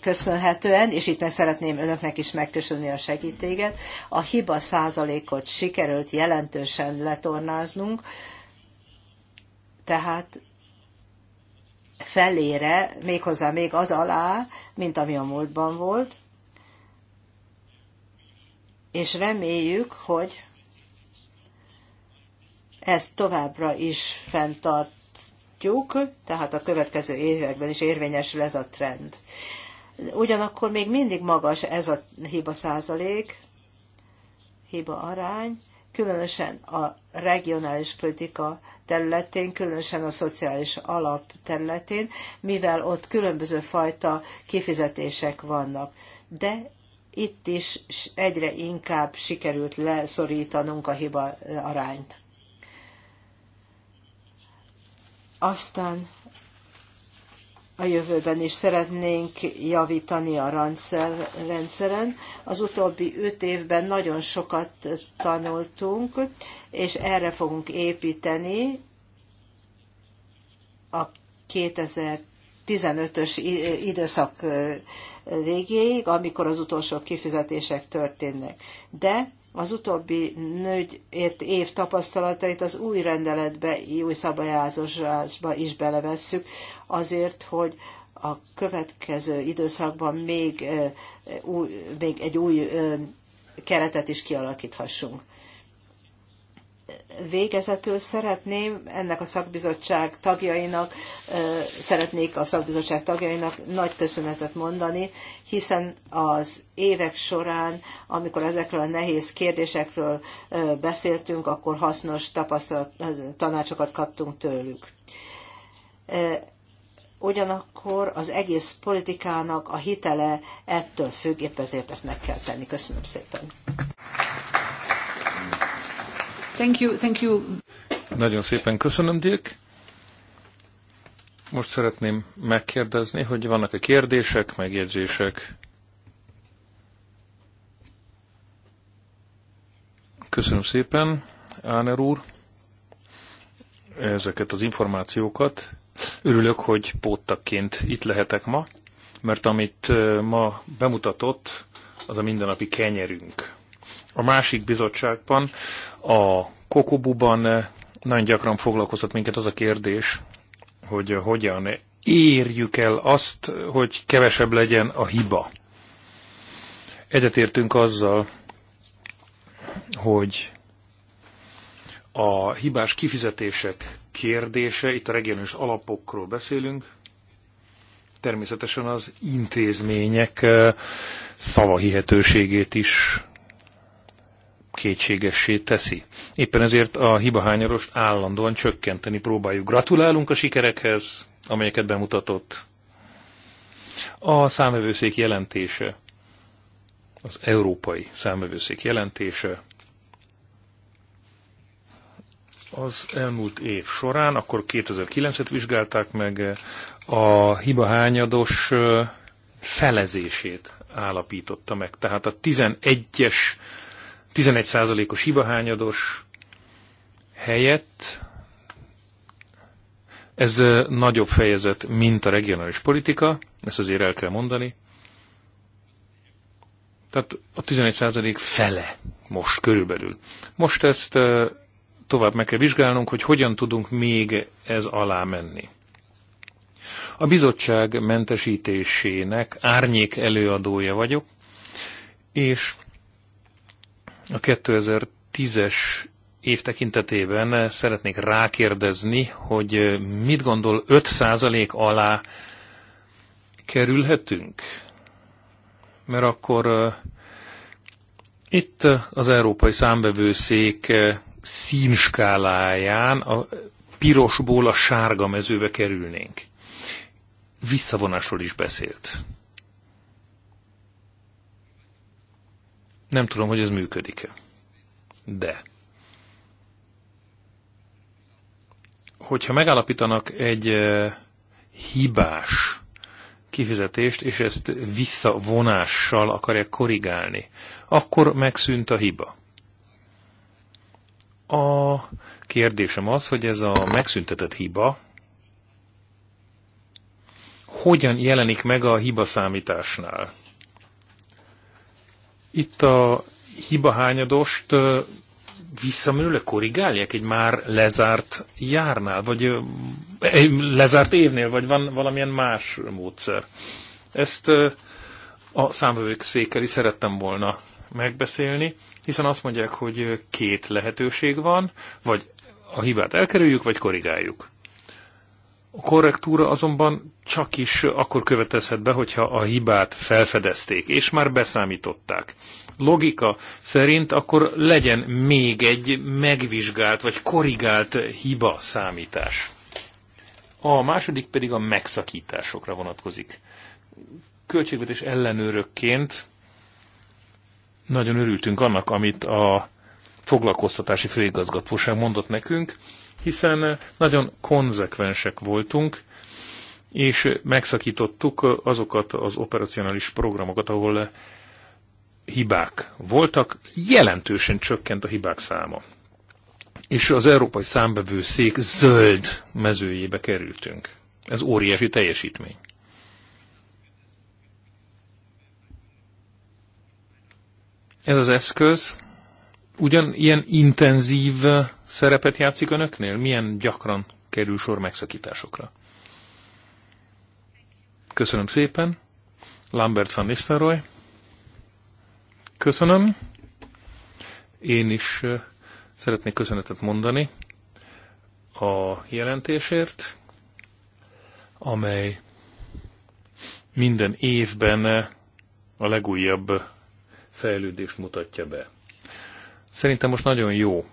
köszönhetően, és itt meg szeretném önöknek is megköszönni a segítséget, a hiba százalékot sikerült jelentősen letornáznunk, tehát felére, méghozzá még az alá, mint ami a múltban volt, és reméljük, hogy ezt továbbra is fenntartjuk, tehát a következő években is érvényesül ez a trend. Ugyanakkor még mindig magas ez a hiba százalék, hiba arány, különösen a regionális politika területén, különösen a szociális alap területén, mivel ott különböző fajta kifizetések vannak. De itt is egyre inkább sikerült leszorítanunk a hiba arányt. Aztán a jövőben is szeretnénk javítani a rendszer, rendszeren. Az utóbbi öt évben nagyon sokat tanultunk, és erre fogunk építeni a 2015-ös időszak végéig, amikor az utolsó kifizetések történnek. De az utóbbi négy év tapasztalatait az új rendeletbe, új szabályozásba is belevesszük, azért, hogy a következő időszakban még, még egy új keretet is kialakíthassunk. Végezetül szeretném ennek a szakbizottság tagjainak, szeretnék a szakbizottság tagjainak nagy köszönetet mondani, hiszen az évek során, amikor ezekről a nehéz kérdésekről beszéltünk, akkor hasznos tapasztalat, tanácsokat kaptunk tőlük. Ugyanakkor az egész politikának a hitele ettől függ, épp ezért ezt meg kell tenni. Köszönöm szépen. Thank you, thank you. Nagyon szépen köszönöm, Dirk. Most szeretném megkérdezni, hogy vannak-e kérdések, megjegyzések? Köszönöm szépen, Áner úr, ezeket az információkat. Örülök, hogy póttakként itt lehetek ma, mert amit eh, ma bemutatott, az a mindennapi kenyerünk a másik bizottságban, a Kokobuban eh, nagyon gyakran foglalkoztat minket az a kérdés, hogy hogyan érjük el azt, hogy kevesebb legyen a hiba. Egyetértünk azzal, hogy a hibás kifizetések kérdése, itt a regionális alapokról beszélünk, természetesen az intézmények eh, szavahihetőségét is kétségessé teszi. Éppen ezért a hibahányarost állandóan csökkenteni próbáljuk. Gratulálunk a sikerekhez, amelyeket bemutatott. A számövőszék jelentése, az európai számövőszék jelentése az elmúlt év során, akkor 2009-et vizsgálták meg, a hibahányados felezését állapította meg. Tehát a 11-es 11%-os hibahányados helyett ez nagyobb fejezet, mint a regionális politika, ezt azért el kell mondani. Tehát a 11% fele most körülbelül. Most ezt tovább meg kell vizsgálnunk, hogy hogyan tudunk még ez alá menni. A bizottság mentesítésének árnyék előadója vagyok, és a 2010-es év tekintetében szeretnék rákérdezni, hogy mit gondol 5% alá kerülhetünk? Mert akkor itt az Európai Számbevőszék színskáláján a pirosból a sárga mezőbe kerülnénk. Visszavonásról is beszélt. Nem tudom, hogy ez működik-e. De. Hogyha megállapítanak egy hibás kifizetést, és ezt visszavonással akarják korrigálni, akkor megszűnt a hiba. A kérdésem az, hogy ez a megszüntetett hiba hogyan jelenik meg a hiba számításnál itt a hibahányadost visszamenőleg korrigálják egy már lezárt járnál, vagy lezárt évnél, vagy van valamilyen más módszer. Ezt a számvevők székkel is szerettem volna megbeszélni, hiszen azt mondják, hogy két lehetőség van, vagy a hibát elkerüljük, vagy korrigáljuk. A korrektúra azonban csak is akkor követezhet be, hogyha a hibát felfedezték, és már beszámították. Logika szerint akkor legyen még egy megvizsgált vagy korrigált hiba számítás. A második pedig a megszakításokra vonatkozik. Költségvetés ellenőrökként nagyon örültünk annak, amit a foglalkoztatási főigazgatóság mondott nekünk, hiszen nagyon konzekvensek voltunk, és megszakítottuk azokat az operacionális programokat, ahol hibák voltak, jelentősen csökkent a hibák száma. És az Európai Számbevőszék zöld mezőjébe kerültünk. Ez óriási teljesítmény. Ez az eszköz ugyan ilyen intenzív szerepet játszik önöknél? Milyen gyakran kerül sor megszakításokra? Köszönöm szépen. Lambert van Nistelrooy. Köszönöm. Én is szeretnék köszönetet mondani a jelentésért, amely minden évben a legújabb fejlődést mutatja be. Szerintem most nagyon jó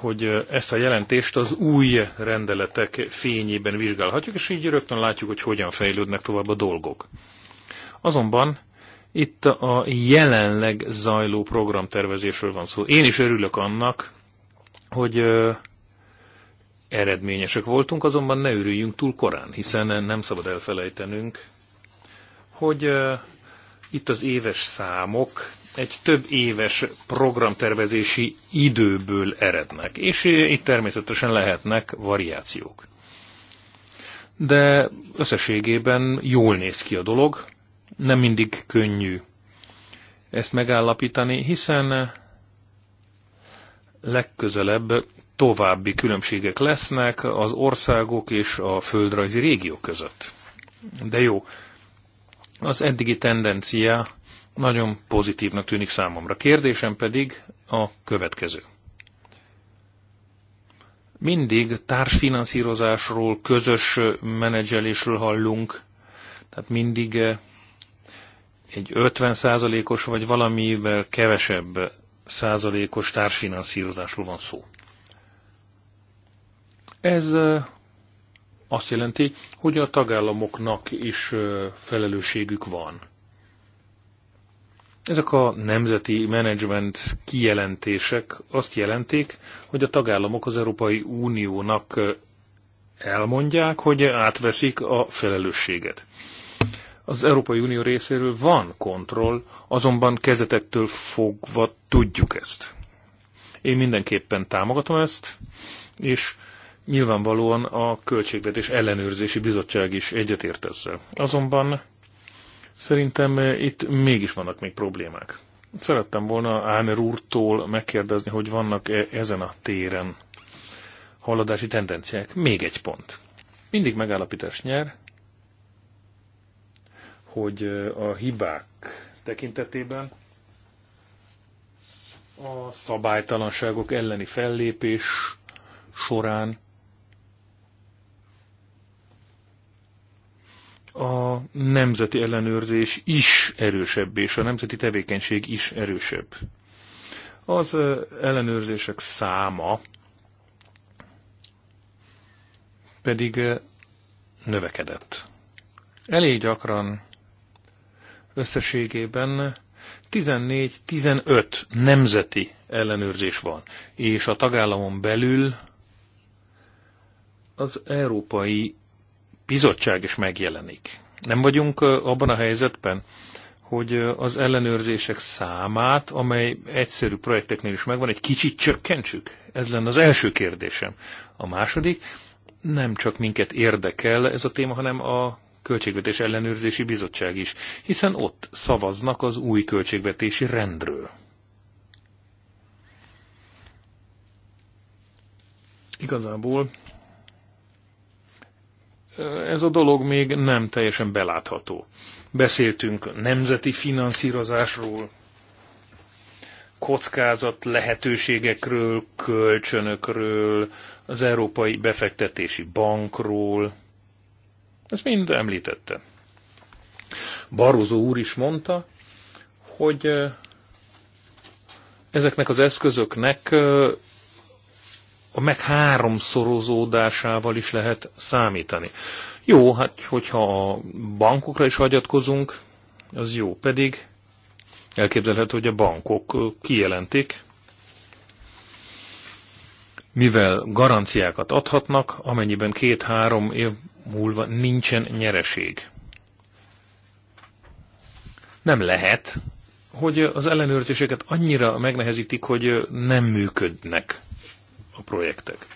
hogy ezt a jelentést az új rendeletek fényében vizsgálhatjuk, és így rögtön látjuk, hogy hogyan fejlődnek tovább a dolgok. Azonban itt a jelenleg zajló programtervezésről van szó. Én is örülök annak, hogy eredményesek voltunk, azonban ne örüljünk túl korán, hiszen nem szabad elfelejtenünk, hogy itt az éves számok egy több éves programtervezési időből erednek, és itt természetesen lehetnek variációk. De összességében jól néz ki a dolog, nem mindig könnyű ezt megállapítani, hiszen legközelebb további különbségek lesznek az országok és a földrajzi régiók között. De jó, az eddigi tendencia nagyon pozitívnak tűnik számomra. Kérdésem pedig a következő. Mindig társfinanszírozásról, közös menedzselésről hallunk, tehát mindig eh, egy 50%-os vagy valamivel kevesebb százalékos társfinanszírozásról van szó. Ez eh, azt jelenti, hogy a tagállamoknak is eh, felelősségük van ezek a nemzeti menedzsment kijelentések azt jelentik, hogy a tagállamok az Európai Uniónak elmondják, hogy átveszik a felelősséget. Az Európai Unió részéről van kontroll, azonban kezetektől fogva tudjuk ezt. Én mindenképpen támogatom ezt, és nyilvánvalóan a Költségvetés Ellenőrzési Bizottság is egyetért ezzel. Azonban Szerintem eh, itt mégis vannak még problémák. Szerettem volna Áner úrtól megkérdezni, hogy vannak -e ezen a téren haladási tendenciák. Még egy pont. Mindig megállapítás nyer, hogy eh, a hibák tekintetében a szabálytalanságok elleni fellépés során a nemzeti ellenőrzés is erősebb, és a nemzeti tevékenység is erősebb. Az ellenőrzések száma pedig növekedett. Elég gyakran összességében 14-15 nemzeti ellenőrzés van, és a tagállamon belül az európai bizottság is megjelenik. Nem vagyunk abban a helyzetben, hogy az ellenőrzések számát, amely egyszerű projekteknél is megvan, egy kicsit csökkentsük? Ez lenne az első kérdésem. A második, nem csak minket érdekel ez a téma, hanem a Költségvetés Ellenőrzési Bizottság is, hiszen ott szavaznak az új költségvetési rendről. Igazából ez a dolog még nem teljesen belátható. Beszéltünk nemzeti finanszírozásról, kockázat lehetőségekről, kölcsönökről, az Európai Befektetési Bankról. Ezt mind említette. Barozó úr is mondta, hogy eh, ezeknek az eszközöknek eh, a meg háromszorozódásával is lehet számítani. Jó, hát hogyha a bankokra is hagyatkozunk, az jó, pedig elképzelhető, hogy a bankok kijelentik, mivel garanciákat adhatnak, amennyiben két-három év múlva nincsen nyereség. Nem lehet, hogy az ellenőrzéseket annyira megnehezítik, hogy nem működnek a projektek.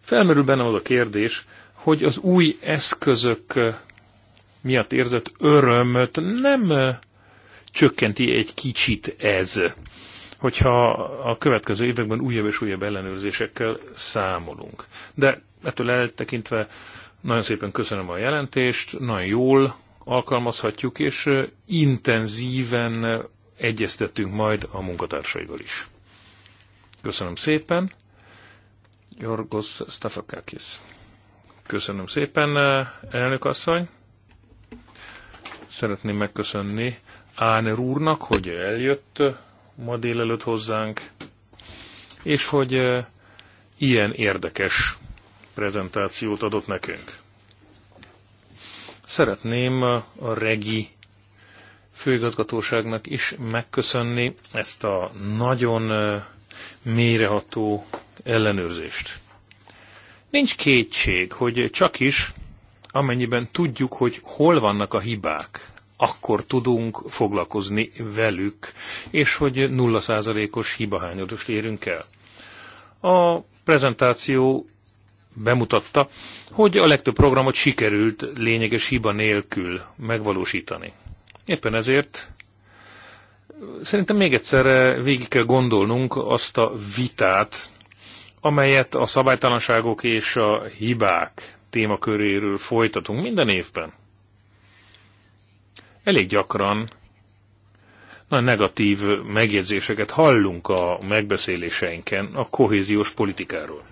Felmerül bennem az a kérdés, hogy az új eszközök miatt érzett örömöt nem csökkenti egy kicsit ez, hogyha a következő években újabb és újabb ellenőrzésekkel számolunk. De ettől eltekintve nagyon szépen köszönöm a jelentést, nagyon jól alkalmazhatjuk, és intenzíven egyeztetünk majd a munkatársaival is. Köszönöm szépen. Jorgos Stafakakis. Köszönöm szépen, eh, elnök asszony. Szeretném megköszönni Áner úrnak, hogy eljött ma délelőtt hozzánk, és hogy eh, ilyen érdekes prezentációt adott nekünk. Szeretném eh, a Regi főigazgatóságnak is megköszönni ezt a nagyon méreható ellenőrzést. Nincs kétség, hogy csak is, amennyiben tudjuk, hogy hol vannak a hibák, akkor tudunk foglalkozni velük, és hogy nulla százalékos hibahányadost érünk el. A prezentáció bemutatta, hogy a legtöbb programot sikerült lényeges hiba nélkül megvalósítani. Éppen ezért Szerintem még egyszer végig kell gondolnunk azt a vitát, amelyet a szabálytalanságok és a hibák témaköréről folytatunk minden évben. Elég gyakran nagyon negatív megjegyzéseket hallunk a megbeszéléseinken a kohéziós politikáról.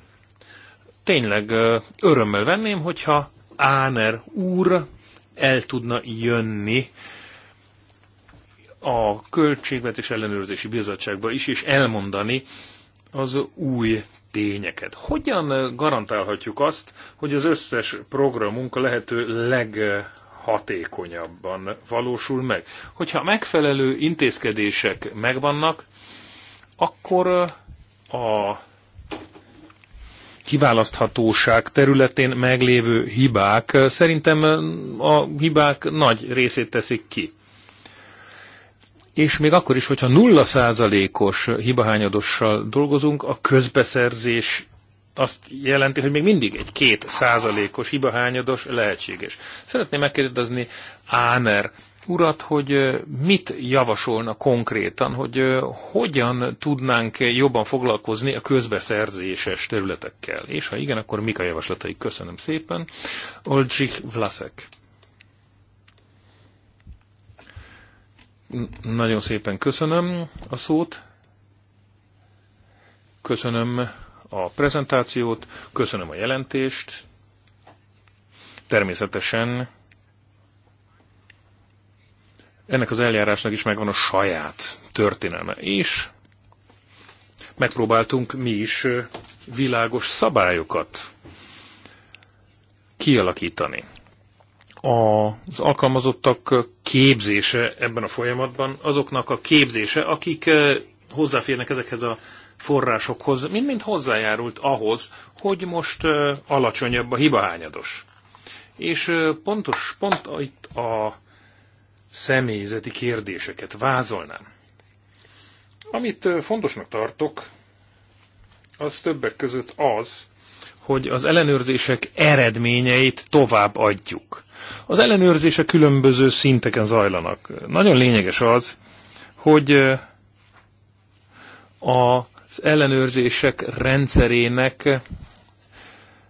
Tényleg örömmel venném, hogyha Áner úr el tudna jönni a Költségvetés Ellenőrzési Bizottságba is, és elmondani az új tényeket. Hogyan garantálhatjuk azt, hogy az összes programunk a lehető leghatékonyabban valósul meg? Hogyha megfelelő intézkedések megvannak, akkor a kiválaszthatóság területén meglévő hibák szerintem a hibák nagy részét teszik ki és még akkor is, hogyha nulla százalékos hibahányadossal dolgozunk, a közbeszerzés azt jelenti, hogy még mindig egy két százalékos hibahányados lehetséges. Szeretném megkérdezni Áner urat, hogy mit javasolna konkrétan, hogy hogyan tudnánk jobban foglalkozni a közbeszerzéses területekkel. És ha igen, akkor mik a javaslataik? Köszönöm szépen. Olcsik Vlaszek. Nagyon szépen köszönöm a szót, köszönöm a prezentációt, köszönöm a jelentést. Természetesen ennek az eljárásnak is megvan a saját történelme, és megpróbáltunk mi is világos szabályokat kialakítani az alkalmazottak képzése ebben a folyamatban, azoknak a képzése, akik hozzáférnek ezekhez a forrásokhoz, mind-mind hozzájárult ahhoz, hogy most alacsonyabb a hibahányados. És pontos, pont itt a személyzeti kérdéseket vázolnám. Amit fontosnak tartok, az többek között az, hogy az ellenőrzések eredményeit tovább adjuk. Az ellenőrzése különböző szinteken zajlanak. Nagyon lényeges az, hogy az ellenőrzések rendszerének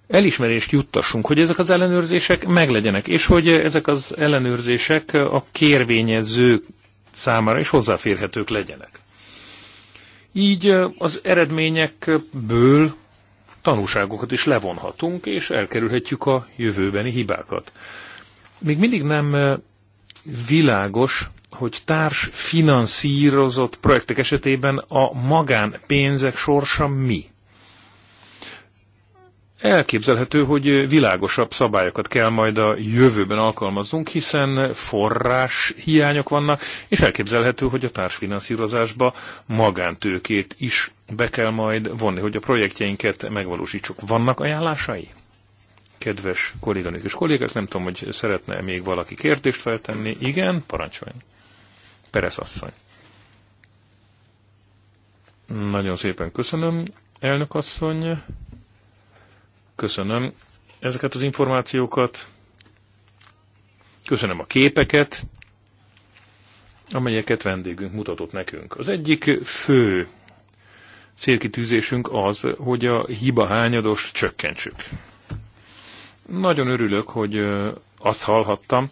elismerést juttassunk, hogy ezek az ellenőrzések meglegyenek, és hogy ezek az ellenőrzések a kérvényező számára is hozzáférhetők legyenek. Így az eredményekből tanúságokat is levonhatunk, és elkerülhetjük a jövőbeni hibákat még mindig nem világos, hogy társ finanszírozott projektek esetében a magánpénzek sorsa mi. Elképzelhető, hogy világosabb szabályokat kell majd a jövőben alkalmaznunk, hiszen forrás hiányok vannak, és elképzelhető, hogy a társfinanszírozásba magántőkét is be kell majd vonni, hogy a projektjeinket megvalósítsuk. Vannak ajánlásai? kedves kolléganők és kollégák, nem tudom, hogy szeretne még valaki kérdést feltenni. Igen, parancsolj. Perez asszony. Nagyon szépen köszönöm, elnök asszony. Köszönöm ezeket az információkat. Köszönöm a képeket, amelyeket vendégünk mutatott nekünk. Az egyik fő célkitűzésünk az, hogy a hiba hányados csökkentsük. Nagyon örülök, hogy azt hallhattam,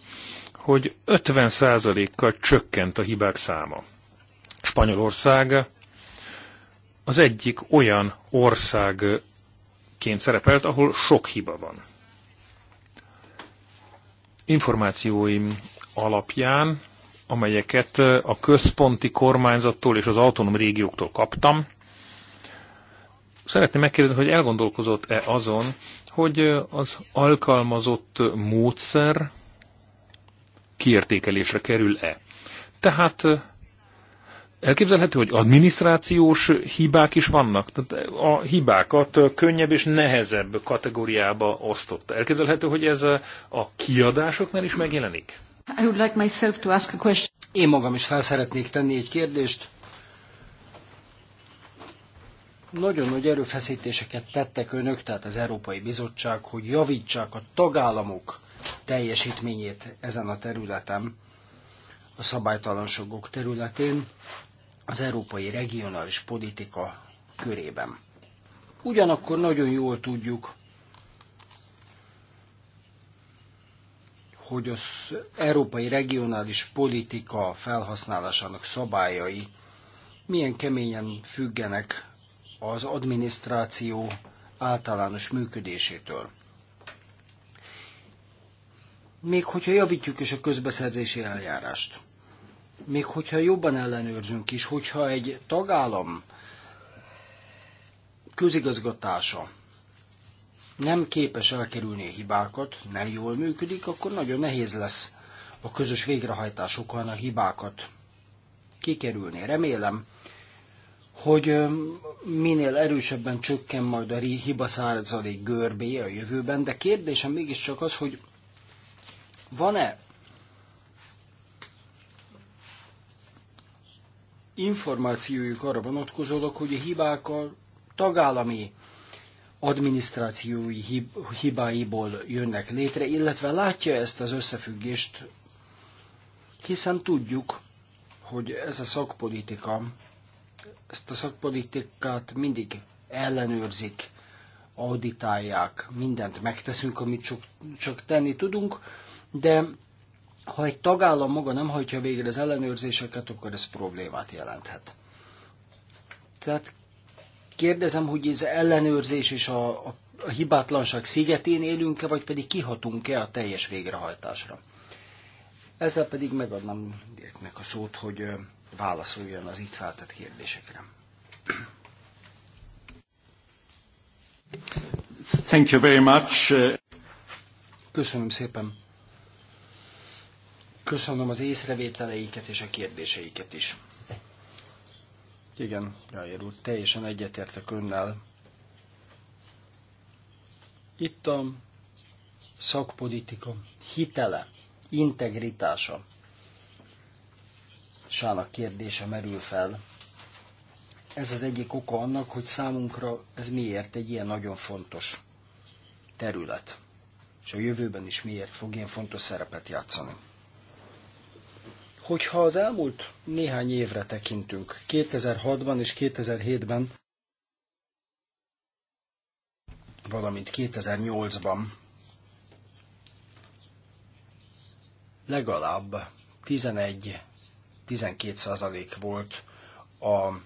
hogy 50%-kal csökkent a hibák száma. Spanyolország az egyik olyan országként szerepelt, ahol sok hiba van. Információim alapján, amelyeket a központi kormányzattól és az autonóm régióktól kaptam, szeretném megkérdezni, hogy elgondolkozott-e azon, hogy az alkalmazott módszer kiértékelésre kerül-e. Tehát elképzelhető, hogy adminisztrációs hibák is vannak. Tehát a hibákat könnyebb és nehezebb kategóriába osztotta. Elképzelhető, hogy ez a kiadásoknál is megjelenik? I would like myself to ask a question. Én magam is szeretnék tenni egy kérdést nagyon nagy erőfeszítéseket tettek önök, tehát az Európai Bizottság, hogy javítsák a tagállamok teljesítményét ezen a területen, a szabálytalanságok területén, az európai regionális politika körében. Ugyanakkor nagyon jól tudjuk, hogy az európai regionális politika felhasználásának szabályai milyen keményen függenek az adminisztráció általános működésétől. Még hogyha javítjuk is a közbeszerzési eljárást, még hogyha jobban ellenőrzünk is, hogyha egy tagállam közigazgatása nem képes elkerülni a hibákat, nem jól működik, akkor nagyon nehéz lesz a közös végrehajtásokon a hibákat kikerülni. Remélem, hogy minél erősebben csökken majd a hiba százalék görbé a jövőben, de kérdésem mégiscsak az, hogy van-e információjuk arra vonatkozólag, hogy a hibák a tagállami adminisztrációi hibáiból jönnek létre, illetve látja ezt az összefüggést, hiszen tudjuk, hogy ez a szakpolitika ezt a szakpolitikát mindig ellenőrzik, auditálják, mindent megteszünk, amit csak, csak tenni tudunk, de ha egy tagállam maga nem hagyja végre az ellenőrzéseket, akkor ez problémát jelenthet. Tehát kérdezem, hogy ez ellenőrzés és a, a, a hibátlanság szigetén élünk-e, vagy pedig kihatunk-e a teljes végrehajtásra. Ezzel pedig megadnám Dirknek a szót, hogy válaszoljon az itt feltett kérdésekre. Thank you very much. Köszönöm szépen. Köszönöm az észrevételeiket és a kérdéseiket is. Igen, Jair úr, teljesen egyetértek önnel. Itt a szakpolitika hitele, integritása, sának kérdése merül fel. Ez az egyik oka annak, hogy számunkra ez miért egy ilyen nagyon fontos terület, és a jövőben is miért fog ilyen fontos szerepet játszani. Hogyha az elmúlt néhány évre tekintünk, 2006-ban és 2007-ben, valamint 2008-ban, legalább 11 12% volt a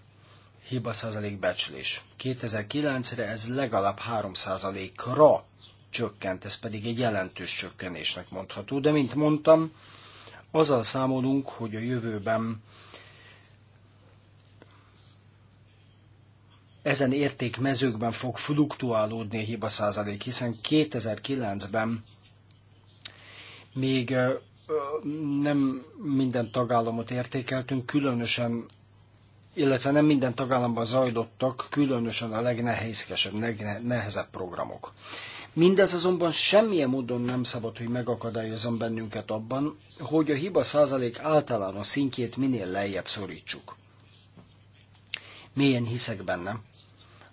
hiba százalék becslés. 2009-re ez legalább 3%-ra csökkent, ez pedig egy jelentős csökkenésnek mondható, de mint mondtam, azzal számolunk, hogy a jövőben ezen értékmezőkben fog fluktuálódni a hiba százalék, hiszen 2009-ben még nem minden tagállamot értékeltünk, különösen, illetve nem minden tagállamban zajlottak, különösen a legnehézkesebb, legnehezebb programok. Mindez azonban semmilyen módon nem szabad, hogy megakadályozom bennünket abban, hogy a hiba százalék általános szintjét minél lejjebb szorítsuk. Mélyen hiszek benne,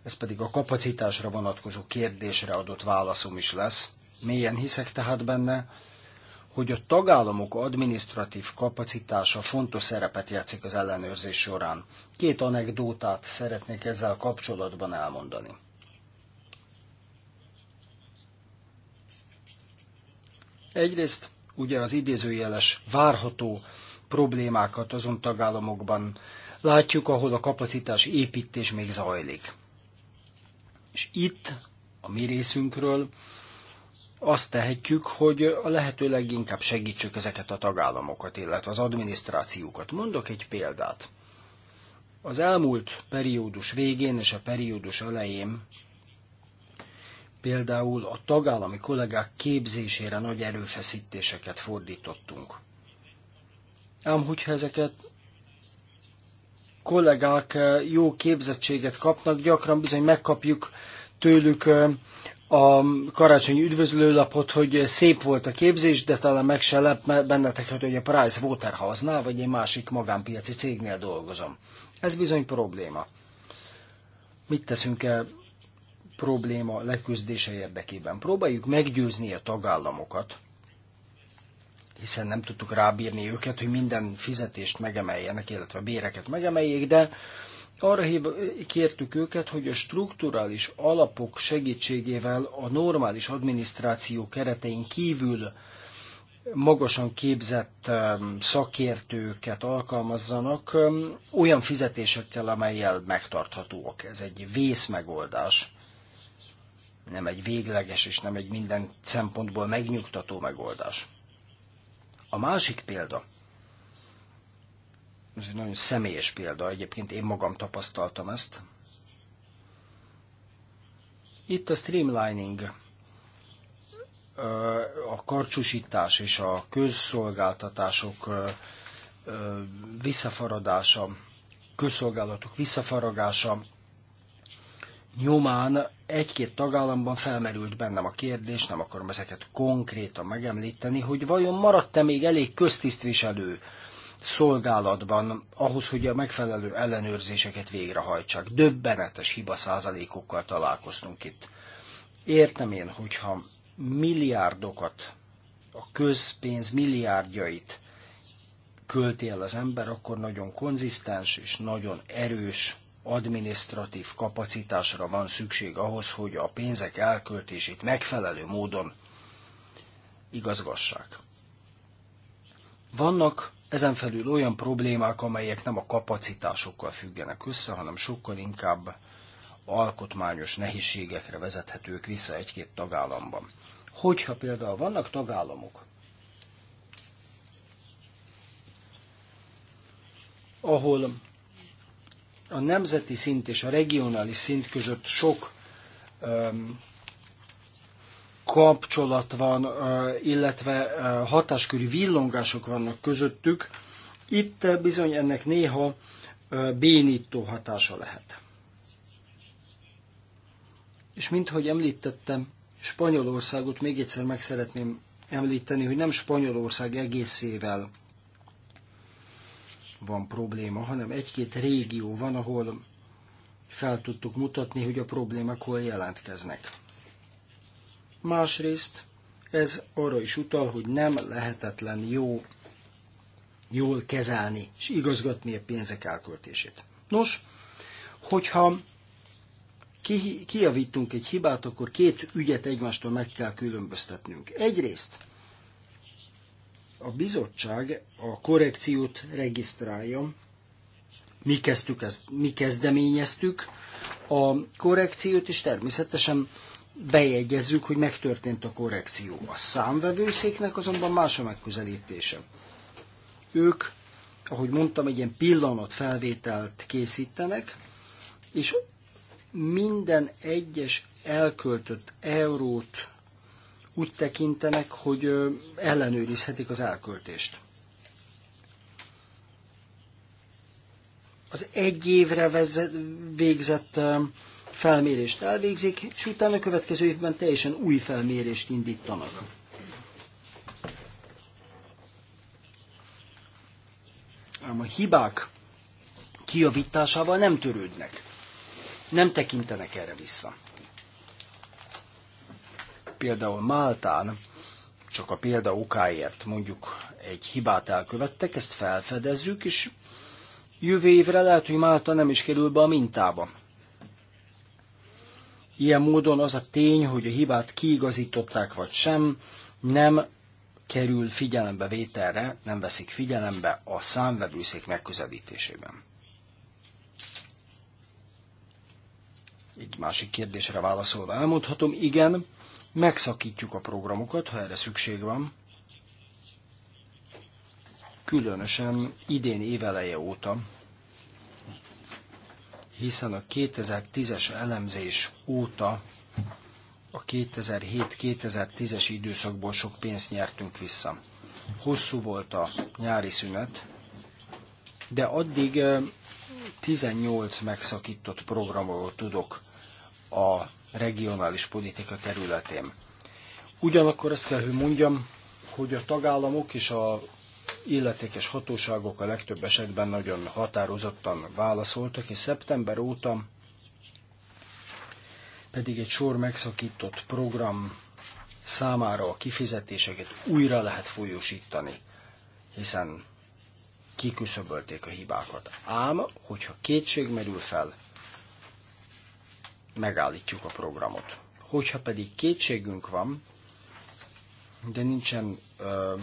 ez pedig a kapacitásra vonatkozó kérdésre adott válaszom is lesz. Mélyen hiszek tehát benne, hogy a tagállamok adminisztratív kapacitása fontos szerepet játszik az ellenőrzés során. Két anekdótát szeretnék ezzel kapcsolatban elmondani. Egyrészt ugye az idézőjeles várható problémákat azon tagállamokban látjuk, ahol a kapacitás építés még zajlik. És itt a mi részünkről azt tehetjük, hogy a lehető leginkább segítsük ezeket a tagállamokat, illetve az adminisztrációkat. Mondok egy példát. Az elmúlt periódus végén és a periódus elején például a tagállami kollégák képzésére nagy erőfeszítéseket fordítottunk. Ám hogyha ezeket kollégák eh, jó képzettséget kapnak, gyakran bizony megkapjuk tőlük a karácsonyi üdvözlőlapot, hogy szép volt a képzés, de talán meg se lep benneteket, hogy a Price Waterhouse-nál vagy egy másik magánpiaci cégnél dolgozom. Ez bizony probléma. Mit teszünk el probléma leküzdése érdekében? Próbáljuk meggyőzni a tagállamokat, hiszen nem tudtuk rábírni őket, hogy minden fizetést megemeljenek, illetve béreket megemeljék, de arra kértük őket, hogy a strukturális alapok segítségével a normális adminisztráció keretein kívül magasan képzett szakértőket alkalmazzanak olyan fizetésekkel, amelyel megtarthatóak. Ez egy vészmegoldás, nem egy végleges és nem egy minden szempontból megnyugtató megoldás. A másik példa, ez egy nagyon személyes példa, egyébként én magam tapasztaltam ezt. Itt a streamlining, a karcsúsítás és a közszolgáltatások visszafaradása, közszolgálatok visszafaragása nyomán egy-két tagállamban felmerült bennem a kérdés, nem akarom ezeket konkrétan megemlíteni, hogy vajon maradt-e még elég köztisztviselő szolgálatban ahhoz, hogy a megfelelő ellenőrzéseket végrehajtsák. Döbbenetes hiba százalékokkal találkoztunk itt. Értem én, hogyha milliárdokat, a közpénz milliárdjait költi el az ember, akkor nagyon konzisztens és nagyon erős administratív kapacitásra van szükség ahhoz, hogy a pénzek elköltését megfelelő módon igazgassák. Vannak ezen felül olyan problémák, amelyek nem a kapacitásokkal függenek össze, hanem sokkal inkább alkotmányos nehézségekre vezethetők vissza egy-két tagállamban. Hogyha például vannak tagállamok, ahol a nemzeti szint és a regionális szint között sok kapcsolat van, illetve hatásköri villongások vannak közöttük, itt bizony ennek néha bénító hatása lehet. És minthogy említettem, Spanyolországot még egyszer meg szeretném említeni, hogy nem Spanyolország egészével van probléma, hanem egy-két régió van, ahol fel tudtuk mutatni, hogy a problémák hol jelentkeznek. Másrészt ez arra is utal, hogy nem lehetetlen jó, jól kezelni és igazgatni a pénzek elköltését. Nos, hogyha ki, kijavítunk egy hibát, akkor két ügyet egymástól meg kell különböztetnünk. Egyrészt a bizottság a korrekciót regisztrálja, mi kezdtük ezt, mi kezdeményeztük a korrekciót, és természetesen bejegyezzük, hogy megtörtént a korrekció. A számvevőszéknek azonban más a megközelítése. Ők, ahogy mondtam, egy ilyen pillanatfelvételt készítenek, és minden egyes elköltött eurót úgy tekintenek, hogy ellenőrizhetik az elköltést. Az egy évre végzett felmérést elvégzik, és utána a következő évben teljesen új felmérést indítanak. Ám a hibák kiavításával nem törődnek. Nem tekintenek erre vissza. Például Máltán csak a példa okáért mondjuk egy hibát elkövettek, ezt felfedezzük, és jövő évre lehet, hogy Málta nem is kerül be a mintába. Ilyen módon az a tény, hogy a hibát kiigazították vagy sem, nem kerül figyelembe vételre, nem veszik figyelembe a számvevőszék megközelítésében. Egy másik kérdésre válaszolva elmondhatom, igen, megszakítjuk a programokat, ha erre szükség van. Különösen idén éveleje óta hiszen a 2010-es elemzés óta a 2007-2010-es időszakból sok pénzt nyertünk vissza. Hosszú volt a nyári szünet, de addig 18 megszakított programról tudok a regionális politika területén. Ugyanakkor azt kell, hogy mondjam, hogy a tagállamok és a illetékes hatóságok a legtöbb esetben nagyon határozottan válaszoltak, és szeptember óta pedig egy sor megszakított program számára a kifizetéseket újra lehet folyósítani, hiszen kiküszöbölték a hibákat. Ám, hogyha kétség merül fel, megállítjuk a programot. Hogyha pedig kétségünk van, de nincsen ö,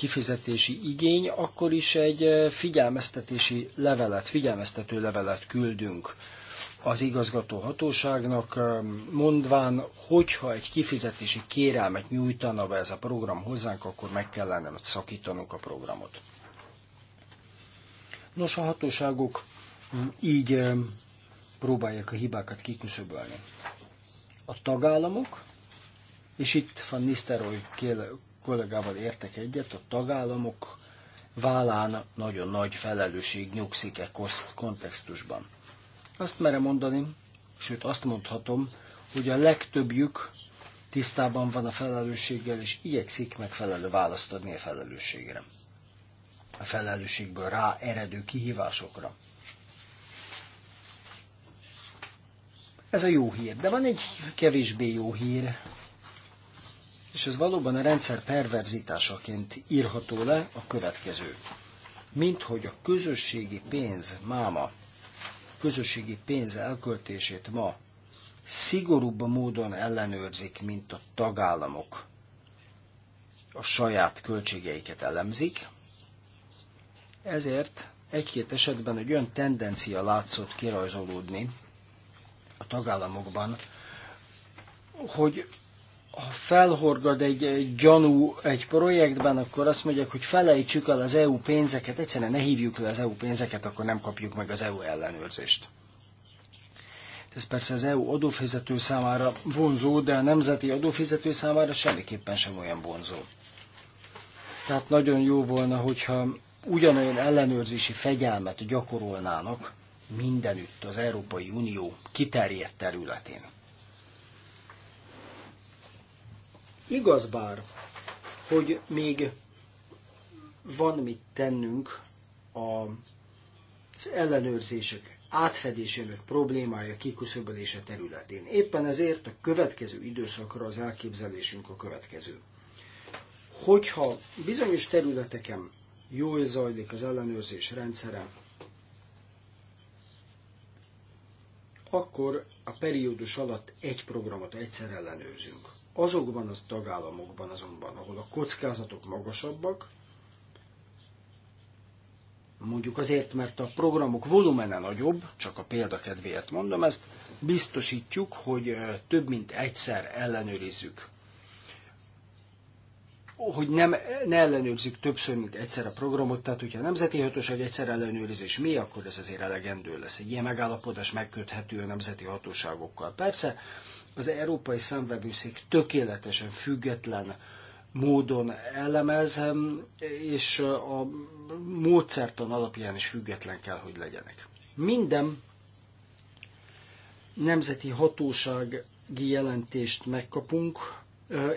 kifizetési igény, akkor is egy eh, figyelmeztetési levelet, figyelmeztető levelet küldünk az igazgató hatóságnak, eh, mondván, hogyha egy kifizetési kérelmet nyújtana be ez a program hozzánk, akkor meg kellene szakítanunk a programot. Nos, a hatóságok hm, így eh, próbálják a hibákat kiküszöbölni. A tagállamok, és itt Van Nisztelrooy kollégával értek egyet, a tagállamok vállán nagyon nagy felelősség nyugszik e kontextusban. Azt merem mondani, sőt azt mondhatom, hogy a legtöbbjük tisztában van a felelősséggel, és igyekszik megfelelő választ adni a felelősségre. A felelősségből rá eredő kihívásokra. Ez a jó hír, de van egy kevésbé jó hír, és ez valóban a rendszer perverzitásaként írható le a következő. Mint hogy a közösségi pénz máma, közösségi pénz elköltését ma szigorúbb módon ellenőrzik, mint a tagállamok a saját költségeiket elemzik, ezért egy-két esetben egy olyan tendencia látszott kirajzolódni a tagállamokban, hogy ha egy gyanú egy projektben, akkor azt mondják, hogy felejtsük el az EU pénzeket, egyszerűen ne hívjuk le az EU pénzeket, akkor nem kapjuk meg az EU ellenőrzést. Ez persze az EU adófizető számára vonzó, de a nemzeti adófizető számára semmiképpen sem olyan vonzó. Tehát nagyon jó volna, hogyha ugyanolyan ellenőrzési fegyelmet gyakorolnának mindenütt az Európai Unió kiterjedt területén. Igaz bár, hogy még van mit tennünk az ellenőrzések átfedésének problémája kiküszöbölése területén. Éppen ezért a következő időszakra az elképzelésünk a következő. Hogyha bizonyos területeken jól zajlik az ellenőrzés rendszere, akkor a periódus alatt egy programot egyszer ellenőrzünk. Azokban az tagállamokban azonban, ahol a kockázatok magasabbak, mondjuk azért, mert a programok volumene nagyobb, csak a példakedvéért mondom ezt, biztosítjuk, hogy több mint egyszer ellenőrizzük. Hogy nem, ne ellenőrizzük többször, mint egyszer a programot, tehát hogyha a Nemzeti Hatóság egyszer ellenőrizés mi, akkor ez azért elegendő lesz. Egy ilyen megállapodás megköthető a Nemzeti Hatóságokkal. Persze, az Európai Számvevőszék tökéletesen független módon elemez, és a módszertan alapján is független kell, hogy legyenek. Minden nemzeti hatósági jelentést megkapunk,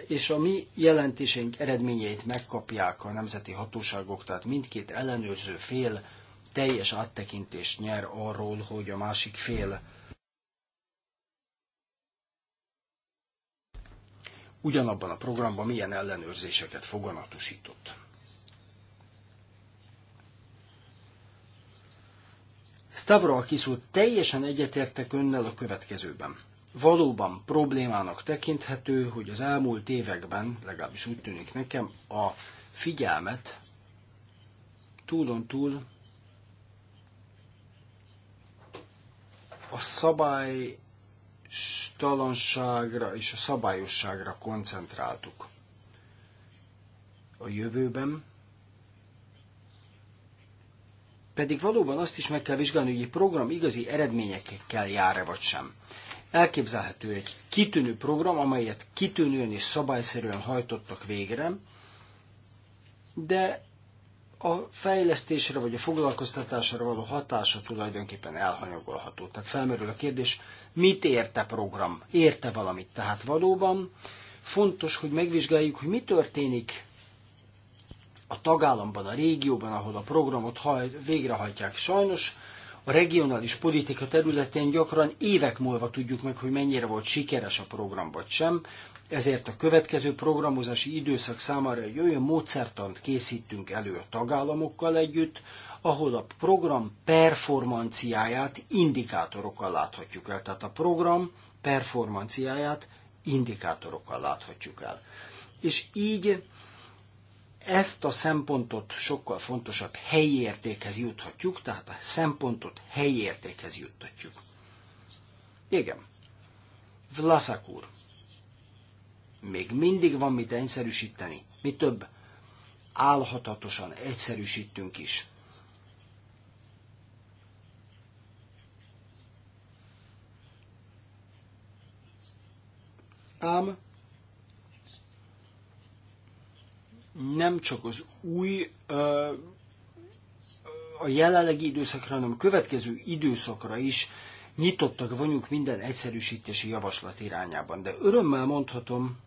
és a mi jelentéseink eredményeit megkapják a nemzeti hatóságok, tehát mindkét ellenőrző fél teljes áttekintést nyer arról, hogy a másik fél ugyanabban a programban milyen ellenőrzéseket foganatosított. Stavrakis úr, teljesen egyetértek önnel a következőben. Valóban problémának tekinthető, hogy az elmúlt években, legalábbis úgy tűnik nekem, a figyelmet túlon túl a szabály talanságra és a szabályosságra koncentráltuk. A jövőben pedig valóban azt is meg kell vizsgálni, hogy egy program igazi eredményekkel jár-e vagy sem. Elképzelhető egy kitűnő program, amelyet kitűnően és szabályszerűen hajtottak végre, de a fejlesztésre vagy a foglalkoztatásra való hatása tulajdonképpen elhanyagolható. Tehát felmerül a kérdés, mit érte program, érte valamit. Tehát valóban fontos, hogy megvizsgáljuk, hogy mi történik a tagállamban, a régióban, ahol a programot haj, végrehajtják. Sajnos a regionális politika területén gyakran évek múlva tudjuk meg, hogy mennyire volt sikeres a program vagy sem ezért a következő programozási időszak számára egy olyan módszertant készítünk elő a tagállamokkal együtt, ahol a program performanciáját indikátorokkal láthatjuk el. Tehát a program performanciáját indikátorokkal láthatjuk el. És így ezt a szempontot sokkal fontosabb helyi értékhez juthatjuk, tehát a szempontot helyi értékhez juttatjuk. Igen. Vlaszak úr, még mindig van mit egyszerűsíteni. Mi több, álhatatosan egyszerűsítünk is. Ám nem csak az új, a jelenlegi időszakra, hanem a következő időszakra is nyitottak vagyunk minden egyszerűsítési javaslat irányában. De örömmel mondhatom,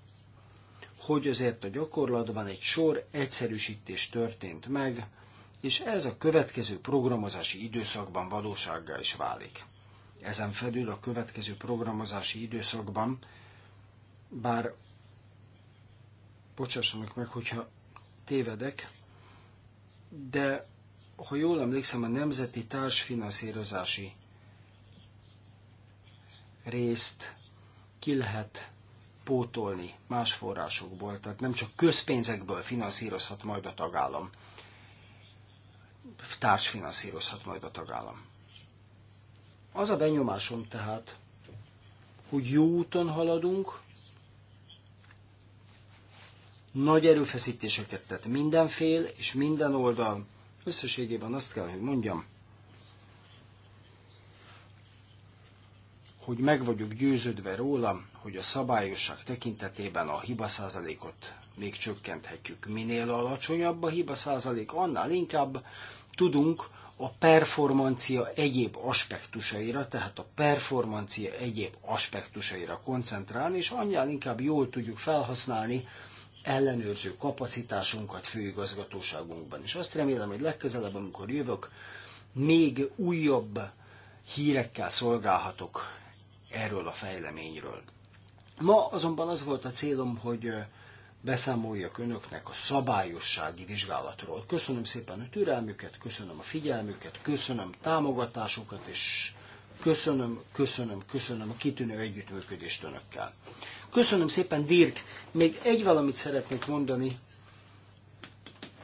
hogy azért a gyakorlatban egy sor egyszerűsítés történt meg, és ez a következő programozási időszakban valósággá is válik. Ezen felül a következő programozási időszakban, bár bocsássanak meg, hogyha tévedek, de ha jól emlékszem, a nemzeti társfinanszírozási részt ki lehet pótolni más forrásokból, tehát nem csak közpénzekből finanszírozhat majd a tagállam, társfinanszírozhat majd a tagállam. Az a benyomásom tehát, hogy jó úton haladunk, nagy erőfeszítéseket tett mindenfél és minden oldal. Összességében azt kell, hogy mondjam, hogy meg vagyok győződve rólam, hogy a szabályosság tekintetében a hiba százalékot még csökkenthetjük. Minél alacsonyabb a hiba százalék, annál inkább tudunk a performancia egyéb aspektusaira, tehát a performancia egyéb aspektusaira koncentrálni, és annál inkább jól tudjuk felhasználni ellenőrző kapacitásunkat főigazgatóságunkban. És azt remélem, hogy legközelebb, amikor jövök, még újabb hírekkel szolgálhatok erről a fejleményről. Ma azonban az volt a célom, hogy beszámoljak önöknek a szabályossági vizsgálatról. Köszönöm szépen a türelmüket, köszönöm a figyelmüket, köszönöm támogatásokat és köszönöm, köszönöm, köszönöm a kitűnő együttműködést önökkel. Köszönöm szépen, Dirk! Még egy valamit szeretnék mondani,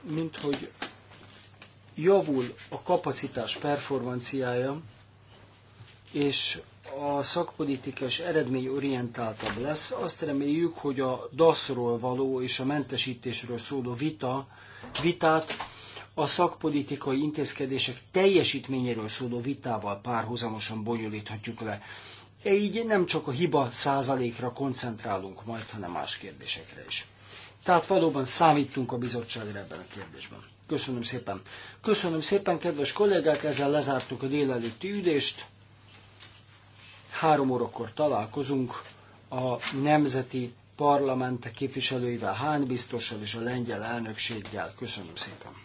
mint hogy javul a kapacitás performanciája, és a szakpolitika eredmény eredményorientáltabb lesz. Azt reméljük, hogy a DASZ-ról való és a mentesítésről szóló vita, vitát a szakpolitikai intézkedések teljesítményéről szóló vitával párhuzamosan bonyolíthatjuk le. E így nem csak a hiba százalékra koncentrálunk majd, hanem más kérdésekre is. Tehát valóban számítunk a bizottságra ebben a kérdésben. Köszönöm szépen. Köszönöm szépen, kedves kollégák, ezzel lezártuk a délelőtti üdést. Három órakor találkozunk a nemzeti parlamentek képviselőivel, Hán biztossal és a lengyel elnökséggel. Köszönöm szépen!